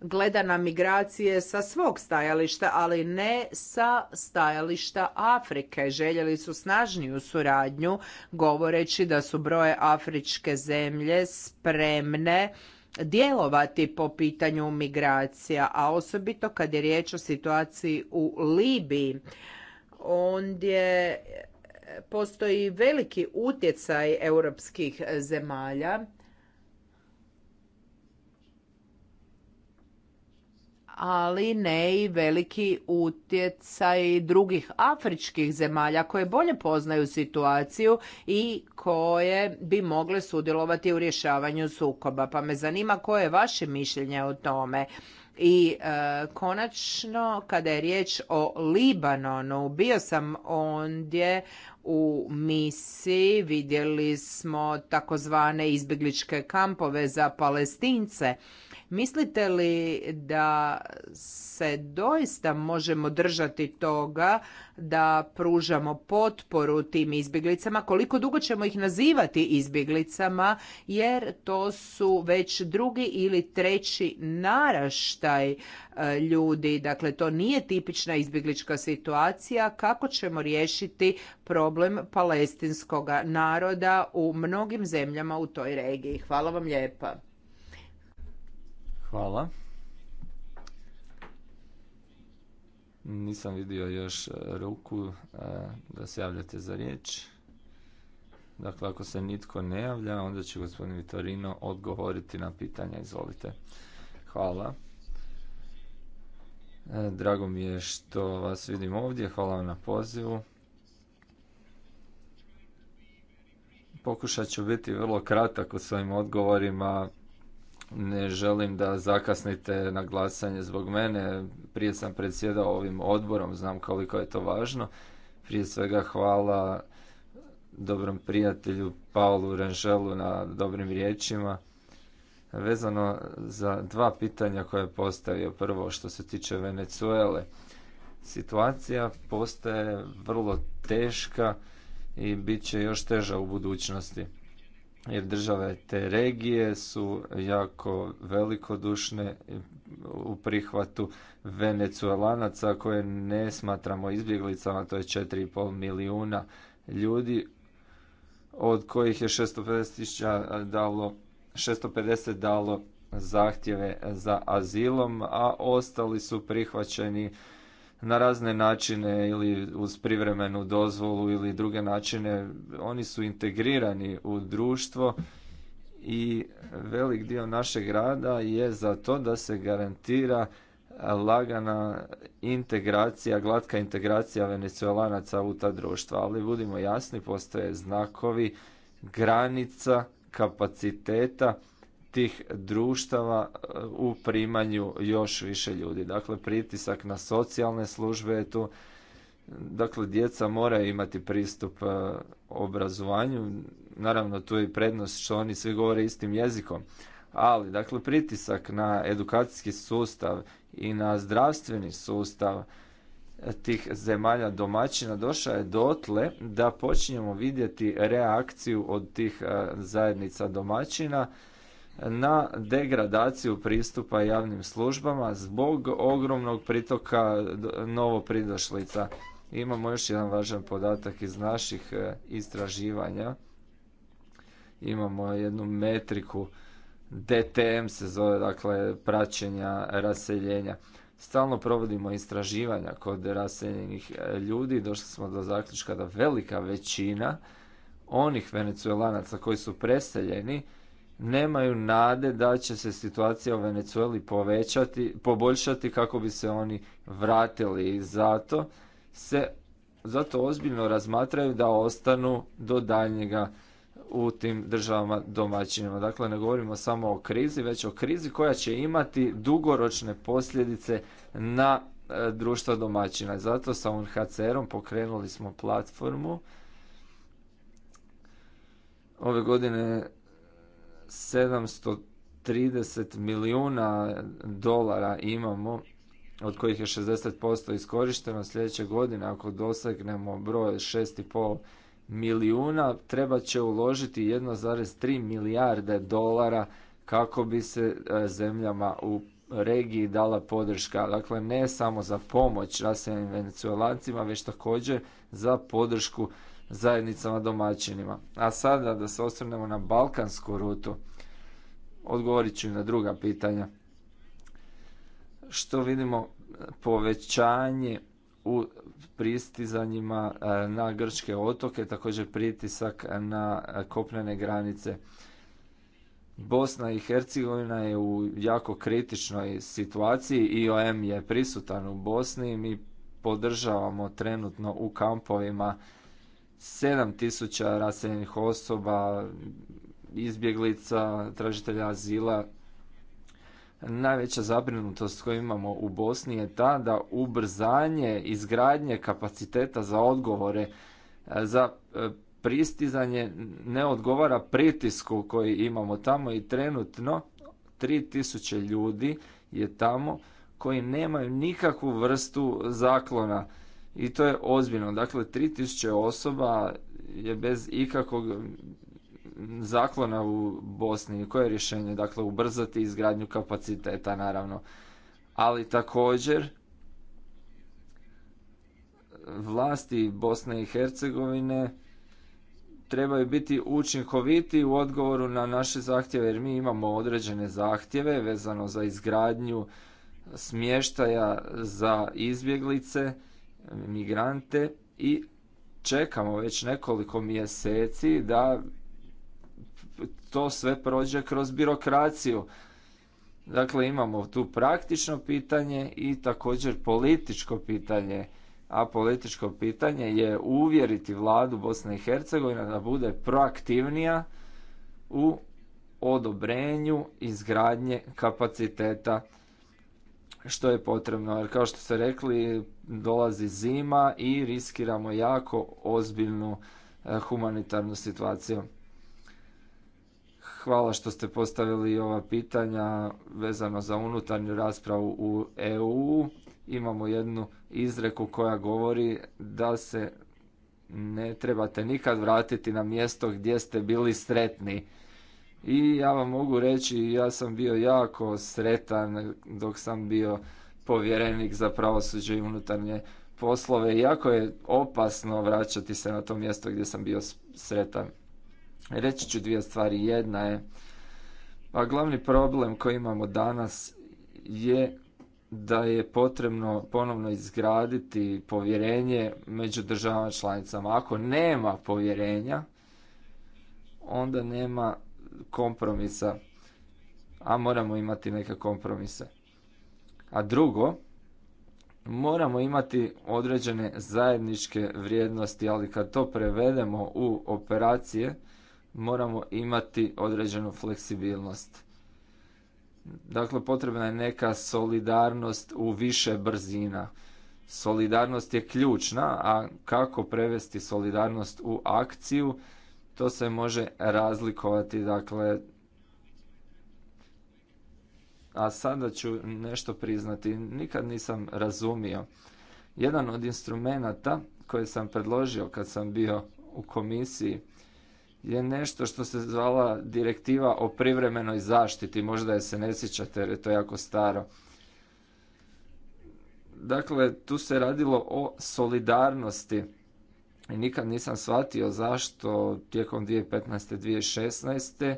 gleda na migracije sa svog stajališta, ali ne sa stajališta Afrike. Željeli su snažniju suradnju govoreći da su broje afričke zemlje spremne djelovati po pitanju migracija, a osobito kad je riječ o situaciji u Libiji. Ondje postoji veliki utjecaj europskih zemalja ali ne i veliki utjecaj drugih afričkih zemalja koje bolje poznaju situaciju i koje bi mogle sudjelovati u rješavanju sukoba. Pa me zanima koje je vaše mišljenje o tome. I e, konačno, kada je riječ o Libanonu, bio sam ondje u misiji, vidjeli smo takozvane izbjegličke kampove za palestince Mislite li da se doista možemo držati toga da pružamo potporu tim izbjeglicama, koliko dugo ćemo ih nazivati izbjeglicama, jer to su već drugi ili treći naraštaj e, ljudi, dakle to nije tipična izbjeglička situacija, kako ćemo riješiti problem palestinskog naroda u mnogim zemljama u toj regiji. Hvala vam lijepa. Hvala. Nisam vidio još e, ruku e, da se javljate za riječ. Dakle, ako se nitko ne javlja, onda će gospodin Vitorino odgovoriti na pitanja. Izvolite. Hvala. E, drago mi je što vas vidim ovdje. Hvala vam na pozivu. Pokušat ću biti vrlo kratak u svojim odgovorima ne želim da zakasnite na glasanje zbog mene. Prije sam predsjedao ovim odborom, znam koliko je to važno. Prije svega hvala dobrom prijatelju Paulu Ranželu na dobrim riječima. Vezano za dva pitanja koje je postavio. Prvo što se tiče Venezuele. Situacija postaje vrlo teška i bit će još teža u budućnosti jer države te regije su jako velikodušne u prihvatu venecuelanaca koje ne smatramo izbjeglicama, to je 4,5 milijuna ljudi, od kojih je 650 dalo, 650 dalo zahtjeve za azilom, a ostali su prihvaćeni na razne načine ili uz privremenu dozvolu ili druge načine oni su integrirani u društvo i velik dio našeg rada je za to da se garantira lagana integracija, glatka integracija venecuelanaca u ta društva. Ali budimo jasni, postoje znakovi granica kapaciteta tih društava e, u primanju još više ljudi. Dakle, pritisak na socijalne službe je tu. Dakle, djeca moraju imati pristup e, obrazovanju. Naravno, tu je i prednost što oni svi govore istim jezikom. Ali, dakle, pritisak na edukacijski sustav i na zdravstveni sustav e, tih zemalja domaćina došao je dotle da počinjemo vidjeti reakciju od tih zajednica domaćina na degradaciju pristupa javnim službama zbog ogromnog pritoka novo Imamo još jedan važan podatak iz naših e, istraživanja. Imamo jednu metriku DTM se zove, dakle praćenja raseljenja. Stalno provodimo istraživanja kod raseljenih e, ljudi. Došli smo do zaključka da velika većina onih venecuelanaca koji su preseljeni nemaju nade da će se situacija u Venezueli povećati, poboljšati kako bi se oni vratili i zato se zato ozbiljno razmatraju da ostanu do daljnjega u tim državama domaćinima. Dakle, ne govorimo samo o krizi, već o krizi koja će imati dugoročne posljedice na e, društva domaćina. Zato sa UNHCR-om pokrenuli smo platformu. Ove godine 730 milijuna dolara imamo, od kojih je 60% iskorišteno sljedeće godine, ako dosegnemo broj 6,5 milijuna, treba će uložiti 1,3 milijarde dolara kako bi se e, zemljama u regiji dala podrška. Dakle, ne samo za pomoć rasenim venecuelancima, već također za podršku zajednicama domaćinima. A sada da se osvrnemo na balkansku rutu, odgovorit ću i na druga pitanja. Što vidimo povećanje u pristizanjima e, na grčke otoke, također pritisak na kopnene granice. Bosna i Hercegovina je u jako kritičnoj situaciji, IOM je prisutan u Bosni, mi podržavamo trenutno u kampovima 7000 raseljenih osoba, izbjeglica, tražitelja azila. Najveća zabrinutost koju imamo u Bosni je ta da ubrzanje izgradnje kapaciteta za odgovore za e, pristizanje ne odgovara pritisku koji imamo tamo i trenutno 3000 ljudi je tamo koji nemaju nikakvu vrstu zaklona i to je ozbiljno. Dakle, 3000 osoba je bez ikakvog zaklona u Bosni. Koje je rješenje? Dakle, ubrzati izgradnju kapaciteta, naravno. Ali također, vlasti Bosne i Hercegovine trebaju biti učinkoviti u odgovoru na naše zahtjeve, jer mi imamo određene zahtjeve vezano za izgradnju smještaja za izbjeglice, migrante i čekamo već nekoliko mjeseci da to sve prođe kroz birokraciju. Dakle, imamo tu praktično pitanje i također političko pitanje. A političko pitanje je uvjeriti vladu Bosne i Hercegovine da bude proaktivnija u odobrenju izgradnje kapaciteta što je potrebno. Jer kao što ste rekli, dolazi zima i riskiramo jako ozbiljnu e, humanitarnu situaciju. Hvala što ste postavili ova pitanja vezano za unutarnju raspravu u EU. Imamo jednu izreku koja govori da se ne trebate nikad vratiti na mjesto gdje ste bili sretni i ja vam mogu reći ja sam bio jako sretan dok sam bio povjerenik za pravosuđe i unutarnje poslove i jako je opasno vraćati se na to mjesto gdje sam bio sretan. Reći ću dvije stvari. Jedna je, a glavni problem koji imamo danas je da je potrebno ponovno izgraditi povjerenje među državama članicama. Ako nema povjerenja, onda nema kompromisa, a moramo imati neke kompromise. A drugo, moramo imati određene zajedničke vrijednosti, ali kad to prevedemo u operacije, moramo imati određenu fleksibilnost. Dakle, potrebna je neka solidarnost u više brzina. Solidarnost je ključna, a kako prevesti solidarnost u akciju to se može razlikovati, dakle, a sada ću nešto priznati, nikad nisam razumio. Jedan od instrumenata koje sam predložio kad sam bio u komisiji je nešto što se zvala direktiva o privremenoj zaštiti, možda je se ne sjećate jer je to jako staro. Dakle, tu se radilo o solidarnosti i nikad nisam shvatio zašto tijekom 2015. 2016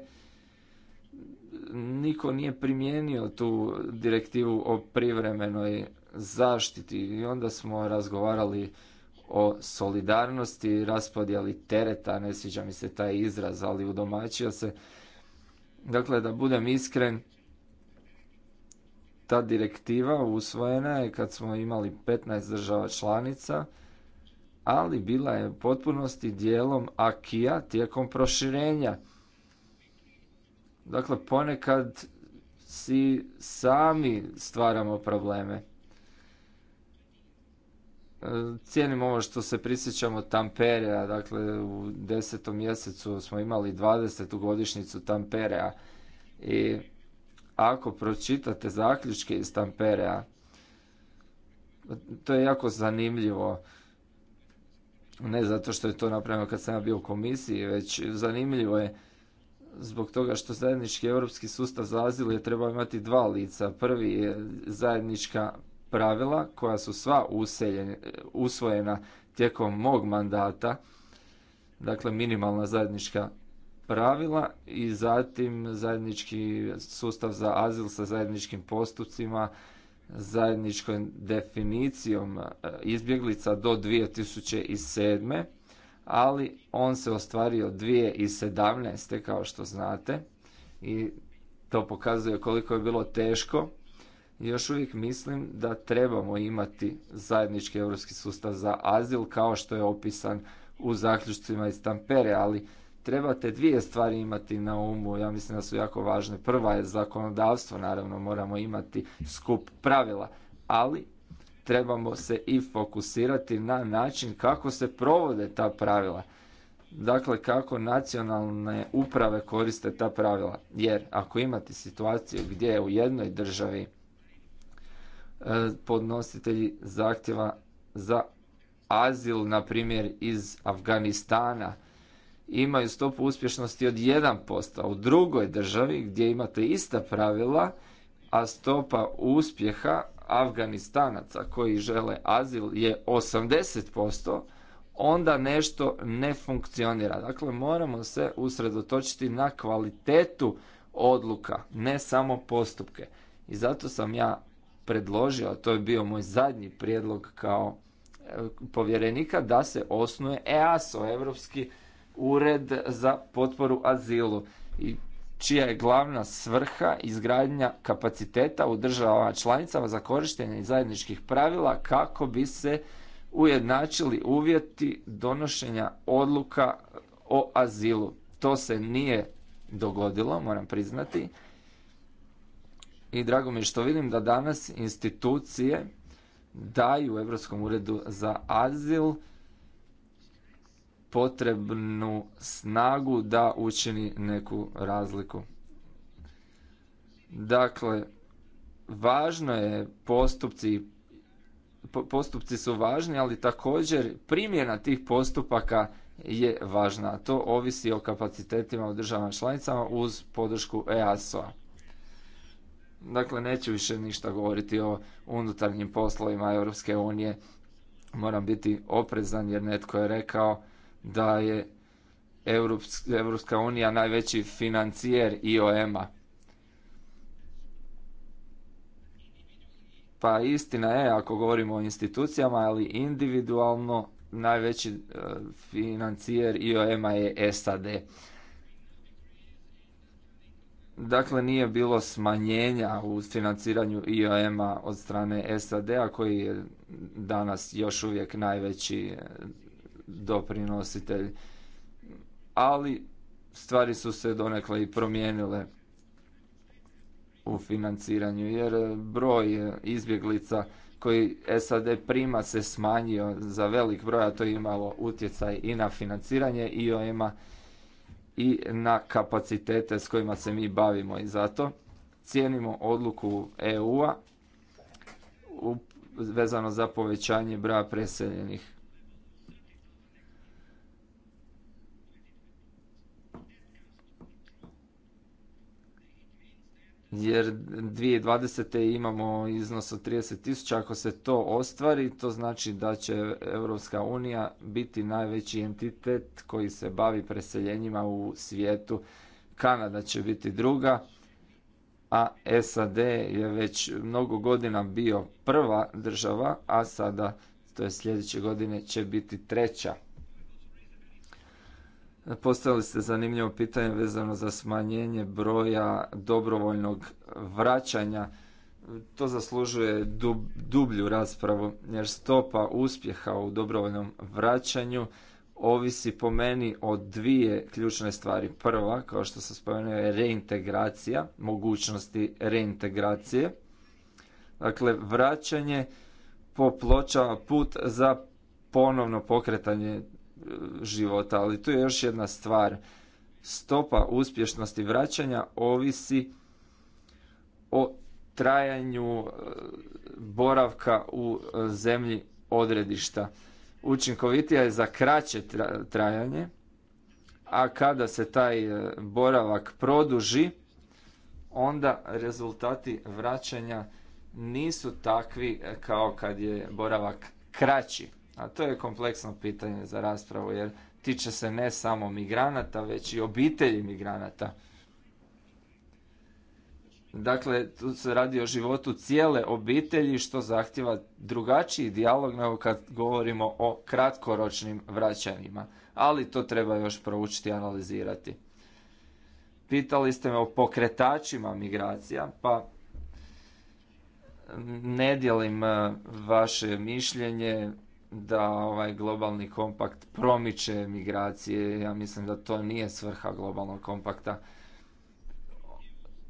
niko nije primijenio tu direktivu o privremenoj zaštiti i onda smo razgovarali o solidarnosti, raspodjeli tereta, ne sviđa mi se taj izraz, ali udomaćio se. Dakle, da budem iskren, ta direktiva usvojena je kad smo imali 15 država članica – ali bila je u potpunosti dijelom akija tijekom proširenja. Dakle, ponekad si sami stvaramo probleme. E, cijenim ovo što se prisjećamo Tamperea, dakle u desetom mjesecu smo imali 20. godišnicu Tamperea i ako pročitate zaključke iz Tamperea, to je jako zanimljivo. Ne zato što je to napravljeno kad sam ja bio u komisiji, već zanimljivo je zbog toga što zajednički europski sustav za azil je trebao imati dva lica. Prvi je zajednička pravila koja su sva usvojena tijekom mog mandata, dakle minimalna zajednička pravila i zatim zajednički sustav za azil sa zajedničkim postupcima, zajedničkom definicijom e, izbjeglica do 2007. ali on se ostvario 2017. kao što znate i to pokazuje koliko je bilo teško. Još uvijek mislim da trebamo imati zajednički europski sustav za azil kao što je opisan u zaključcima iz Tampere, ali trebate dvije stvari imati na umu, ja mislim da su jako važne. Prva je zakonodavstvo, naravno moramo imati skup pravila, ali trebamo se i fokusirati na način kako se provode ta pravila. Dakle, kako nacionalne uprave koriste ta pravila. Jer ako imate situaciju gdje u jednoj državi e, podnositelji zahtjeva za azil, na primjer iz Afganistana, imaju stopu uspješnosti od 1%, u drugoj državi gdje imate ista pravila, a stopa uspjeha Afganistanaca koji žele azil je 80%, onda nešto ne funkcionira. Dakle, moramo se usredotočiti na kvalitetu odluka, ne samo postupke. I zato sam ja predložio, a to je bio moj zadnji prijedlog kao e, povjerenika, da se osnuje EASO, Europski ured za potporu azilu i čija je glavna svrha izgradnja kapaciteta u državama članicama za korištenje zajedničkih pravila kako bi se ujednačili uvjeti donošenja odluka o azilu. To se nije dogodilo, moram priznati. I drago mi je što vidim da danas institucije daju Europskom uredu za azil potrebnu snagu da učini neku razliku. Dakle, važno je postupci postupci su važni, ali također primjena tih postupaka je važna. To ovisi o kapacitetima u državama članicama uz podršku EASO-a. Dakle, neću više ništa govoriti o unutarnjim poslovima Europske unije. Moram biti oprezan jer netko je rekao da je Europska unija najveći financijer IOM-a. Pa istina je, ako govorimo o institucijama, ali individualno najveći e, financijer IOM-a je SAD. Dakle, nije bilo smanjenja u financiranju IOM-a od strane SAD-a koji je danas još uvijek najveći doprinositelj. Ali stvari su se donekle i promijenile u financiranju jer broj izbjeglica koji SAD prima se smanjio za velik broj, a to je imalo utjecaj i na financiranje IOM-a i na kapacitete s kojima se mi bavimo i zato cijenimo odluku EU-a vezano za povećanje broja preseljenih. jer 2020. imamo iznos od 30.000, Ako se to ostvari, to znači da će Europska unija biti najveći entitet koji se bavi preseljenjima u svijetu. Kanada će biti druga, a SAD je već mnogo godina bio prva država, a sada, to je sljedeće godine, će biti treća. Postavili ste zanimljivo pitanje vezano za smanjenje broja dobrovoljnog vraćanja. To zaslužuje dublju raspravu jer stopa uspjeha u dobrovoljnom vraćanju ovisi po meni o dvije ključne stvari. Prva, kao što sam spomenuo, je reintegracija, mogućnosti reintegracije. Dakle, vraćanje popločava put za ponovno pokretanje života, ali tu je još jedna stvar. Stopa uspješnosti vraćanja ovisi o trajanju e, boravka u e, zemlji odredišta. Učinkovitija je za kraće trajanje, a kada se taj e, boravak produži, onda rezultati vraćanja nisu takvi kao kad je boravak kraći. A to je kompleksno pitanje za raspravu jer tiče se ne samo migranata, već i obitelji migranata. Dakle, tu se radi o životu cijele obitelji što zahtjeva drugačiji dijalog nego kad govorimo o kratkoročnim vraćanjima, ali to treba još proučiti i analizirati. Pitali ste me o pokretačima migracija, pa ne dijelim eh, vaše mišljenje da ovaj globalni kompakt promiče migracije. Ja mislim da to nije svrha globalnog kompakta.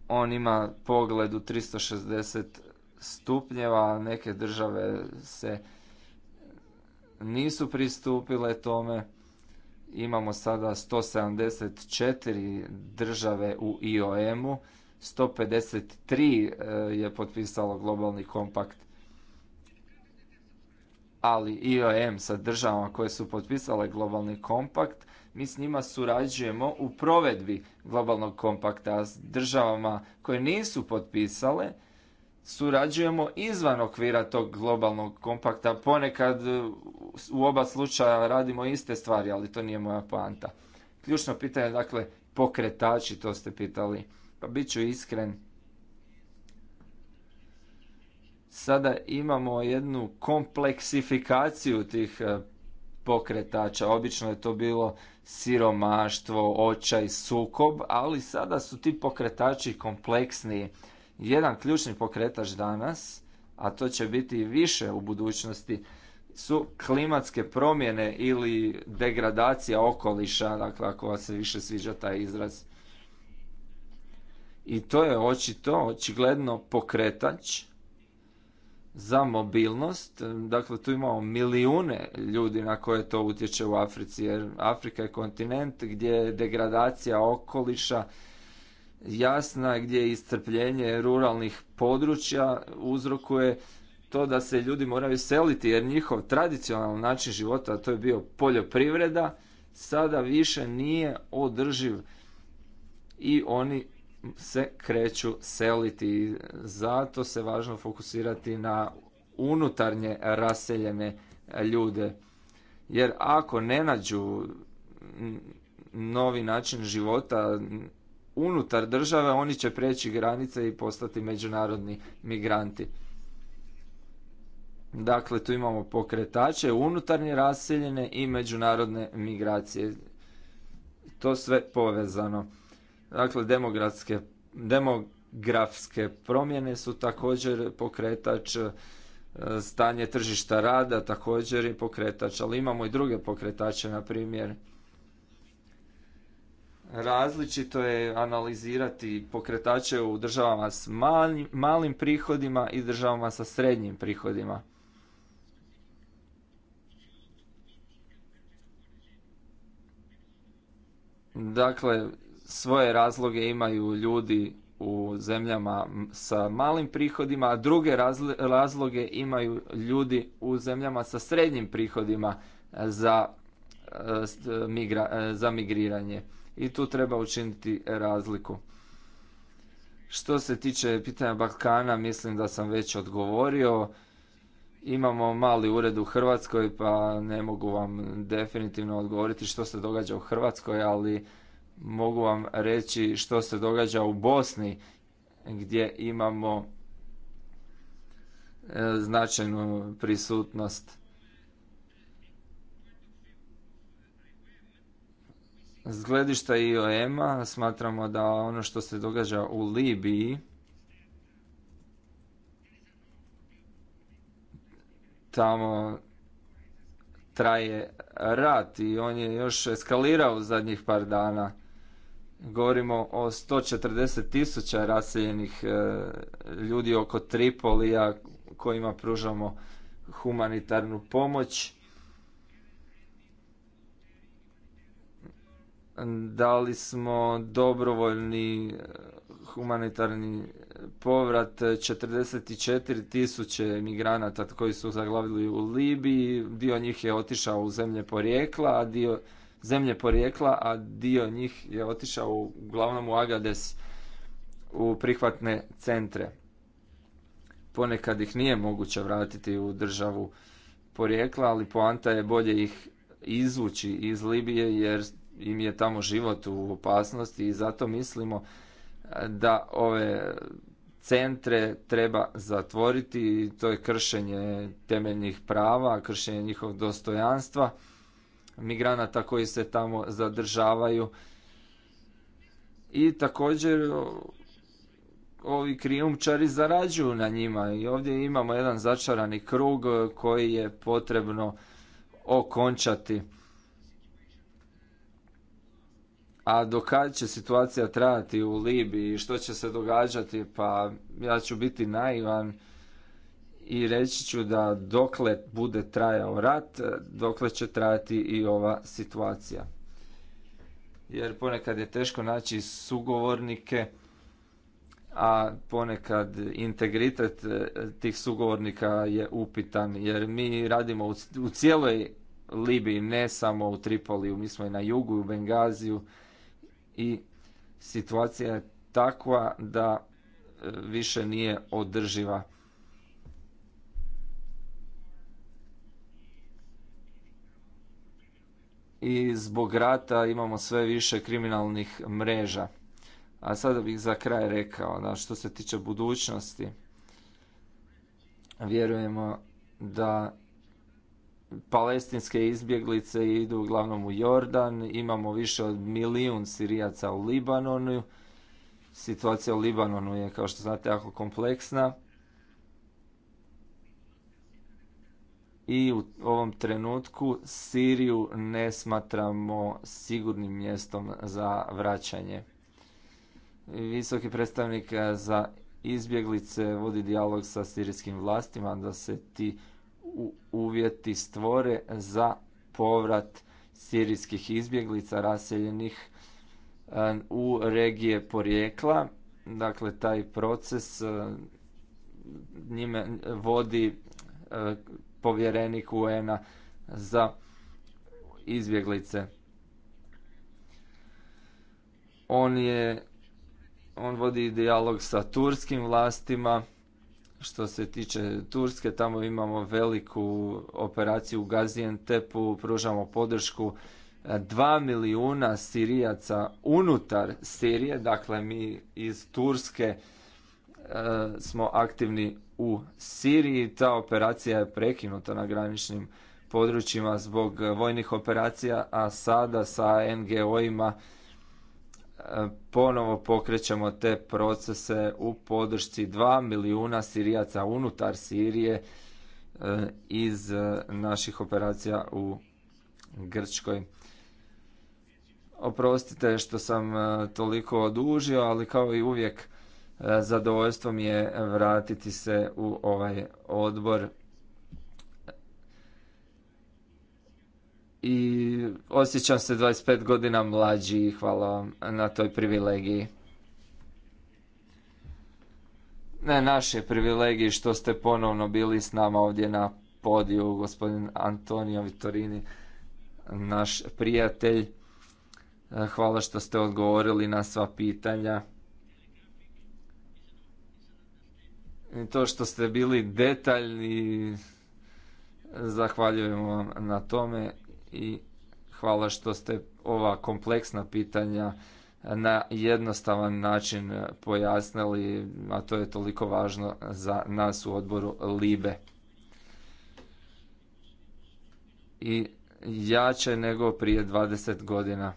On ima pogled u 360 stupnjeva, neke države se nisu pristupile tome. Imamo sada 174 države u IOM-u, 153 eh, je potpisalo globalni kompakt ali IOM sa državama koje su potpisale globalni kompakt, mi s njima surađujemo u provedbi globalnog kompakta s državama koje nisu potpisale, surađujemo izvan okvira tog globalnog kompakta. Ponekad e, u oba slučaja radimo iste stvari, ali to nije moja poanta. Ključno pitanje dakle pokretači, to ste pitali. Pa bit ću iskren, sada imamo jednu kompleksifikaciju tih e, pokretača. Obično je to bilo siromaštvo, očaj, sukob, ali sada su ti pokretači kompleksniji. Jedan ključni pokretač danas, a to će biti i više u budućnosti, su klimatske promjene ili degradacija okoliša, dakle ako vam se više sviđa taj izraz. I to je očito, očigledno pokretač za mobilnost. E, dakle, tu imamo milijune ljudi na koje to utječe u Africi, jer Afrika je kontinent gdje je degradacija okoliša jasna, gdje je iscrpljenje ruralnih područja uzrokuje to da se ljudi moraju seliti, jer njihov tradicionalan način života, a to je bio poljoprivreda, sada više nije održiv i oni se kreću seliti. Zato se važno fokusirati na unutarnje raseljene ljude. Jer ako ne nađu novi način života unutar države, oni će preći granice i postati međunarodni migranti. Dakle, tu imamo pokretače, unutarnje raseljene i međunarodne migracije. To sve povezano. Dakle, demografske, demografske promjene su također pokretač e, stanje tržišta rada također je pokretač, ali imamo i druge pokretače, na primjer. Različito je analizirati pokretače u državama s malim, malim prihodima i državama sa srednjim prihodima. Dakle, svoje razloge imaju ljudi u zemljama sa malim prihodima, a druge razloge imaju ljudi u zemljama sa srednjim prihodima e, za, e, e, za migriranje. I tu treba učiniti razliku. Što se tiče pitanja Balkana, mislim da sam već odgovorio. Imamo mali ured u Hrvatskoj, pa ne mogu vam definitivno odgovoriti što se događa u Hrvatskoj, ali mogu vam reći što se događa u Bosni gdje imamo e, značajnu prisutnost S gledišta IOM-a smatramo da ono što se događa u Libiji tamo traje rat i on je još eskalirao u zadnjih par dana. Govorimo o 140 tisuća raseljenih e, ljudi oko Tripolija kojima pružamo humanitarnu pomoć. Dali smo dobrovoljni e, humanitarni povrat 44 tisuće migranata koji su zaglavili u Libiji. Dio njih je otišao u zemlje porijekla, a dio zemlje porijekla, a dio njih je otišao uglavnom u Agades u prihvatne centre. Ponekad ih nije moguće vratiti u državu porijekla, ali poanta je bolje ih izvući iz Libije jer im je tamo život u opasnosti i zato mislimo eh, da ove centre treba zatvoriti i to je kršenje temeljnih prava, kršenje njihovog dostojanstva migranata koji se tamo zadržavaju. I također ovi krijumčari zarađuju na njima i ovdje imamo jedan začarani krug koji je potrebno okončati. A do kad će situacija trajati u Libiji i što će se događati? Pa ja ću biti naivan i reći ću da dokle bude trajao rat, dokle će trajati i ova situacija. Jer ponekad je teško naći sugovornike, a ponekad integritet e, tih sugovornika je upitan, jer mi radimo u cijeloj Libiji, ne samo u Tripoliju, mi smo i na jugu, u Bengaziju i situacija je takva da e, više nije održiva i zbog rata imamo sve više kriminalnih mreža. A sada bih za kraj rekao, da što se tiče budućnosti, vjerujemo da palestinske izbjeglice idu uglavnom u Jordan, imamo više od milijun Sirijaca u Libanonu, situacija u Libanonu je kao što znate jako kompleksna i u ovom trenutku Siriju ne smatramo sigurnim mjestom za vraćanje. Visoki predstavnik za izbjeglice vodi dijalog sa sirijskim vlastima da se ti uvjeti stvore za povrat sirijskih izbjeglica raseljenih eh, u regije porijekla. Dakle, taj proces eh, njime vodi eh, povjerenik un za izbjeglice. On je on vodi dijalog sa turskim vlastima. Što se tiče Turske, tamo imamo veliku operaciju u Gaziantepu, pružamo podršku 2 e, milijuna Sirijaca unutar Sirije, dakle mi iz Turske E, smo aktivni u Siriji. Ta operacija je prekinuta na graničnim područjima zbog vojnih operacija, a sada sa NGO-ima e, ponovo pokrećemo te procese u podršci dva milijuna Sirijaca unutar Sirije e, iz naših operacija u Grčkoj. Oprostite što sam toliko odužio, ali kao i uvijek Zadovoljstvo mi je vratiti se u ovaj odbor i osjećam se 25 godina mlađi i hvala vam na toj privilegiji. Ne, naše privilegije što ste ponovno bili s nama ovdje na podiju, gospodin Antonio Vitorini, naš prijatelj. Hvala što ste odgovorili na sva pitanja. to što ste bili detaljni. Zahvaljujem vam na tome i hvala što ste ova kompleksna pitanja na jednostavan način pojasnili, a to je toliko važno za nas u odboru LIBE. I jače nego prije 20 godina.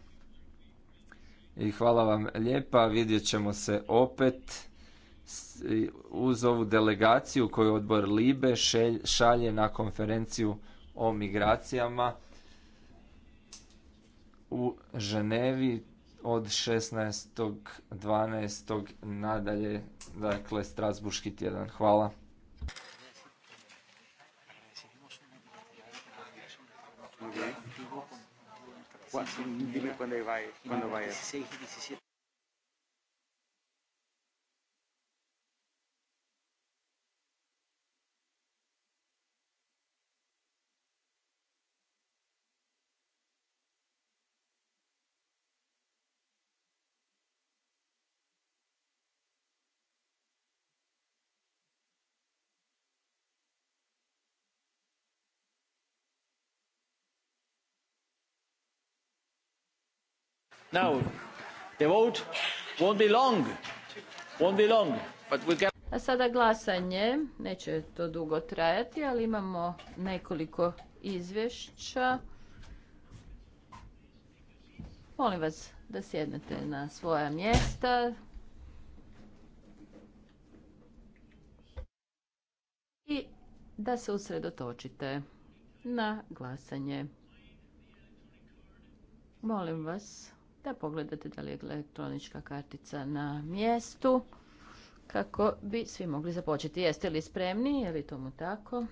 I hvala vam lijepa, vidjet ćemo se opet uz ovu delegaciju koju odbor Libe šalje na konferenciju o migracijama u Ženevi od 16.12. nadalje, dakle, Strasburški tjedan. Hvala. A sada glasanje, neće to dugo trajati, ali imamo nekoliko izvješća. Molim vas da sjednete na svoja mjesta. I da se usredotočite na glasanje. Molim vas da pogledate da li je elektronička kartica na mjestu kako bi svi mogli započeti. Jeste li spremni? Je li tomu tako?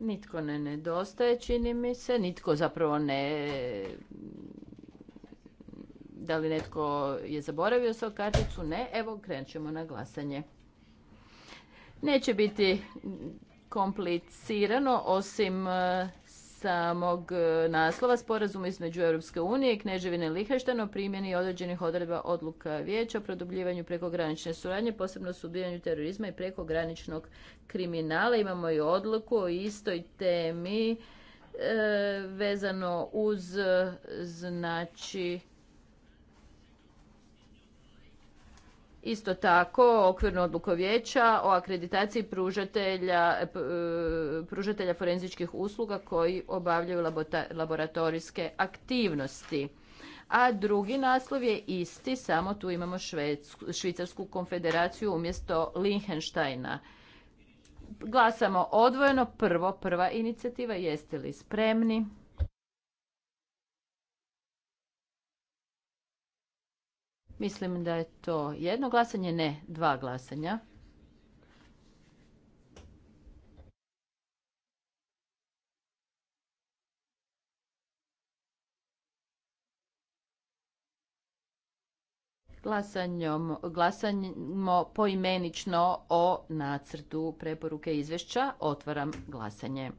Nitko ne nedostaje, čini mi se. Nitko zapravo ne... Da li netko je zaboravio svoju karticu? Ne. Evo, krenut ćemo na glasanje. Neće biti komplicirano, osim samog e, naslova sporazum između Europske unije i Kneževine o primjeni određenih odredba odluka vijeća o produbljivanju prekogranične suradnje, posebno suzbijanju terorizma i prekograničnog kriminala. Imamo i odluku o istoj temi e, vezano uz e, znači Isto tako, okvirno odluko vijeća o akreditaciji pružatelja, e, e, pružatelja forenzičkih usluga koji obavljaju laboratorijske aktivnosti. A drugi naslov je isti, samo tu imamo Švedsku, Švicarsku konfederaciju umjesto Lihenštajna. Glasamo odvojeno, prvo, prva inicijativa, jeste li spremni? Mislim da je to jedno glasanje, ne dva glasanja. Glasanjom, glasanjmo poimenično o nacrtu preporuke izvješća. Otvaram glasanje.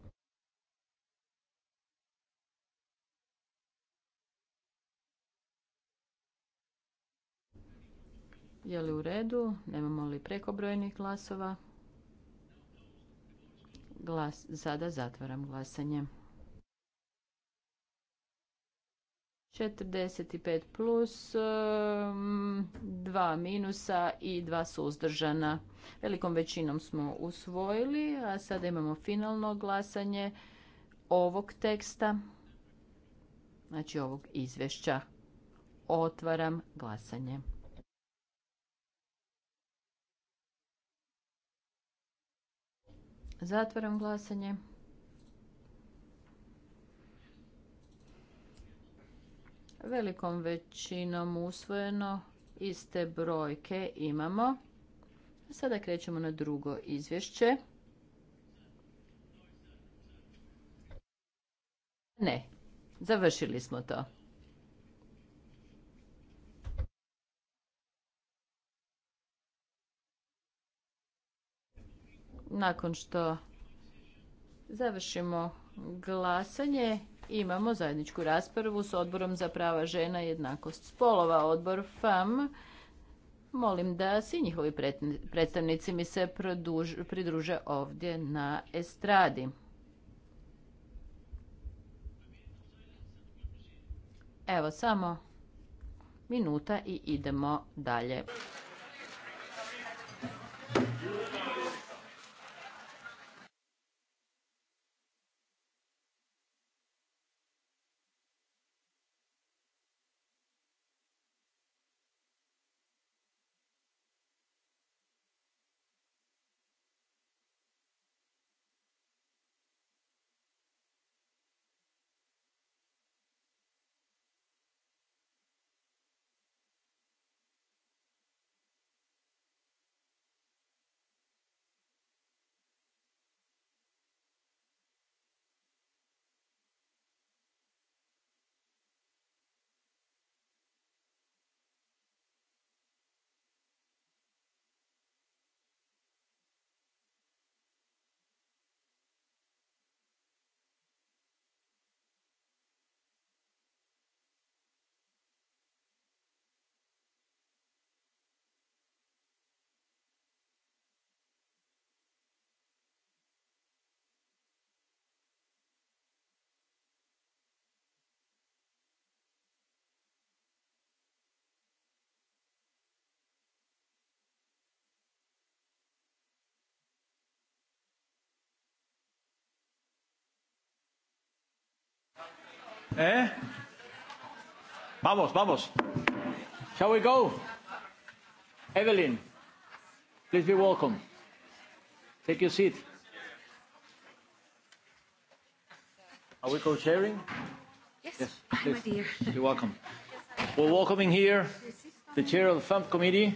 Je li u redu? Nemamo li prekobrojnih glasova? Glas, sada zatvaram glasanje. 45 plus, 2 minusa i 2 suzdržana. Velikom većinom smo usvojili, a sada imamo finalno glasanje ovog teksta, znači ovog izvješća. Otvaram glasanje. Zatvaram glasanje. Velikom većinom usvojeno iste brojke imamo. Sada krećemo na drugo izvješće. Ne, završili smo to. Nakon što završimo glasanje, imamo zajedničku raspravu s odborom za prava žena i jednakost spolova, odbor FAM. Molim da svi njihovi predstavnici mi se pridruže ovdje na estradi. Evo samo minuta i idemo dalje. ¿Eh? Vamos, vamos. Shall we go? Evelyn, please be welcome. Take your seat. Are we co-chairing? Yes, yes please. my dear. You're welcome. We're welcoming here the chair of the FAMP committee.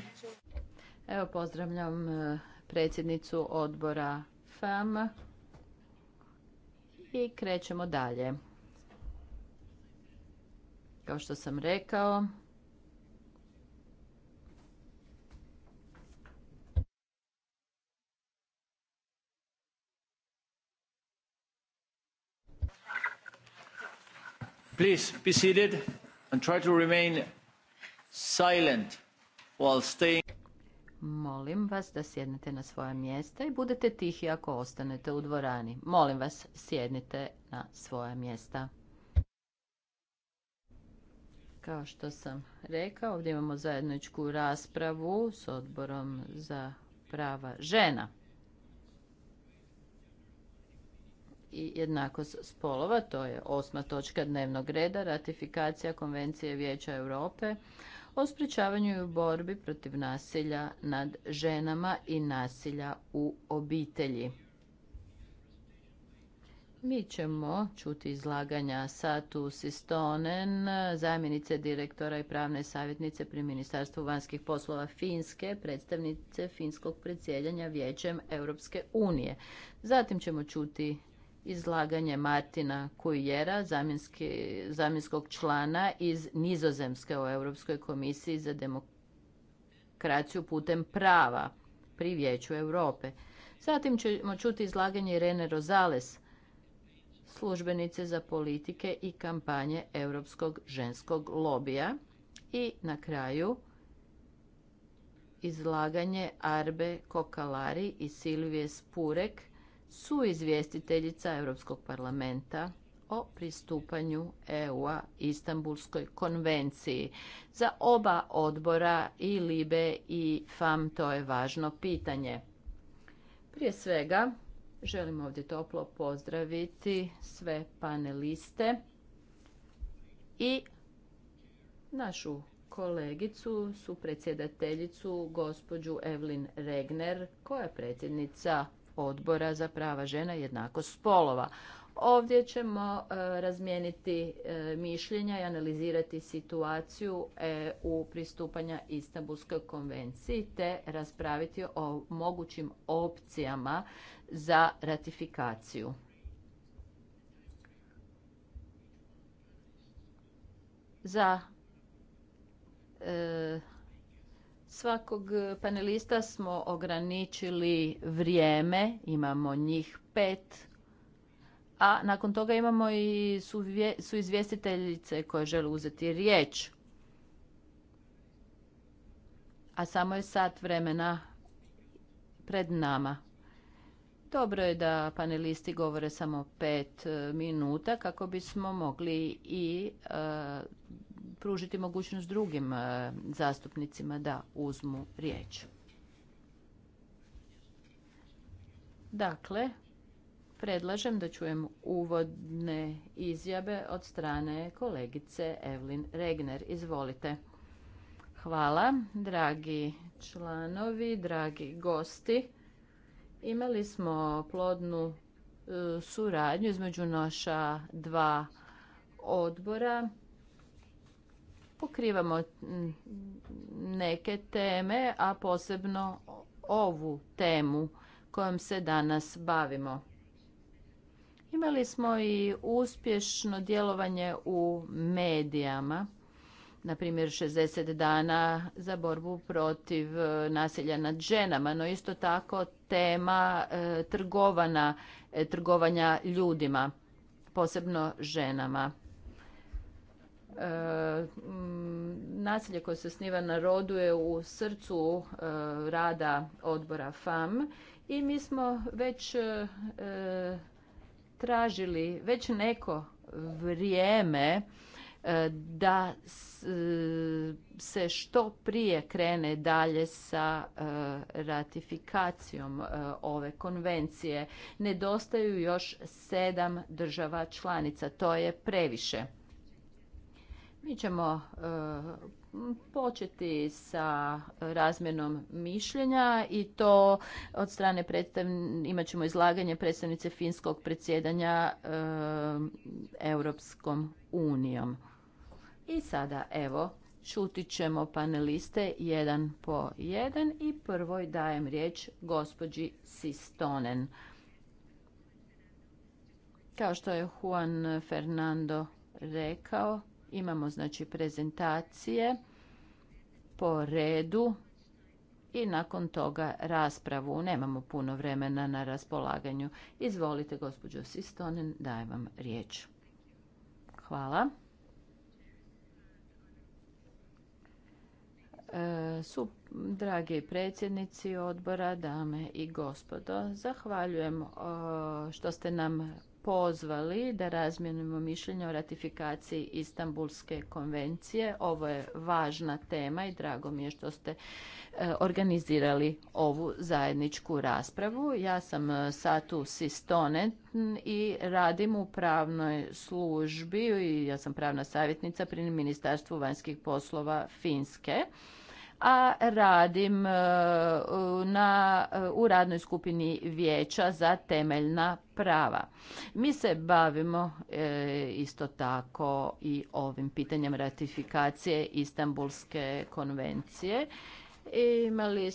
Evo pozdravljam eh, predsjednicu odbora FAM i krećemo dalje. Kao što sam rekao, Please be seated and try to remain silent while staying. Molim vas da sjednete na svoja mjesta i budete tihi ako ostanete u dvorani. Molim vas sjednite na svoja mjesta. Kao što sam rekao, ovdje imamo zajedničku raspravu s odborom za prava žena i jednakost spolova, to je osma točka dnevnog reda, ratifikacija Konvencije Vijeća Europe o sprječavanju i borbi protiv nasilja nad ženama i nasilja u obitelji. Mi ćemo čuti izlaganja Satu Sistonen, zamjenice direktora i pravne savjetnice pri Ministarstvu vanjskih poslova Finske, predstavnice finskog predsjedanja Vijećem Europske unije. Zatim ćemo čuti izlaganje Martina Kujera, zamjenskog člana iz Nizozemske u Europskoj komisiji za demokraciju putem prava pri Vijeću Europe. Zatim ćemo čuti izlaganje Irene Rozales, službenice za politike i kampanje Europskog ženskog lobija. I na kraju izlaganje Arbe Kokalari i Silvije Spurek su izvjestiteljica Europskog parlamenta o pristupanju EU-a Istanbulskoj konvenciji. Za oba odbora i Libe i FAM to je važno pitanje. Prije svega, Želim ovdje toplo pozdraviti sve paneliste i našu kolegicu, su predsjedateljicu gospođu Evelyn Regner, koja je predsjednica odbora za prava žena i jednakost spolova. Ovdje ćemo e, razmijeniti e, mišljenja i analizirati situaciju e, u pristupanja Istanbulskoj konvenciji te raspraviti o mogućim opcijama za ratifikaciju. Za svakog panelista smo ograničili vrijeme, imamo njih pet a nakon toga imamo i su izvjestiteljice koje žele uzeti riječ. A samo je sat vremena pred nama. Dobro je da panelisti govore samo pet e, minuta kako bismo mogli i e, pružiti mogućnost drugim e, zastupnicima da uzmu riječ. Dakle, predlažem da čujem uvodne izjave od strane kolegice Evelyn Regner. Izvolite. Hvala, dragi članovi, dragi gosti. Imali smo plodnu e, suradnju između naša dva odbora. Pokrivamo neke teme, a posebno ovu temu kojom se danas bavimo. Imali smo i uspješno djelovanje u medijama, na primjer 60 dana za borbu protiv e, nasilja nad ženama, no isto tako tema e, trgovana, e, trgovanja ljudima, posebno ženama. nasilje koje se sniva na rodu je u srcu rada odbora FAM i mi smo već tražili već neko vrijeme e, da e, se što prije krene dalje sa e, ratifikacijom ove konvencije. Nedostaju još sedam država članica. To je previše. Mi ćemo početi sa razmjenom mišljenja i to od strane imat ćemo izlaganje predstavnice finskog predsjedanja e, Europskom unijom. I sada evo čutit ćemo paneliste jedan po jedan i prvoj dajem riječ gospođi Sistonen. Kao što je Juan Fernando rekao, Imamo znači prezentacije po redu i nakon toga raspravu. Nemamo puno vremena na raspolaganju. Izvolite, gospođo Sistonen, dajem vam riječ. Hvala. E, su dragi predsjednici odbora, dame i gospodo, zahvaljujem e, što ste nam pozvali da razmijenimo mišljenje o ratifikaciji Istanbulske konvencije. Ovo je važna tema i drago mi je što ste e, organizirali ovu zajedničku raspravu. Ja sam e, Satu Sistonet i radim u pravnoj službi i ja sam pravna savjetnica pri Ministarstvu vanjskih poslova Finske a radim e, na, e, u radnoj skupini vijeća za temeljna prava. Mi se bavimo e, isto tako i ovim pitanjem ratifikacije Istanbulske konvencije. Imali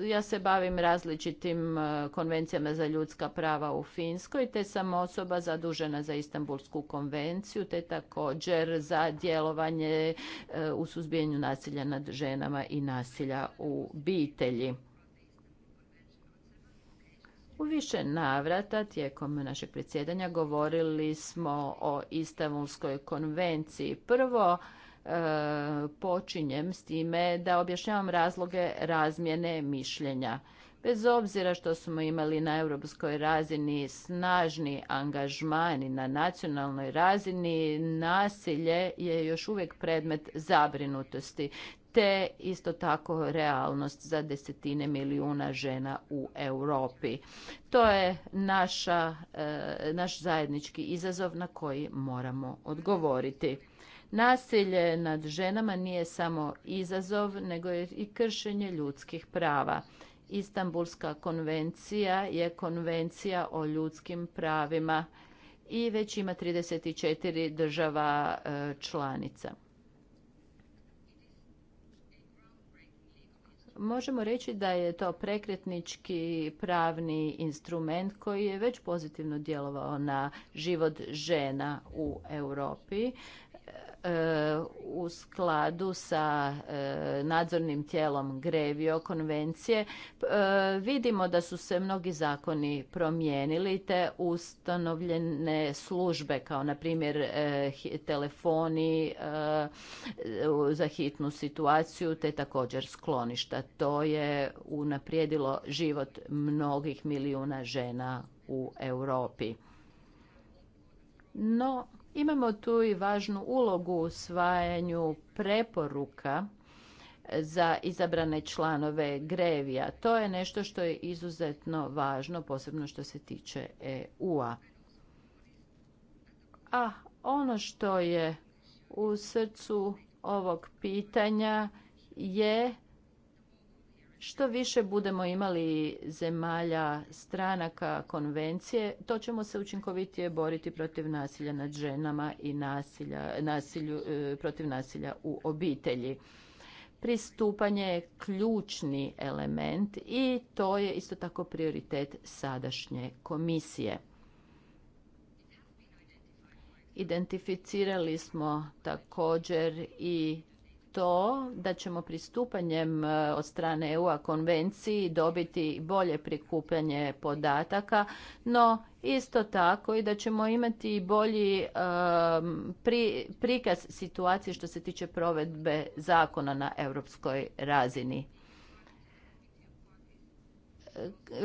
ja se bavim različitim e, konvencijama za ljudska prava u Finskoj, te sam osoba zadužena za Istanbulsku konvenciju, te također za djelovanje e, u suzbijanju nasilja nad ženama i nasilja u obitelji. U više navrata tijekom našeg predsjedanja govorili smo o Istanbulskoj konvenciji. Prvo, počinjem s time da objašnjavam razloge razmjene mišljenja. Bez obzira što smo imali na europskoj razini snažni angažman i na nacionalnoj razini, nasilje je još uvijek predmet zabrinutosti te isto tako realnost za desetine milijuna žena u Europi. To je naša, e, naš zajednički izazov na koji moramo odgovoriti. Nasilje nad ženama nije samo izazov, nego je i kršenje ljudskih prava. Istanbulska konvencija je konvencija o ljudskim pravima i već ima 34 država e, članica. Možemo reći da je to prekretnički pravni instrument koji je već pozitivno djelovao na život žena u Europi. E, u skladu sa e, nadzornim tijelom Grevio konvencije e, vidimo da su se mnogi zakoni promijenili te ustanovljene službe kao na primjer telefoni za hitnu situaciju te također skloništa. To je unaprijedilo život mnogih milijuna žena u Europi. No, Imamo tu i važnu ulogu u usvajanju preporuka za izabrane članove grevija. To je nešto što je izuzetno važno, posebno što se tiče EU-a. A ono što je u srcu ovog pitanja je što više budemo imali zemalja stranaka konvencije, to ćemo se učinkovitije boriti protiv nasilja nad ženama i nasilja, nasilju, e, protiv nasilja u obitelji. Pristupanje je ključni element i to je isto tako prioritet sadašnje komisije. Identificirali smo također i to da ćemo pristupanjem e, od strane EU-a konvenciji dobiti bolje prikupljanje podataka, no isto tako i da ćemo imati bolji prikaz situacije što se tiče provedbe zakona na europskoj razini.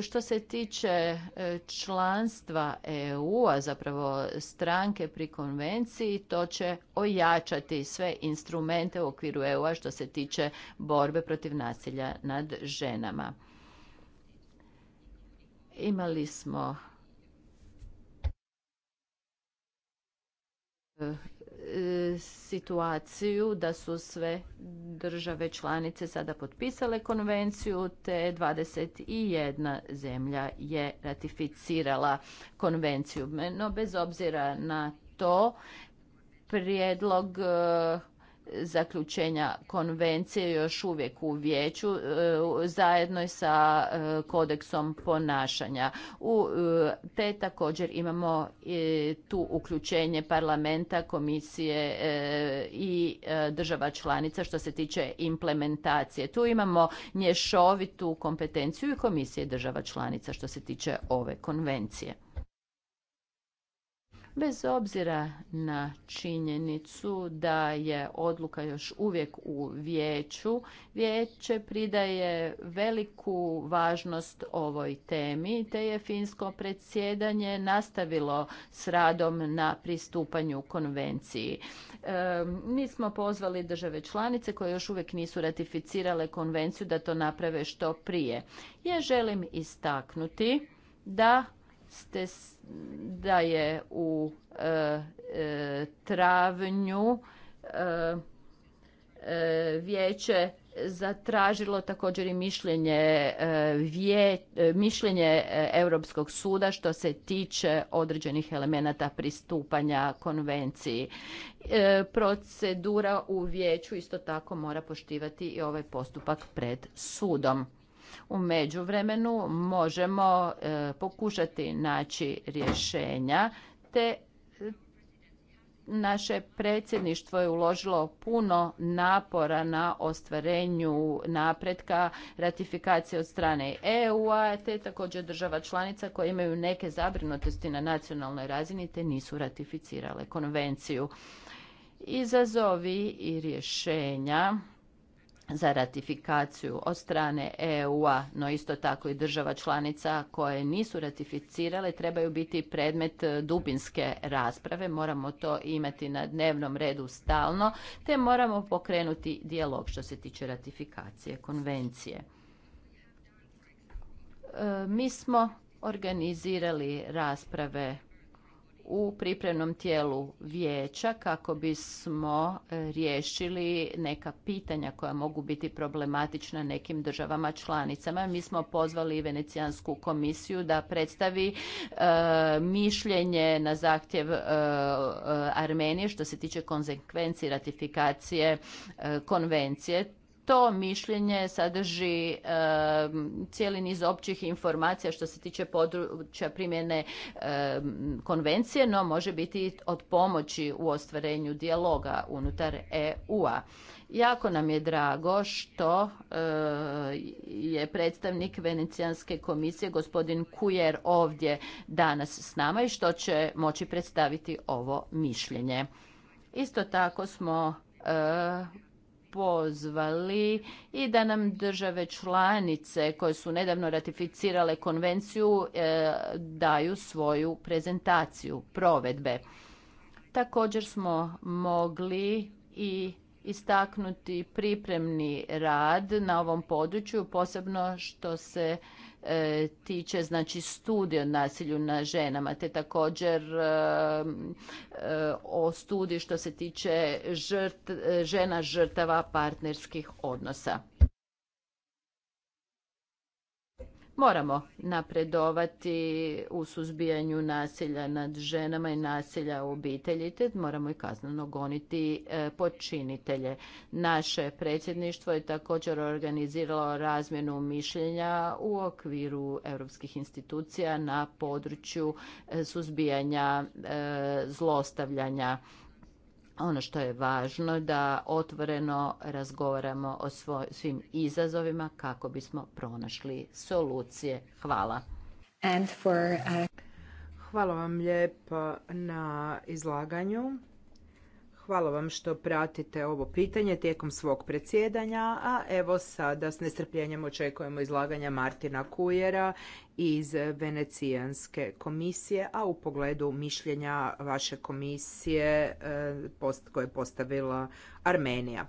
Što se tiče e, članstva EU-a, zapravo stranke pri konvenciji, to će ojačati sve instrumente u okviru EU-a što se tiče borbe protiv nasilja nad ženama. Imali smo e, situaciju da su sve države članice sada potpisale konvenciju, te 21 zemlja je ratificirala konvenciju. No, bez obzira na to, prijedlog zaključenja konvencije još uvijek u vijeću e, zajedno sa e, kodeksom ponašanja. U, e, te također imamo tu uključenje parlamenta, komisije i država članica što se tiče implementacije. Tu imamo nješovitu kompetenciju i komisije država članica što se tiče ove konvencije bez obzira na činjenicu da je odluka još uvijek u vijeću. Vijeće pridaje veliku važnost ovoj temi, te je finsko predsjedanje nastavilo s radom na pristupanju konvenciji. mi smo pozvali države članice koje još uvijek nisu ratificirale konvenciju da to naprave što prije. Ja želim istaknuti da ste da je u e, e, travnju e, vijeće zatražilo također i mišljenje, vje, mišljenje Europskog suda što se tiče određenih elemenata pristupanja konvenciji. Procedura u vijeću isto tako mora poštivati i ovaj postupak pred sudom. U međuvremenu možemo e, pokušati naći rješenja te e, naše predsjedništvo je uložilo puno napora na ostvarenju napretka ratifikacije od strane EU-a, te također država članica koje imaju neke zabrinutosti na nacionalnoj razini te nisu ratificirale konvenciju. Izazovi i rješenja za ratifikaciju od strane EU-a, no isto tako i država članica koje nisu ratificirale trebaju biti predmet e, dubinske rasprave. Moramo to imati na dnevnom redu stalno, te moramo pokrenuti dijalog što se tiče ratifikacije konvencije. E, mi smo organizirali rasprave u pripremnom tijelu vijeća kako bismo e, riješili neka pitanja koja mogu biti problematična nekim državama članicama. Mi smo pozvali Venecijansku komisiju da predstavi e, mišljenje na zahtjev e, Armenije što se tiče konsekvenci ratifikacije konvencije to mišljenje sadrži e, cijeli niz općih informacija što se tiče područja primjene konvencije, no može biti od pomoći u ostvarenju dijaloga unutar EU-a. Jako nam je drago što eh, je predstavnik Venecijanske komisije gospodin Kujer ovdje danas s nama i što će moći predstaviti ovo mišljenje. Isto tako smo eh, pozvali i da nam države članice koje su nedavno ratificirale konvenciju e, daju svoju prezentaciju provedbe. Također smo mogli i istaknuti pripremni rad na ovom području, posebno što se e, tiče znači studije o nasilju na ženama te također e, e, o studiji što se tiče žrt, e, žena žrtava partnerskih odnosa Moramo napredovati u suzbijanju nasilja nad ženama i nasilja u obitelji, te moramo i kazneno goniti e, počinitelje. Naše predsjedništvo je također organiziralo razmjenu mišljenja u okviru europskih institucija na području e, suzbijanja e, zlostavljanja ono što je važno da otvoreno razgovaramo o svoj, svim izazovima kako bismo pronašli solucije. Hvala. And for, uh, vam lijepo na izlaganju. Hvala vam što pratite ovo pitanje tijekom svog predsjedanja, a evo sada s nestrpljenjem očekujemo izlaganja Martina Kujera iz Venecijanske komisije, a u pogledu mišljenja vaše komisije eh, koje je postavila Armenija.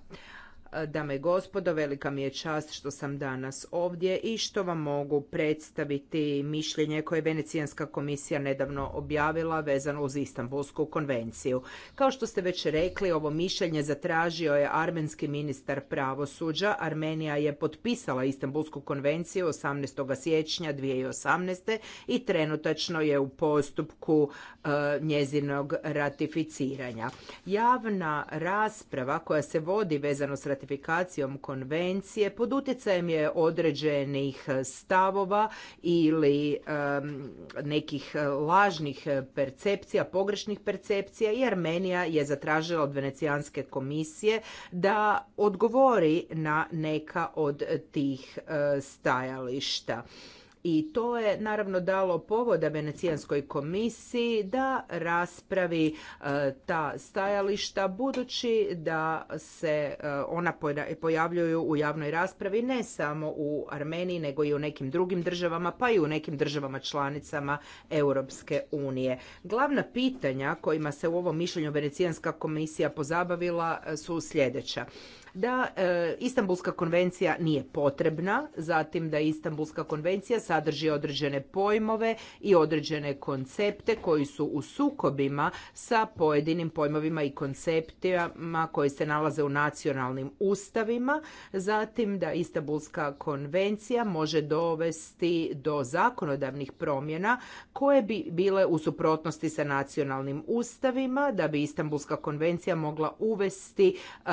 Dame i gospodo, velika mi je čast što sam danas ovdje i što vam mogu predstaviti mišljenje koje je Venecijanska komisija nedavno objavila vezano uz Istanbulsku konvenciju. Kao što ste već rekli, ovo mišljenje zatražio je armenski ministar pravosuđa. Armenija je potpisala Istanbulsku konvenciju 18. siječnja 2018. i trenutačno je u postupku e, njezinog ratificiranja. Javna rasprava koja se vodi vezano s ratifikacijom konvencije pod utjecajem je određenih stavova ili nekih lažnih percepcija, pogrešnih percepcija i Armenija je zatražila od Venecijanske komisije da odgovori na neka od tih eh, stajališta i to je naravno dalo povoda Venecijanskoj komisiji da raspravi e, ta stajališta budući da se e, ona pojavljuju u javnoj raspravi ne samo u Armeniji nego i u nekim drugim državama pa i u nekim državama članicama Europske unije. Glavna pitanja kojima se u ovom mišljenju Venecijanska komisija pozabavila e, su sljedeća da e, Istanbulska konvencija nije potrebna, zatim da Istanbulska konvencija sadrži određene pojmove i određene koncepte koji su u sukobima sa pojedinim pojmovima i konceptima koji se nalaze u nacionalnim ustavima, zatim da Istanbulska konvencija može dovesti do zakonodavnih promjena koje bi bile u suprotnosti sa nacionalnim ustavima, da bi Istanbulska konvencija mogla uvesti e,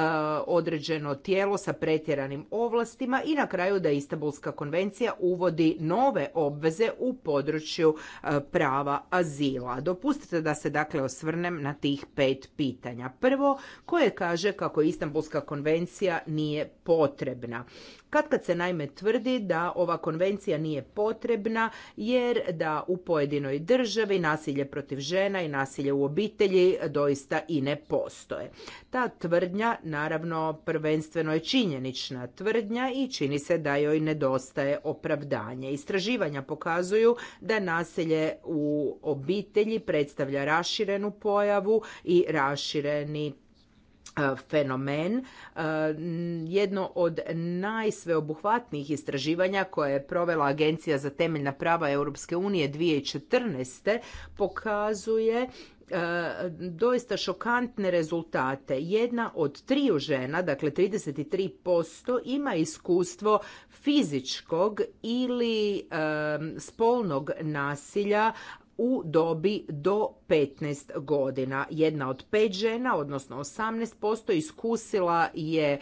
određene uređeno tijelo sa pretjeranim ovlastima i na kraju da Istanbulska konvencija uvodi nove obveze u području e, prava azila. Dopustite da se dakle osvrnem na tih pet pitanja. Prvo, koje kaže kako Istanbulska konvencija nije potrebna. Kad kad se naime tvrdi da ova konvencija nije potrebna jer da u pojedinoj državi nasilje protiv žena i nasilje u obitelji doista i ne postoje. Ta tvrdnja naravno prvenstveno je činjenična tvrdnja i čini se da joj nedostaje opravdanje. Istraživanja pokazuju da naselje u obitelji predstavlja raširenu pojavu i rašireni e, fenomen. E, jedno od najsveobuhvatnijih istraživanja koje je provela Agencija za temeljna prava Europske unije 2014. pokazuje doista šokantne rezultate. Jedna od triju žena, dakle 33%, ima iskustvo fizičkog ili spolnog nasilja u dobi do 15 godina. Jedna od pet žena, odnosno 18%, iskusila je e,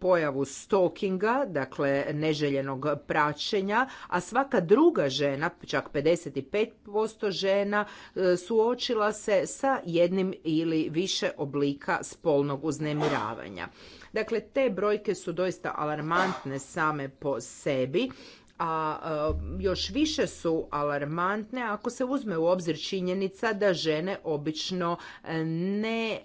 pojavu stalkinga, dakle neželjenog praćenja, a svaka druga žena, čak 55% žena, e, suočila se sa jednim ili više oblika spolnog uznemiravanja. Dakle, te brojke su doista alarmantne same po sebi, a e, još više su alarmantne ako se uzme u obzir činjenica da žene obično e, ne e,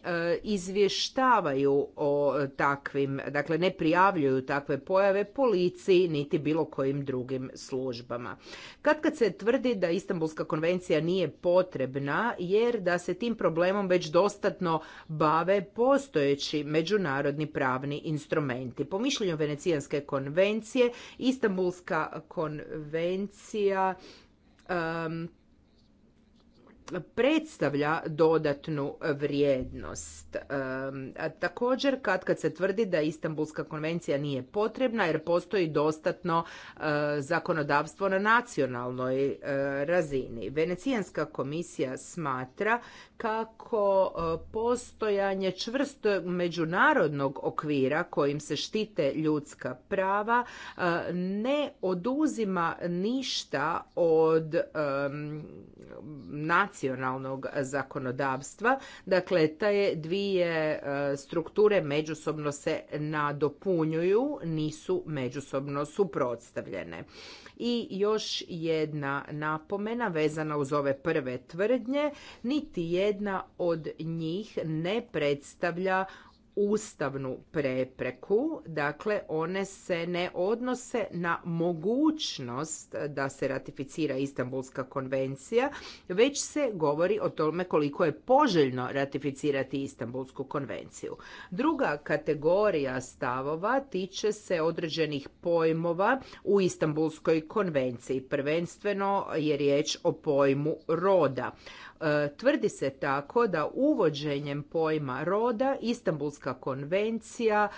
izvještavaju o takvim, dakle ne prijavljuju takve pojave policiji niti bilo kojim drugim službama. Kad kad se tvrdi da Istanbulska konvencija nije potrebna jer da se tim problemom već dostatno bave postojeći međunarodni pravni instrumenti. Po mišljenju Venecijanske konvencije, Istanbulska konvencija predstavlja dodatnu vrijednost. Također kad kad se tvrdi da Istanbulska konvencija nije potrebna jer postoji dostatno e, zakonodavstvo na nacionalnoj e, razini. Venecijanska komisija smatra kako e, postojanje čvrsto međunarodnog okvira kojim se štite ljudska prava e, ne oduzima ništa od nacionalnog zakonodavstva. Dakle, te dvije e, strukture međusobno se nadopunjuju, nisu međusobno suprotstavljene. I još jedna napomena vezana uz ove prve tvrdnje, niti je jedna od njih ne predstavlja ustavnu prepreku, dakle one se ne odnose na mogućnost da se ratificira Istanbulska konvencija, već se govori o tome koliko je poželjno ratificirati Istanbulsku konvenciju. Druga kategorija stavova tiče se određenih pojmova u Istanbulskoj konvenciji. Prvenstveno je riječ o pojmu roda. E, tvrdi se tako da uvođenjem pojma roda Istanbulska Istanbulska konvencija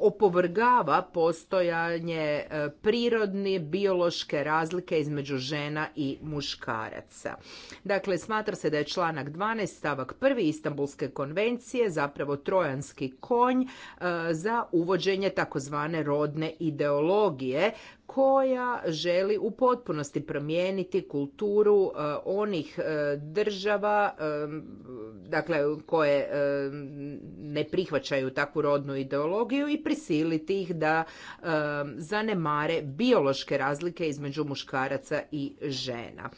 opovrgava postojanje e, prirodne biološke razlike između žena i muškaraca. Dakle, smatra se da je članak 12 stavak 1 istambulske konvencije zapravo trojanski konj e, za uvođenje takozvane rodne ideologije koja želi u potpunosti promijeniti kulturu e, onih e, država e, dakle koje ne prihvaćaju takvu rodnu ideologiju i prisiliti ih da zanemare biološke razlike između muškaraca i žena.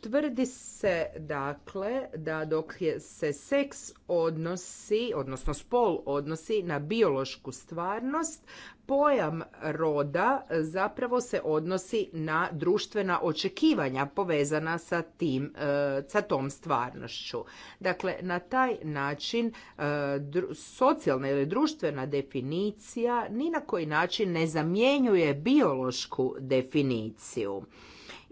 Tvrdi se dakle da dok se seks odnosi, odnosno spol odnosi na biološku stvarnost, pojam roda zapravo se odnosi na društvena očekivanja povezana sa tim e, sa tom stvarnošću. Dakle na taj način e, socijalna ili društvena definicija ni na koji način ne zamjenjuje biološku definiciju.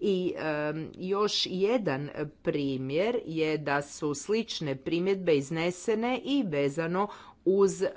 I e, još jedan primjer je da su slične primjedbe iznesene i vezano uz e,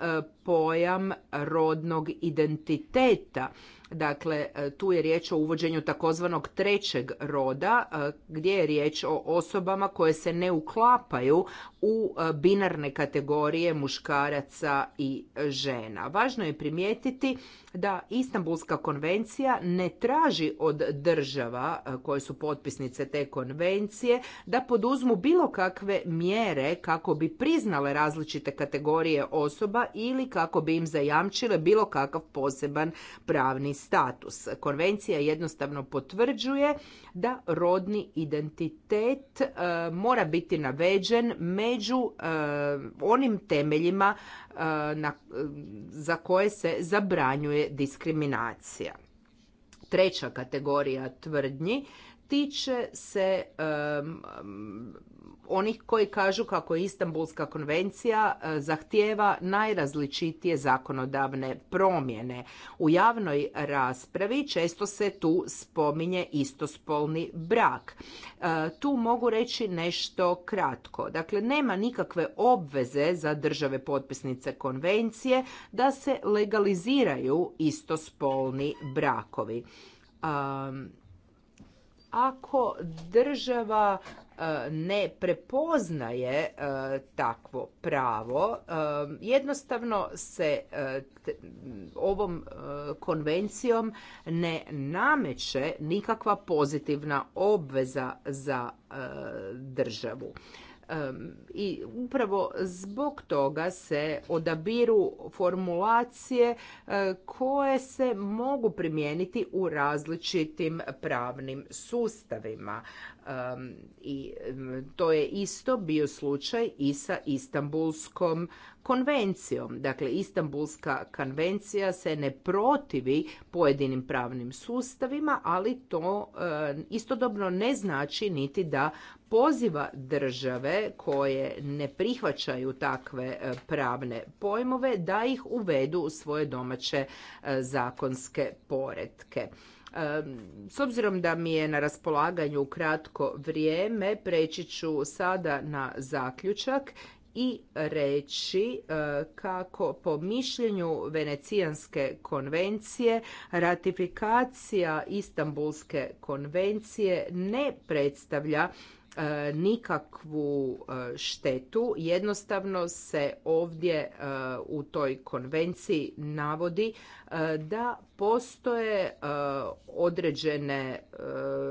pojam rodnog identiteta. Dakle, e, tu je riječ o uvođenju takozvanog trećeg roda, e, gdje je riječ o osobama koje se ne uklapaju u binarne kategorije muškaraca i žena. Važno je primijetiti da Istanbulska konvencija ne traži od država e, koje su potpisnice te konvencije da poduzmu bilo kakve mjere kako bi priznale različite kategorije osoba ili kako bi im zajamčile bilo kakav poseban pravni status. Konvencija jednostavno potvrđuje da rodni identitet e, mora biti naveđen među e, onim temeljima E, za koje se zabranjuje diskriminacija. Treća kategorija tvrdnji tiče se onih koji kažu kako Istanbulska konvencija e, zahtijeva najrazličitije zakonodavne promjene. U javnoj raspravi često se tu spominje istospolni brak. E, tu mogu reći nešto kratko. Dakle, nema nikakve obveze za države potpisnice konvencije da se legaliziraju istospolni brakovi ako država e, ne prepoznaje e, takvo pravo e, jednostavno se ovom konvencijom ne nameće nikakva pozitivna obveza za državu i upravo zbog toga se odabiru formulacije e, koje se mogu primijeniti u različitim pravnim sustavima. I to je isto bio slučaj i sa Istanbulskom konvencijom. Dakle, Istanbulska konvencija se ne protivi pojedinim pravnim sustavima, ali to e, istodobno ne znači niti da poziva države koje ne prihvaćaju takve e, pravne pojmove da ih uvedu u svoje domaće e, zakonske poretke. S obzirom da mi je na raspolaganju kratko vrijeme, preći ću sada na zaključak i reći e, kako po mišljenju Venecijanske konvencije ratifikacija Istanbulske konvencije ne predstavlja e, nikakvu e, štetu. Jednostavno se ovdje u toj konvenciji navodi da postoje određene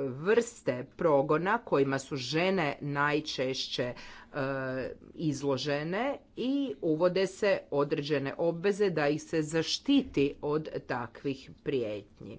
vrste progona kojima su žene najčešće E, izložene i uvode se određene obveze da ih se zaštiti od takvih prijetnji.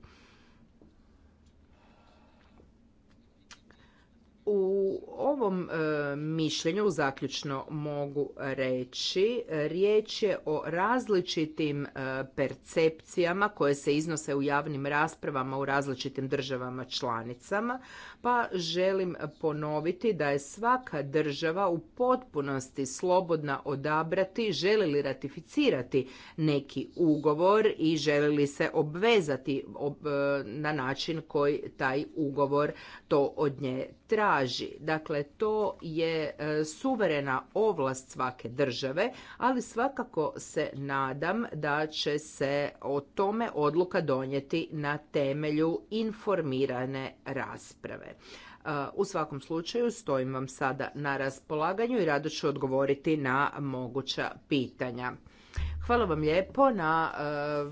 U ovom e, mišljenju zaključno mogu reći, riječ je o različitim e, percepcijama koje se iznose u javnim raspravama u različitim državama članicama, pa želim ponoviti da je svaka država u potpunosti slobodna odabrati želi li ratificirati neki ugovor i želi li se obvezati e, na način koji taj ugovor to od nje traži. Dakle, to je e, suverena ovlast svake države, ali svakako se nadam da će se o tome odluka donijeti na temelju informirane rasprave. E, u svakom slučaju stojim vam sada na raspolaganju i rado ću odgovoriti na moguća pitanja. Hvala vam lijepo na e,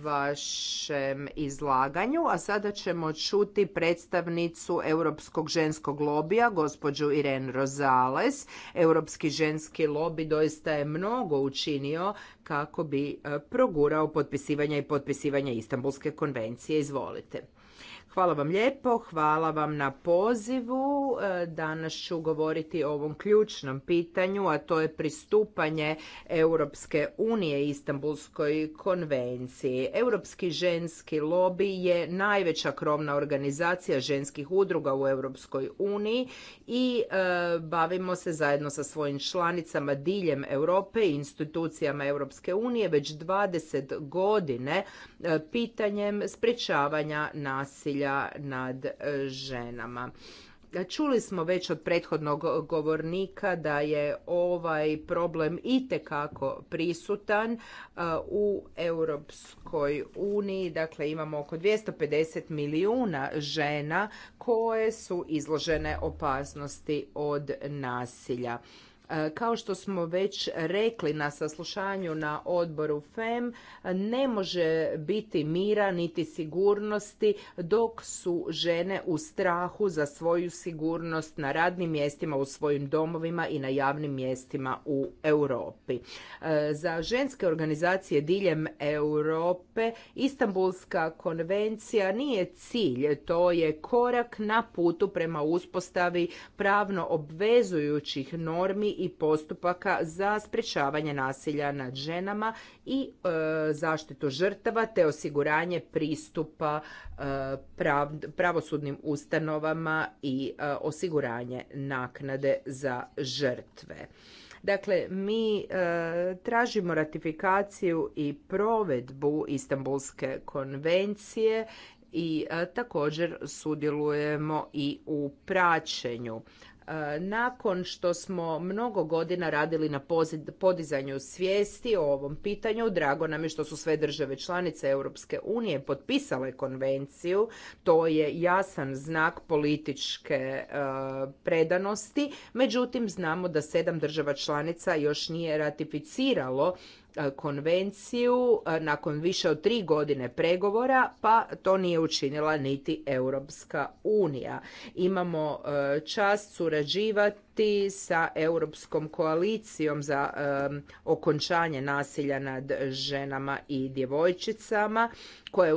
vašem izlaganju, a sada ćemo čuti predstavnicu Europskog ženskog lobija, gospođu Irene Rosales. Europski ženski lobi doista je mnogo učinio kako bi e, progurao potpisivanje i potpisivanje Istanbulske konvencije. Izvolite. Hvala vam lijepo, hvala vam na pozivu. E, danas ću govoriti o ovom ključnom pitanju, a to je pristupanje Europske unije Istanbulskoj konvenciji. Europski ženski lobby je najveća krovna organizacija ženskih udruga u Europskoj uniji i e, bavimo se zajedno sa svojim članicama diljem Europe i institucijama Europske unije već 20 godine e, pitanjem sprječavanja nasilja nad e, ženama. Čuli smo već od prethodnog govornika da je ovaj problem itekako prisutan e, u Europskoj uniji. Dakle, imamo oko 250 milijuna žena koje su izložene opasnosti od nasilja. E, kao što smo već rekli na saslušanju na odboru FEM, ne može biti mira niti sigurnosti dok su žene u strahu za svoju sigurnost na radnim mjestima, u svojim domovima i na javnim mjestima u Europi. E, za ženske organizacije diljem Europe Istanbulska konvencija nije cilj, to je korak na putu prema uspostavi pravno obvezujućih normi i postupaka za sprječavanje nasilja nad ženama i e, zaštitu žrtava te osiguranje pristupa e, pravosudnim ustanovama i e, osiguranje naknade za žrtve. Dakle, mi tražimo ratifikaciju i provedbu Istanbulske konvencije i također sudjelujemo i u praćenju. E, nakon što smo mnogo godina radili na podizanju svijesti o ovom pitanju, drago nam je što su sve države članice Europske unije potpisale konvenciju, to je jasan znak političke e, predanosti, međutim znamo da sedam država članica još nije ratificiralo E, konvenciju e, nakon više od tri godine pregovora, pa to nije učinila niti Europska unija. Imamo e, čast surađivati sa Europskom koalicijom za okončanje nasilja nad ženama i djevojčicama koja,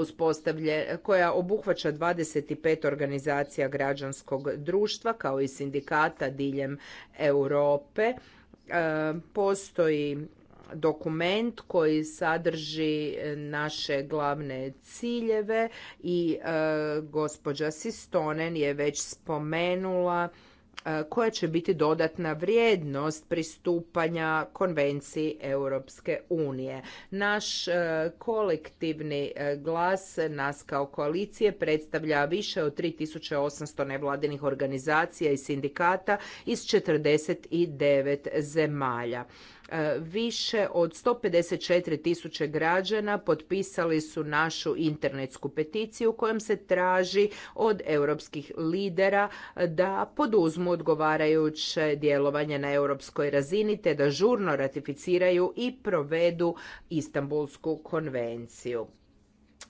koja obuhvaća 25 organizacija građanskog društva kao i sindikata diljem Europe. Postoji dokument koji sadrži e, naše glavne ciljeve i e, gospođa Sistonen je već spomenula e, koja će biti dodatna vrijednost pristupanja konvenciji Europske unije. Naš kolektivni glas nas kao koalicije predstavlja više od 3800 nevladinih organizacija i sindikata iz 49 zemalja. E, više od 154 tisuće građana potpisali su našu internetsku peticiju kojom se traži od europskih lidera da poduzmu odgovarajuće djelovanje na europskoj razini te da žurno ratificiraju i provedu Istanbulsku konvenciju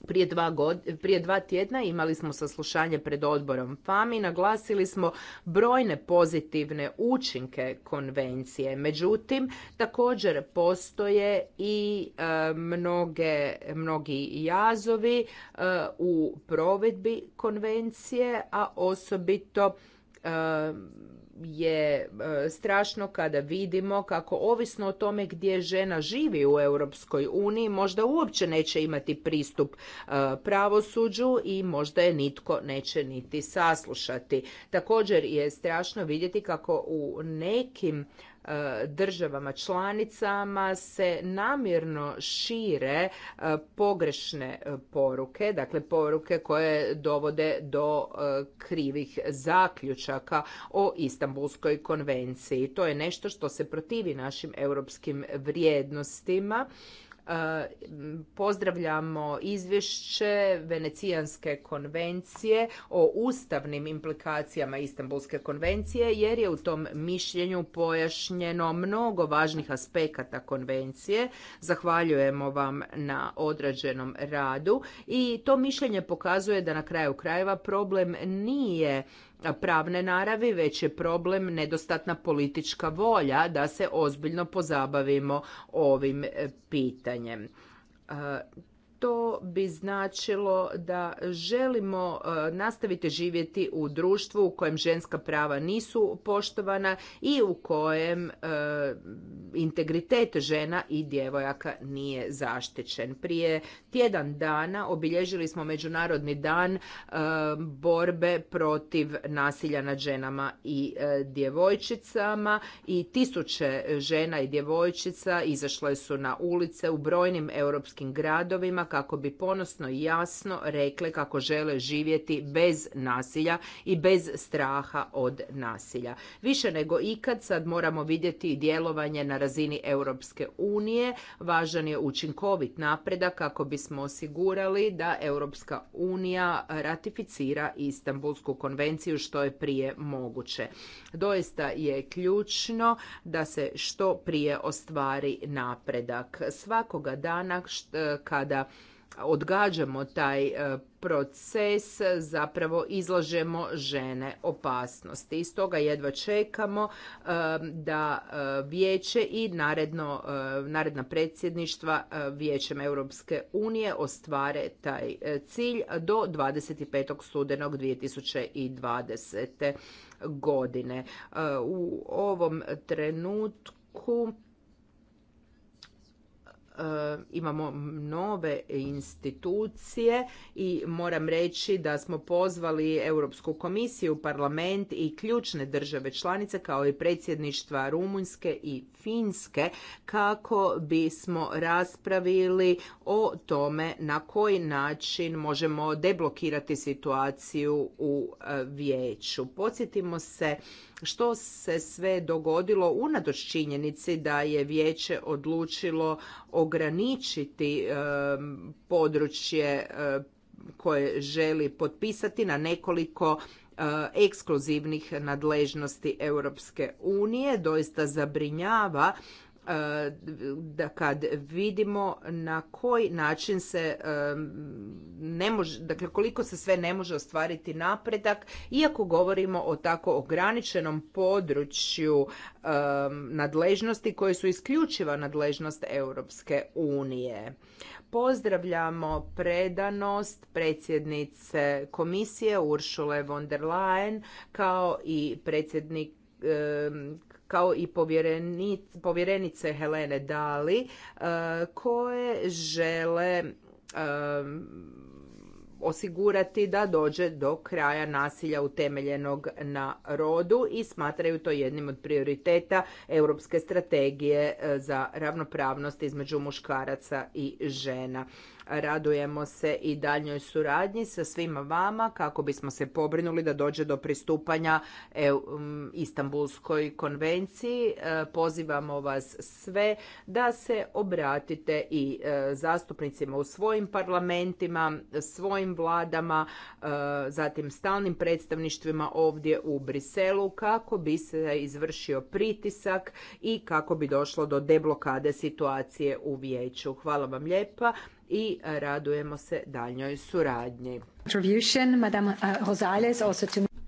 prije dva, god, prije dva tjedna imali smo saslušanje pred odborom FAMI, naglasili smo brojne pozitivne učinke konvencije. Međutim, također postoje i e, mnoge, mnogi jazovi e, u provedbi konvencije, a osobito e, je e, strašno kada vidimo kako ovisno o tome gdje žena živi u Europskoj uniji možda uopće neće imati pristup e, pravosuđu i možda je nitko neće niti saslušati. Također je strašno vidjeti kako u nekim državama članicama se namjerno šire e, pogrešne e, poruke, dakle poruke koje dovode do e, krivih zaključaka o Istanbulskoj konvenciji. To je nešto što se protivi našim europskim vrijednostima Pozdravljamo izvješće Venecijanske konvencije o ustavnim implikacijama Istanbulske konvencije jer je u tom mišljenju pojašnjeno mnogo važnih aspekata konvencije. Zahvaljujemo vam na odrađenom radu i to mišljenje pokazuje da na kraju krajeva problem nije pravne naravi, već je problem nedostatna politička volja da se ozbiljno pozabavimo ovim e, pitanjem e, to bi značilo da želimo e, nastaviti živjeti u društvu u kojem ženska prava nisu poštovana i u kojem e, integritet žena i djevojaka nije zaštićen. Prije tjedan dana obilježili smo Međunarodni dan e, borbe protiv nasilja nad ženama i djevojčicama i tisuće žena i djevojčica izašle su na ulice u brojnim europskim gradovima kako bi ponosno i jasno rekle kako žele živjeti bez nasilja i bez straha od nasilja. Više nego ikad sad moramo vidjeti djelovanje na razini Europske unije. Važan je učinkovit napredak kako bismo osigurali da Europska unija ratificira Istanbulsku konvenciju što je prije moguće. Doista je ključno da se što prije ostvari napredak. Svakoga dana kada odgađamo taj e, proces zapravo izlažemo žene opasnosti. I stoga jedva čekamo e, da e, vijeće i naredno, naredna predsjedništva vijećem Europske unije ostvare taj cilj do 25. studenog 2020. godine. U ovom trenutku E, imamo nove institucije i moram reći da smo pozvali Europsku komisiju, parlament i ključne države članice kao i predsjedništva Rumunjske i Finske kako bismo raspravili o tome na koji način možemo deblokirati situaciju u e, vijeću. Podsjetimo se što se sve dogodilo unatoč činjenici da je vijeće odlučilo ograničiti e, područje e, koje želi potpisati na nekoliko Eh, ekskluzivnih nadležnosti Europske unije doista zabrinjava eh, da kad vidimo na koji način se eh, ne može, dakle koliko se sve ne može ostvariti napredak, iako govorimo o tako ograničenom području nadležnosti koje su isključiva nadležnost Europske unije. Pozdravljamo predanost predsjednice komisije Uršule von der Leyen kao i predsjednik kao i povjerenice Helene Dali eh, koje žele osigurati da dođe do kraja nasilja utemeljenog na rodu i smatraju to jednim od prioriteta Europske strategije e, za ravnopravnost između muškaraca i žena. Radujemo se i daljnjoj suradnji sa svima vama kako bismo se pobrinuli da dođe do pristupanja Istanbulskoj konvenciji. E, pozivamo vas sve da se obratite i e, zastupnicima u svojim parlamentima, svojim vladama, e, zatim stalnim predstavništvima ovdje u Briselu kako bi se izvršio pritisak i kako bi došlo do deblokade situacije u vijeću. Hvala vam lijepa i radujemo se daljnjoj suradnji. Uh,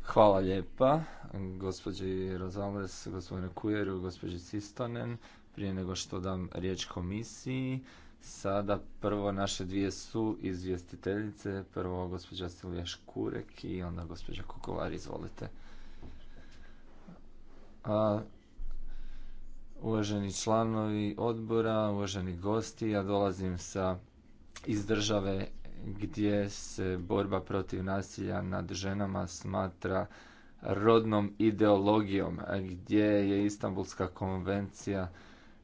Hvala lijepa gospođi Rozales, gospodinu Kujeru, gospođi Sistonen. Prije nego što dam riječ komisiji, sada prvo naše dvije su izvjestiteljice, prvo gospođa Silvija Škurek i onda gospođa Kukovar, izvolite. A, uvaženi članovi odbora, uvaženi gosti, ja dolazim sa iz države gdje se borba protiv nasilja nad ženama smatra rodnom ideologijom, gdje je Istanbulska konvencija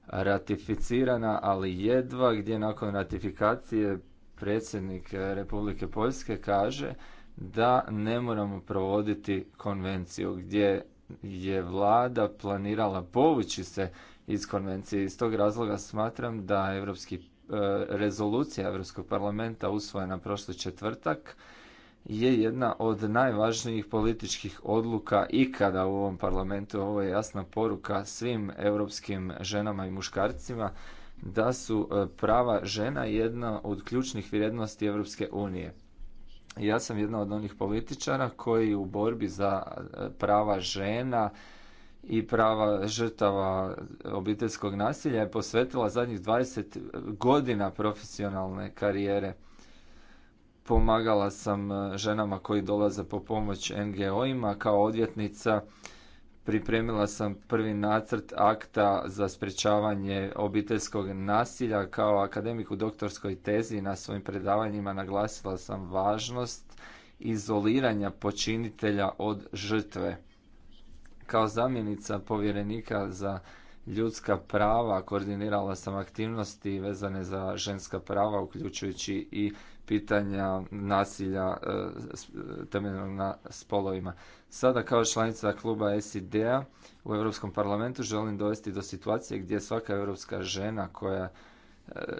ratificirana, ali jedva gdje nakon ratifikacije predsjednik Republike Poljske kaže da ne moramo provoditi konvenciju gdje je vlada planirala povući se iz konvencije. Iz tog razloga smatram da Europski E, rezolucija Europskog parlamenta usvojena prošli četvrtak je jedna od najvažnijih političkih odluka ikada u ovom parlamentu. Ovo je jasna poruka svim europskim ženama i muškarcima da su e, prava žena jedna od ključnih vrijednosti Europske unije. Ja sam jedna od onih političara koji u borbi za e, prava žena i prava žrtava obiteljskog nasilja je posvetila zadnjih 20 godina profesionalne karijere. Pomagala sam e, ženama koji dolaze po pomoć NGO-ima kao odvjetnica. Pripremila sam prvi nacrt akta za sprječavanje obiteljskog nasilja kao akademik u doktorskoj tezi na svojim predavanjima naglasila sam važnost izoliranja počinitelja od žrtve kao zamjenica povjerenika za ljudska prava koordinirala sam aktivnosti vezane za ženska prava, uključujući i pitanja nasilja e, temeljenog na spolovima. Sada kao članica kluba SID-a u Europskom parlamentu želim dovesti do situacije gdje svaka europska žena koja e,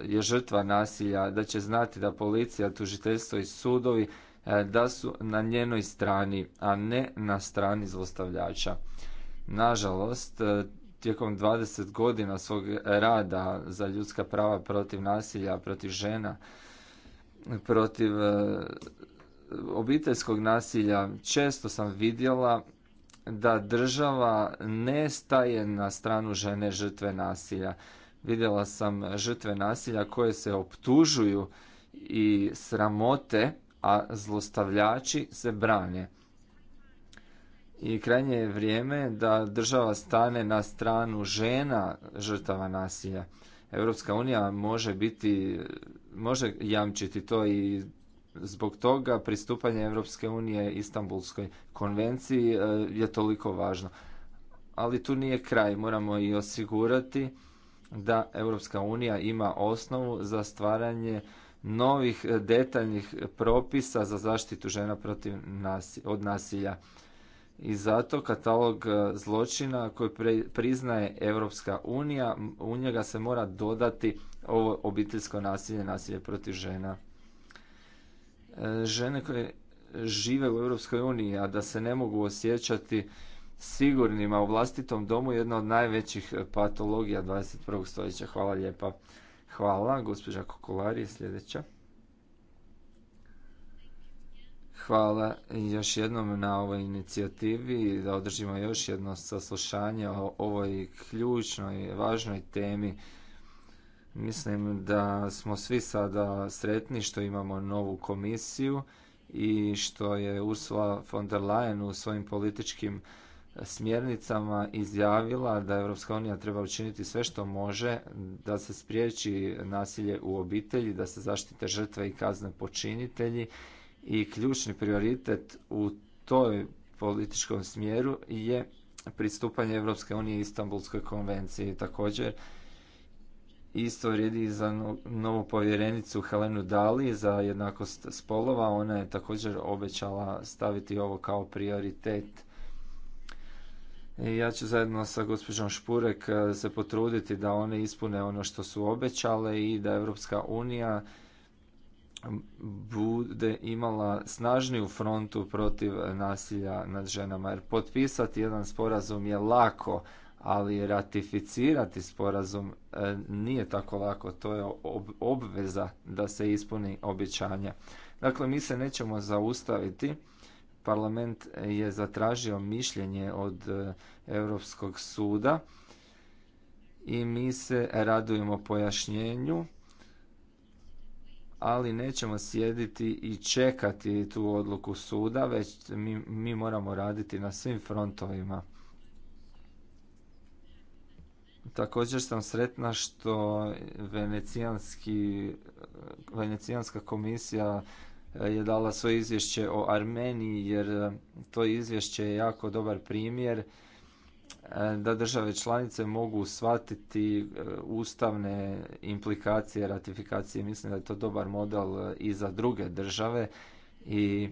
je žrtva nasilja, da će znati da policija, tužiteljstvo i sudovi E, da su na njenoj strani, a ne na strani zlostavljača. Nažalost, e, tijekom 20 godina svog rada za ljudska prava protiv nasilja, protiv žena, protiv e, obiteljskog nasilja, često sam vidjela da država ne staje na stranu žene žrtve nasilja. Vidjela sam žrtve nasilja koje se optužuju i sramote a zlostavljači se brane. I krajnje je vrijeme da država stane na stranu žena žrtava nasilja. Europska unija može biti, može jamčiti to i zbog toga pristupanje Europske unije Istanbulskoj konvenciji e, je toliko važno. Ali tu nije kraj, moramo i osigurati da Europska unija ima osnovu za stvaranje novih e, detaljnih propisa za zaštitu žena protiv od nasilja. I zato katalog e, zločina koji priznaje Europska unija, u njega se mora dodati ovo obiteljsko nasilje, nasilje protiv žena. E, žene koje žive u Europskoj uniji, a da se ne mogu osjećati sigurnima u vlastitom domu, jedna od najvećih patologija 21. stoljeća. Hvala lijepa. Hvala, gospođa Kokolari je sljedeća. Hvala još jednom na ovoj inicijativi da održimo još jedno saslušanje o ovoj ključnoj, važnoj temi. Mislim da smo svi sada sretni što imamo novu komisiju i što je Ursula von der Leyen u svojim političkim smjernicama izjavila da Europska unija treba učiniti sve što može da se spriječi nasilje u obitelji, da se zaštite žrtve i kazne počinitelji i ključni prioritet u toj političkom smjeru je pristupanje Europske unije Istanbulskoj konvenciji. Također, isto vrijedi i za novu povjerenicu Helenu Dali za jednakost spolova. Ona je također obećala staviti ovo kao prioritet ja ću zajedno sa gospođom Špurek e, se potruditi da one ispune ono što su obećale i da Europska unija bude imala snažniju frontu protiv nasilja nad ženama. Jer potpisati jedan sporazum je lako, ali ratificirati sporazum e, nije tako lako. To je obveza da se ispuni obećanja. Dakle, mi se nećemo zaustaviti parlament je zatražio mišljenje od e, Europskog suda i mi se radujemo pojašnjenju, ali nećemo sjediti i čekati tu odluku suda, već mi, mi moramo raditi na svim frontovima. Također sam sretna što Venecijanska komisija E, je dala svoje izvješće o Armeniji jer e, to izvješće je jako dobar primjer e, da države članice mogu shvatiti ustavne implikacije ratifikacije. Mislim da je to dobar model i za druge države i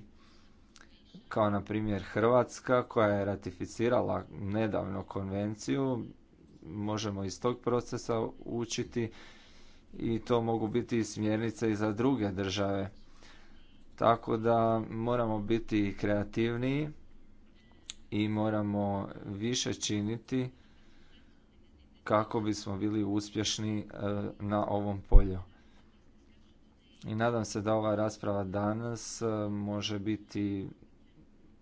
kao na primjer Hrvatska koja je ratificirala nedavno konvenciju, možemo iz tog procesa učiti i to mogu biti i smjernice i za druge države tako da moramo biti kreativniji i moramo više činiti kako bismo bili uspješni e, na ovom polju. I nadam se da ova rasprava danas e, može biti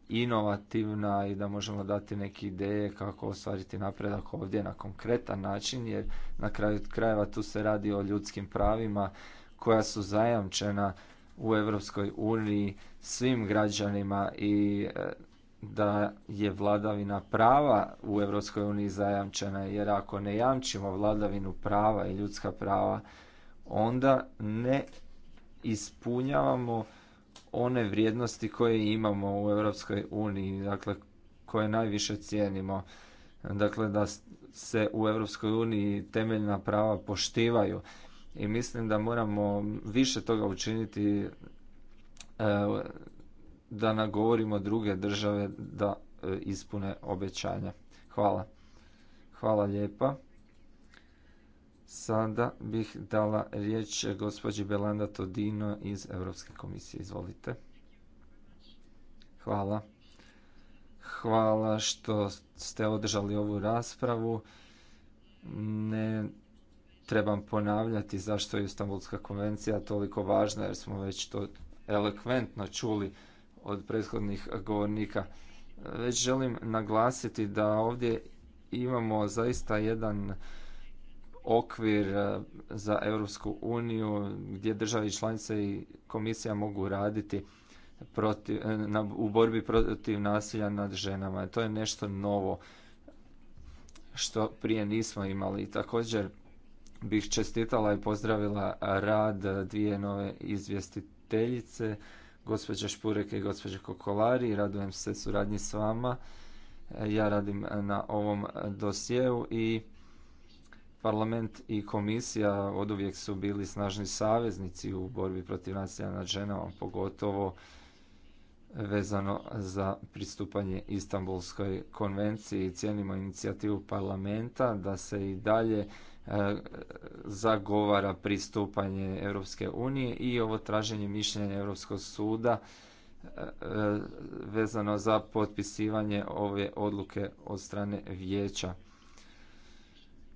inovativna i da možemo dati neke ideje kako ostvariti napredak ovdje na konkretan način jer na kraju krajeva tu se radi o ljudskim pravima koja su zajamčena u Europskoj uniji svim građanima i e, da je vladavina prava u Europskoj uniji zajamčena jer ako ne jamčimo vladavinu prava i ljudska prava onda ne ispunjavamo one vrijednosti koje imamo u Europskoj uniji, dakle koje najviše cijenimo. Dakle da se u Europskoj uniji temeljna prava poštivaju i mislim da moramo više toga učiniti e, da nagovorimo druge države da e, ispune obećanja. Hvala. Hvala lijepa. Sada bih dala riječ gospođi Belanda Todino iz Europske komisije. Izvolite. Hvala. Hvala što ste održali ovu raspravu. Ne trebam ponavljati zašto je Istanbulska konvencija toliko važna jer smo već to elekventno čuli od prethodnih govornika. Već želim naglasiti da ovdje imamo zaista jedan okvir eh, za Europsku uniju gdje državi članice i komisija mogu raditi protiv, eh, u borbi protiv nasilja nad ženama. To je nešto novo što prije nismo imali. Također bih čestitala i pozdravila rad dvije nove izvjestiteljice, gospođa Špurek i gospođa Kokolari. Radujem se suradnji s vama. Ja radim na ovom dosjeu i parlament i komisija uvijek su bili snažni saveznici u borbi protiv nasilja nad ženama, pogotovo vezano za pristupanje Istanbulskoj konvenciji. Cijenimo inicijativu parlamenta da se i dalje zagovara pristupanje Europske unije i ovo traženje mišljenja Europskog suda e, vezano za potpisivanje ove odluke od strane vijeća.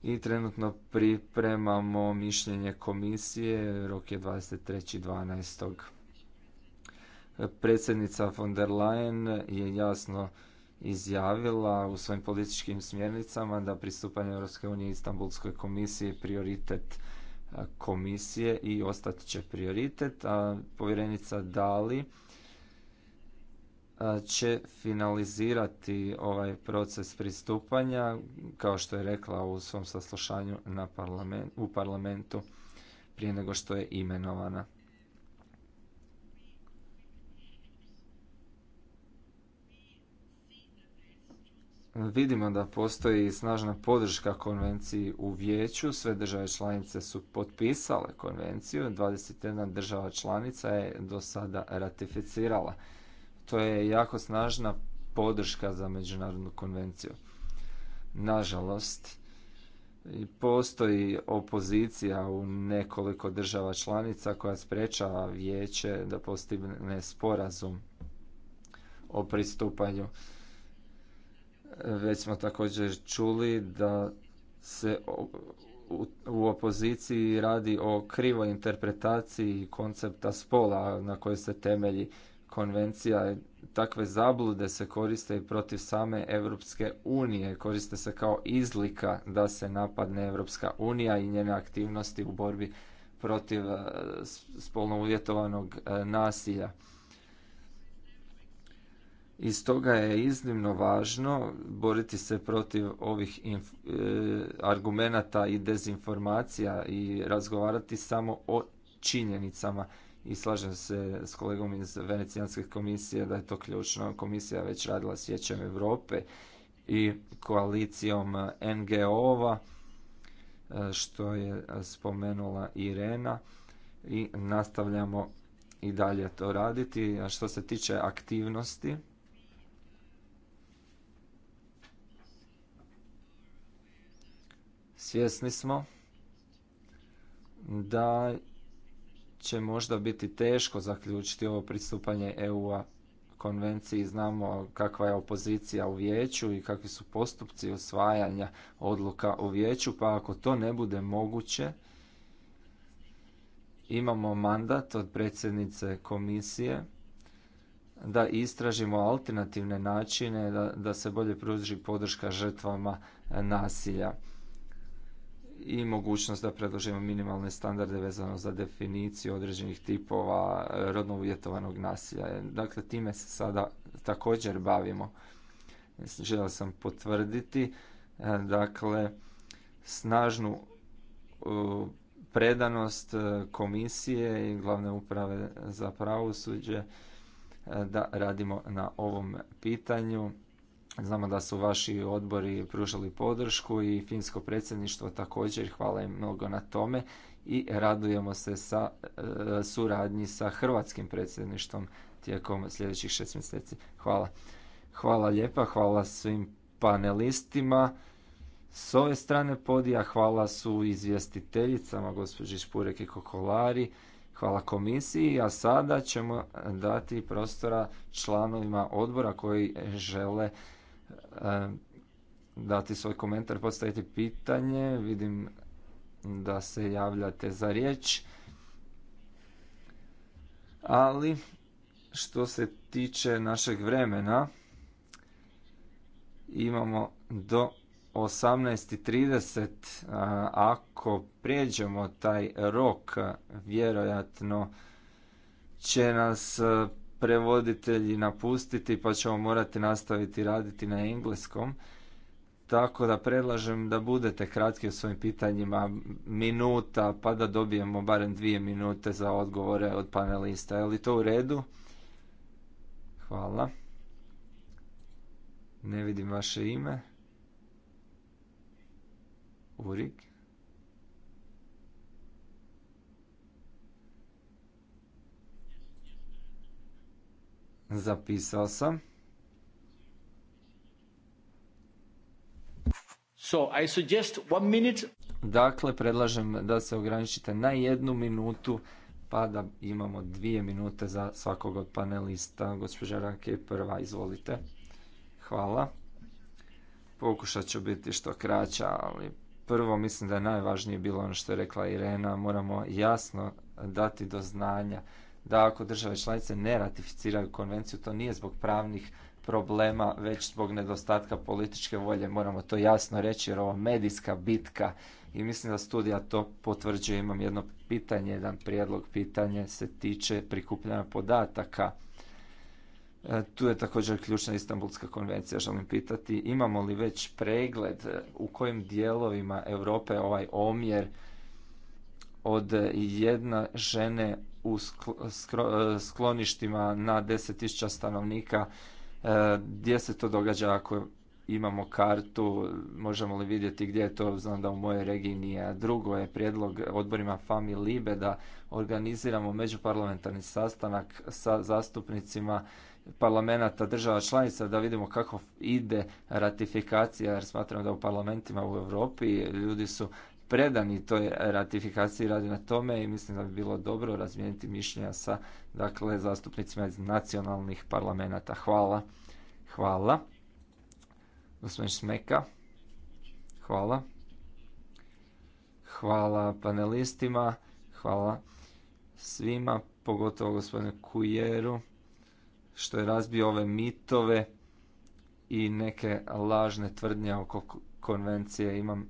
I trenutno pripremamo mišljenje komisije, rok je 23.12. Predsjednica von der Leyen je jasno izjavila u svojim političkim smjernicama da pristupanje Europske unije Istanbulskoj komisiji prioritet komisije i ostat će prioritet, a povjerenica Dali će finalizirati ovaj proces pristupanja, kao što je rekla u svom saslušanju na parlament, u parlamentu prije nego što je imenovana. Vidimo da postoji snažna podrška konvenciji u vijeću. Sve države članice su potpisale konvenciju. 21 država članica je do sada ratificirala. To je jako snažna podrška za međunarodnu konvenciju. Nažalost, postoji opozicija u nekoliko država članica koja sprečava vijeće da postigne sporazum o pristupanju već smo također čuli da se u opoziciji radi o krivoj interpretaciji koncepta spola na kojoj se temelji konvencija. Takve zablude se koriste i protiv same Europske unije. Koriste se kao izlika da se napadne Europska unija i njene aktivnosti u borbi protiv eh, spolno uvjetovanog eh, nasilja i stoga je iznimno važno boriti se protiv ovih e, argumenata i dezinformacija i razgovarati samo o činjenicama i slažem se s kolegom iz Venecijanske komisije da je to ključno. Komisija već radila s Vijećem Europe i koalicijom NGO-ova, e, što je spomenula Irena i nastavljamo i dalje to raditi. A što se tiče aktivnosti, Svjesni smo da će možda biti teško zaključiti ovo pristupanje EU-a konvenciji. Znamo kakva je opozicija u vijeću i kakvi su postupci osvajanja odluka u vijeću, pa ako to ne bude moguće, imamo mandat od predsjednice komisije da istražimo alternativne načine da, da se bolje pruži podrška žrtvama nasilja i mogućnost da predložimo minimalne standarde vezano za definiciju određenih tipova e, rodno uvjetovanog nasilja. Dakle, time se sada također bavimo. Želio sam potvrditi, e, dakle, snažnu e, predanost komisije i glavne uprave za pravosuđe da radimo na ovom pitanju Znamo da su vaši odbori pružali podršku i finsko predsjedništvo također. Hvala im mnogo na tome i radujemo se sa e, suradnji sa hrvatskim predsjedništvom tijekom sljedećih šest mjeseci. Hvala. Hvala lijepa, hvala svim panelistima. S ove strane podija hvala su izvjestiteljicama, gospođi Špurek i Kokolari. Hvala komisiji, a sada ćemo dati prostora članovima odbora koji žele E, dati svoj komentar, postaviti pitanje. Vidim da se javljate za riječ. Ali što se tiče našeg vremena, imamo do 18.30. Ako prijeđemo taj rok, vjerojatno će nas prevoditelji napustiti pa ćemo morati nastaviti raditi na engleskom. Tako da predlažem da budete kratki u svojim pitanjima, minuta, pa da dobijemo barem dvije minute za odgovore od panelista. Je li to u redu? Hvala. Ne vidim vaše ime. Urik. Zapisao sam. So, I suggest one minute. Dakle, predlažem da se ograničite na jednu minutu, pa da imamo dvije minute za svakog od panelista. Gospođa Rake, prva, izvolite. Hvala. Pokušat ću biti što kraća, ali prvo mislim da je najvažnije bilo ono što je rekla Irena. Moramo jasno dati do znanja da ako države članice ne ratificiraju konvenciju, to nije zbog pravnih problema, već zbog nedostatka političke volje. Moramo to jasno reći jer ovo medijska bitka i mislim da studija to potvrđuje. Imam jedno pitanje, jedan prijedlog pitanje se tiče prikupljanja podataka. E, tu je također ključna Istanbulska konvencija. Želim pitati imamo li već pregled e, u kojim dijelovima Europe ovaj omjer od e, jedna žene u e, skloništima na 10.000 stanovnika. E, gdje se to događa ako imamo kartu, možemo li vidjeti gdje je to, znam da u mojoj regiji nije. Drugo je prijedlog odborima FAMI LIBE da organiziramo međuparlamentarni sastanak sa zastupnicima parlamenta država članica da vidimo kako ide ratifikacija jer smatram da u parlamentima u Europi ljudi su predani toj ratifikaciji radi na tome i mislim da bi bilo dobro razmijeniti mišljenja sa dakle, zastupnicima iz nacionalnih parlamenta. Hvala. Hvala. Gospodin Smeka. Hvala. Hvala panelistima. Hvala svima, pogotovo gospodinu Kujeru, što je razbio ove mitove i neke lažne tvrdnje oko konvencije. Imam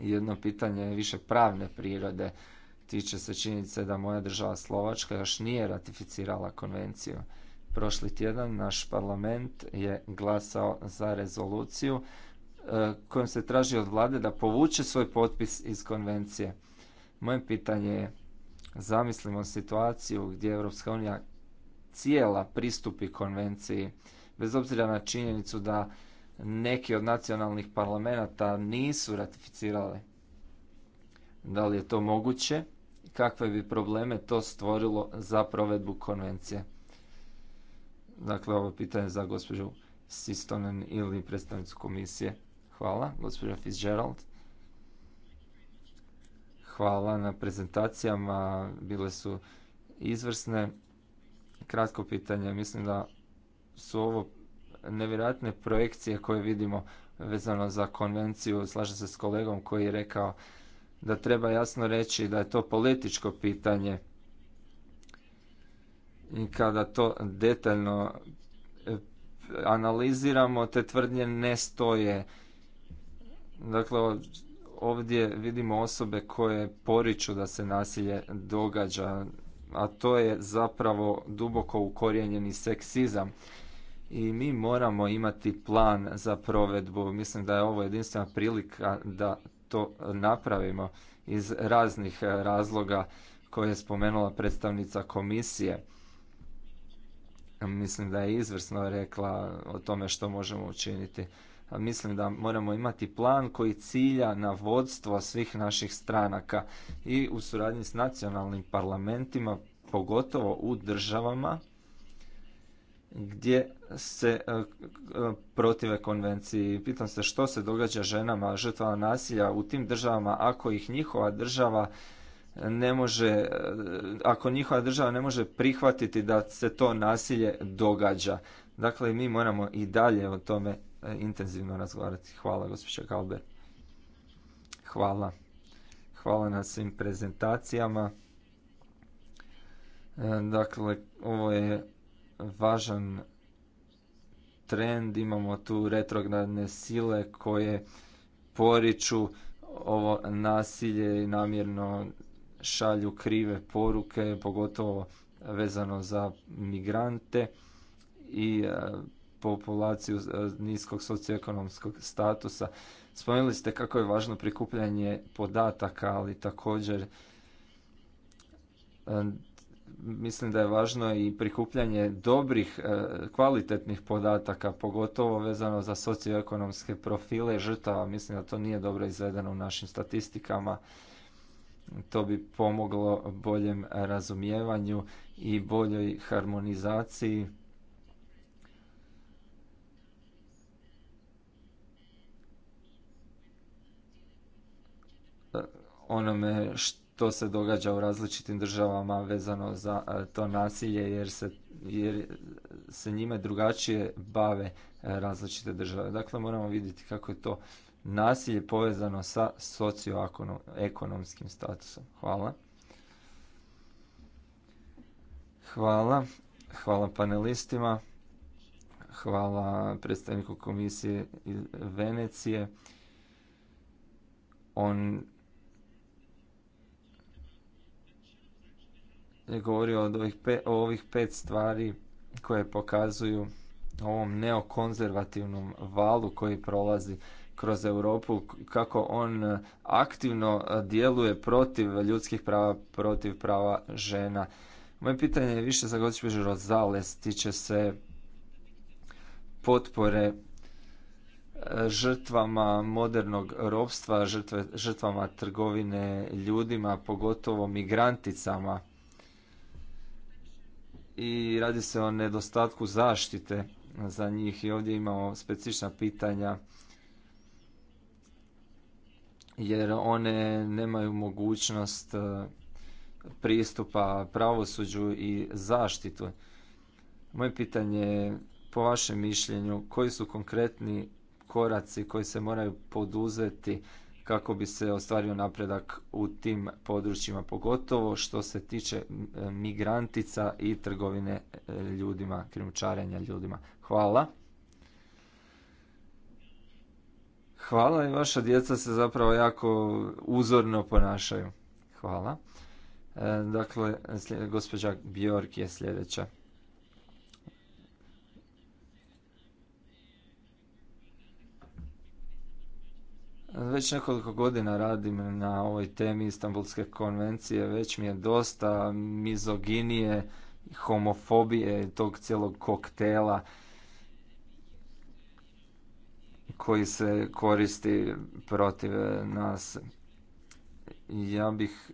jedno pitanje je više pravne prirode. Tiče se činjenice da moja država Slovačka još nije ratificirala konvenciju. Prošli tjedan naš parlament je glasao za rezoluciju e, kojom se traži od vlade da povuče svoj potpis iz konvencije. Moje pitanje je, zamislimo situaciju gdje Europska unija cijela pristupi konvenciji, bez obzira na činjenicu da neki od nacionalnih parlamenta nisu ratificirali. Da li je to moguće? Kakve bi probleme to stvorilo za provedbu konvencije? Dakle, ovo pitanje za gospođu Sistonen ili predstavnicu komisije. Hvala, gospođa Fitzgerald. Hvala na prezentacijama, bile su izvrsne. Kratko pitanje, mislim da su ovo nevjerojatne projekcije koje vidimo vezano za konvenciju. Slažem se s kolegom koji je rekao da treba jasno reći da je to političko pitanje i kada to detaljno e, analiziramo, te tvrdnje ne stoje. Dakle, ovdje vidimo osobe koje poriču da se nasilje događa, a to je zapravo duboko ukorijenjeni seksizam i mi moramo imati plan za provedbu. Mislim da je ovo jedinstvena prilika da to napravimo iz raznih e, razloga koje je spomenula predstavnica komisije. Mislim da je izvrsno rekla o tome što možemo učiniti. Mislim da moramo imati plan koji cilja na vodstvo svih naših stranaka i u suradnji s nacionalnim parlamentima, pogotovo u državama gdje se e, e, protive konvenciji. Pitam se što se događa ženama žrtvama nasilja u tim državama ako ih njihova država ne može, e, ako njihova država ne može prihvatiti da se to nasilje događa. Dakle, mi moramo i dalje o tome intenzivno razgovarati. Hvala, gospođa Galber. Hvala. Hvala na svim prezentacijama. Dakle, ovo je važan trend, imamo tu retrogradne sile koje poriču ovo nasilje i namjerno šalju krive poruke, pogotovo vezano za migrante i e, populaciju e, niskog socioekonomskog statusa. Spomenuli ste kako je važno prikupljanje podataka, ali također e, mislim da je važno i prikupljanje dobrih, e, kvalitetnih podataka, pogotovo vezano za socioekonomske profile žrtava. Mislim da to nije dobro izvedeno u našim statistikama. To bi pomoglo boljem razumijevanju i boljoj harmonizaciji. E, onome što to se događa u različitim državama vezano za e, to nasilje jer se, jer se njime drugačije bave e, različite države. Dakle, moramo vidjeti kako je to nasilje povezano sa socioekonomskim statusom. Hvala. Hvala. Hvala panelistima. Hvala predstavniku komisije Venecije. On je govorio od ovih o ovih pet stvari koje pokazuju ovom neokonzervativnom valu koji prolazi kroz Europu, kako on e, aktivno e, djeluje protiv ljudskih prava, protiv prava žena. Moje pitanje je više za gospođu Rozales, tiče se potpore e, žrtvama modernog ropstva, žrtve, žrtvama trgovine ljudima, pogotovo migranticama i radi se o nedostatku zaštite za njih i ovdje imamo specična pitanja jer one nemaju mogućnost e, pristupa pravosuđu i zaštitu. Moje pitanje je, po vašem mišljenju, koji su konkretni koraci koji se moraju poduzeti kako bi se ostvario napredak u tim područjima, pogotovo što se tiče migrantica i trgovine e, ljudima, krimučarenja ljudima. Hvala. Hvala i vaša djeca se zapravo jako uzorno ponašaju. Hvala. E, dakle, gospođa Bjork je sljedeća. Već nekoliko godina radim na ovoj temi Istanbulske konvencije, već mi je dosta mizoginije, homofobije, tog cijelog koktela koji se koristi protiv nas. Ja bih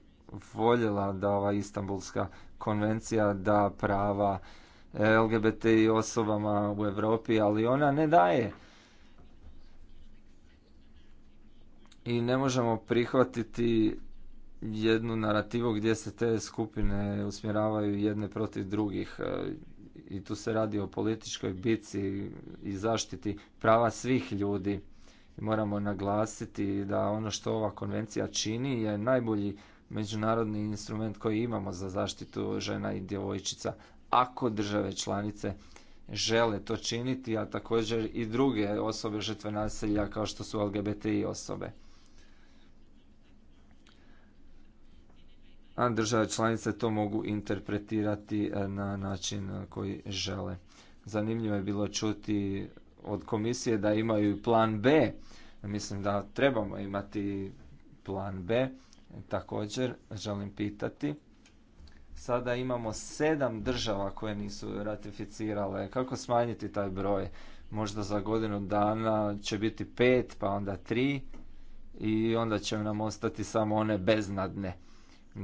voljela da ova Istanbulska konvencija da prava LGBT osobama u Europi, ali ona ne daje i ne možemo prihvatiti jednu narativu gdje se te skupine usmjeravaju jedne protiv drugih e, i tu se radi o političkoj bici i zaštiti prava svih ljudi. Moramo naglasiti da ono što ova konvencija čini je najbolji međunarodni instrument koji imamo za zaštitu žena i djevojčica. Ako države članice žele to činiti, a također i druge osobe žrtve nasilja kao što su LGBTI osobe. a države članice to mogu interpretirati e, na način e, koji žele. Zanimljivo je bilo čuti od komisije da imaju plan B. Mislim da trebamo imati plan B. Također želim pitati. Sada imamo sedam država koje nisu ratificirale. Kako smanjiti taj broj? Možda za godinu dana će biti pet, pa onda tri i onda će nam ostati samo one beznadne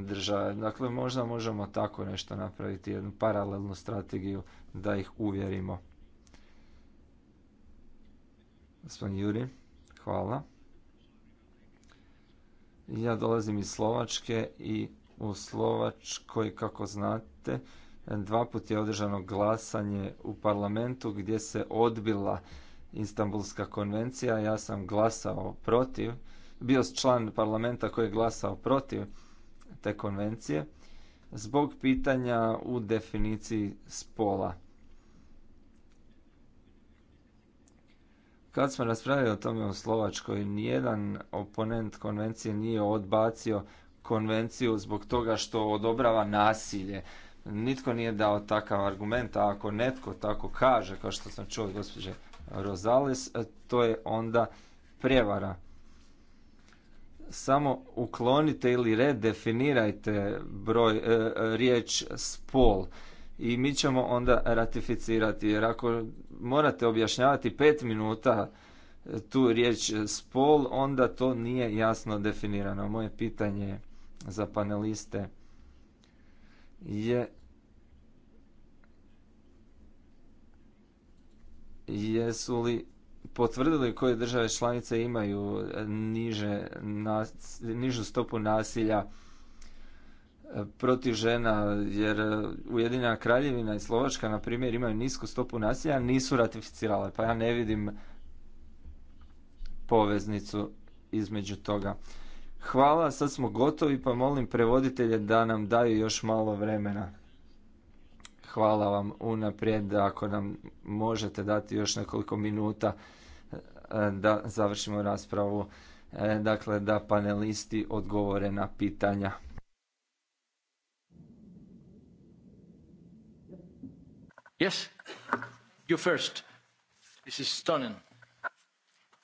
države. Dakle, možda možemo tako nešto napraviti, jednu paralelnu strategiju da ih uvjerimo. Gospodin Juri, hvala. Ja dolazim iz Slovačke i u Slovačkoj, kako znate, dva put je održano glasanje u parlamentu gdje se odbila Istanbulska konvencija. Ja sam glasao protiv, bio član parlamenta koji je glasao protiv te konvencije zbog pitanja u definiciji spola. Kad smo raspravljali o tome u Slovačkoj, nijedan oponent konvencije nije odbacio konvenciju zbog toga što odobrava nasilje. Nitko nije dao takav argument, a ako netko tako kaže, kao što sam čuo od gospođe Rozales, to je onda prevara samo uklonite ili redefinirajte broj e, e, riječ spol i mi ćemo onda ratificirati jer ako morate objašnjavati pet minuta e, tu riječ spol onda to nije jasno definirano moje pitanje za paneliste je jesu li potvrdili koje države članice imaju niže nižu stopu nasilja e, protiv žena, jer Ujedinjena kraljevina i Slovačka, na primjer, imaju nisku stopu nasilja, nisu ratificirale, pa ja ne vidim poveznicu između toga. Hvala, sad smo gotovi, pa molim prevoditelje da nam daju još malo vremena. Hvala vam unaprijed ako nam možete dati još nekoliko minuta. E, da završimo raspravu, e, dakle da panelisti odgovore na pitanja. Yes, you first. This is stunning.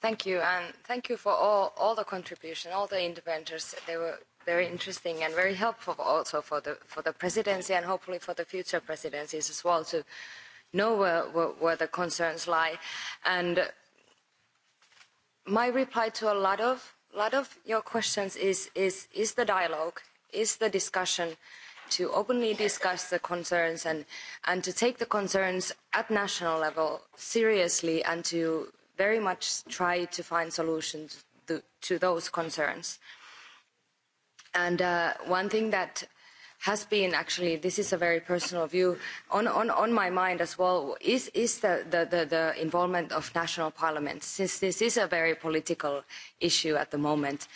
Thank you, and thank you for all, all the contribution, all the interventors. They were very interesting and very helpful also for the, for the presidency and hopefully for the future presidencies as well to know where, where, where the concerns lie. And my reply to a lot of lot of your questions is is is the dialogue is the discussion to openly discuss the concerns and and to take the concerns at national level seriously and to very much try to find solutions to, to those concerns and uh, one thing that has been actually this is a very personal view on, on, on my mind as well is, is the, the, the, the involvement of national parliaments since this is a very political issue at the moment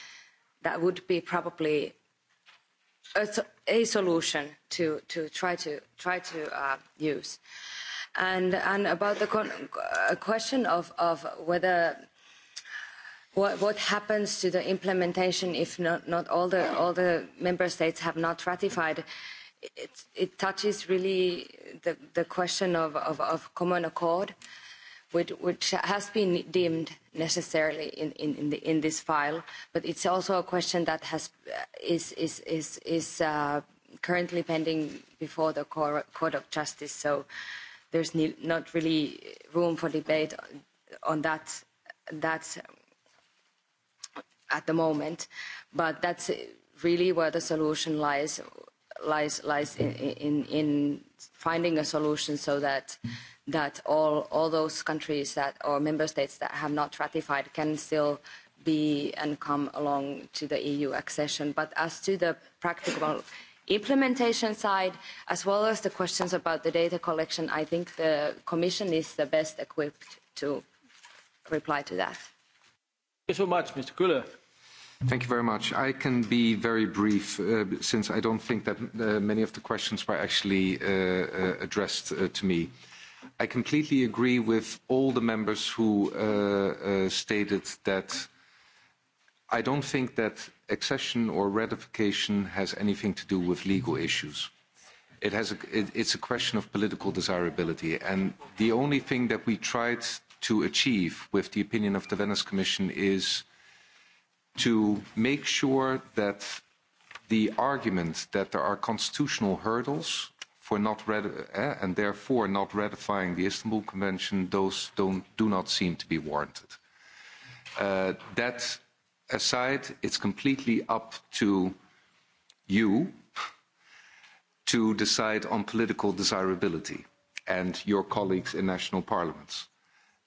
that would be probably a, a solution to, to try to, try to uh, use. And, and about the con- uh, question of, of whether what, what happens to the implementation if not, not all, the, all the member states have not ratified? It, it touches really the, the question of, of, of common accord, which, which has been deemed necessarily in, in, in, the, in this file, but it's also a question that has, is, is, is, is uh, currently pending before the Court of Justice, so there's not really room for debate on that, that at the moment but that's really where the solution lies lies lies in in, in finding a solution so that that all all those countries that or member states that have not ratified can still be and come along to the EU accession but as to the practical implementation side as well as the questions about the data collection i think the commission is the best equipped to reply to that so much, Mr. Thank you very much. I can be very brief uh, since I don't think that uh, many of the questions were actually uh, uh addressed uh, to me. I completely agree with all the members who uh, stated that I don't think that accession or ratification has anything to do with legal issues. It has a, it, it's a question of political desirability. And the only thing that we tried to achieve with the opinion of the Venice Commission is to make sure that the argument that there are constitutional hurdles for not eh, and therefore not ratifying the Istanbul Convention, those don't, do not seem to be warranted. Uh, that aside, it's completely up to you to decide on political desirability and your colleagues in national parliaments.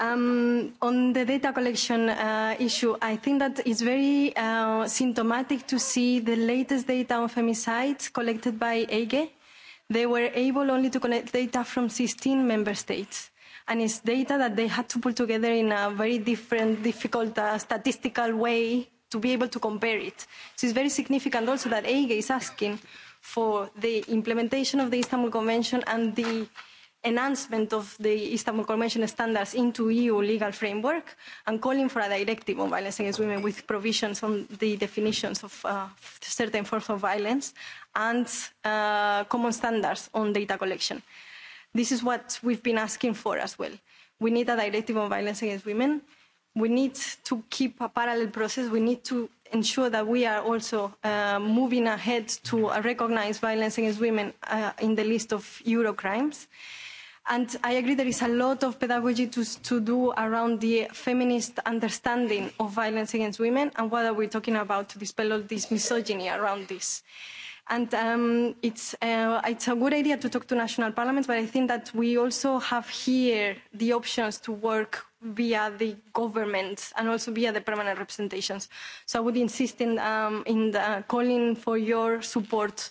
Um, on the data collection uh, issue, I think that it's very uh, symptomatic to see the latest data on femicides collected by AGE. They were able only to collect data from 16 member states. And it's data that they had to put together in a very different, difficult uh, statistical way to be able to compare it. So it's very significant also that AGE is asking for the implementation of the Istanbul Convention and the enhancement of the Istanbul Convention standards into EU legal framework and calling for a directive on violence against women with provisions on the definitions of uh, certain forms of violence and uh, common standards on data collection. This is what we've been asking for as well. We need a directive on violence against women. We need to keep a parallel process. We need to ensure that we are also uh, moving ahead to recognize violence against women uh, in the list of Euro crimes and i agree there is a lot of pedagogy to, to do around the feminist understanding of violence against women and what are we talking about to dispel all this misogyny around this and um, it's, uh, it's a good idea to talk to national parliaments but i think that we also have here the options to work via the government and also via the permanent representations so i would insist in, um, in the, uh, calling for your support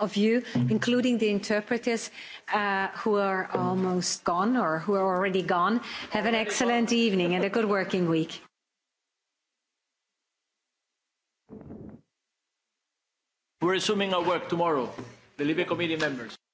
of you, including the interpreters uh, who are almost gone or who are already gone. Have an excellent evening and a good working week. We're resuming our work tomorrow, the Libya Committee members.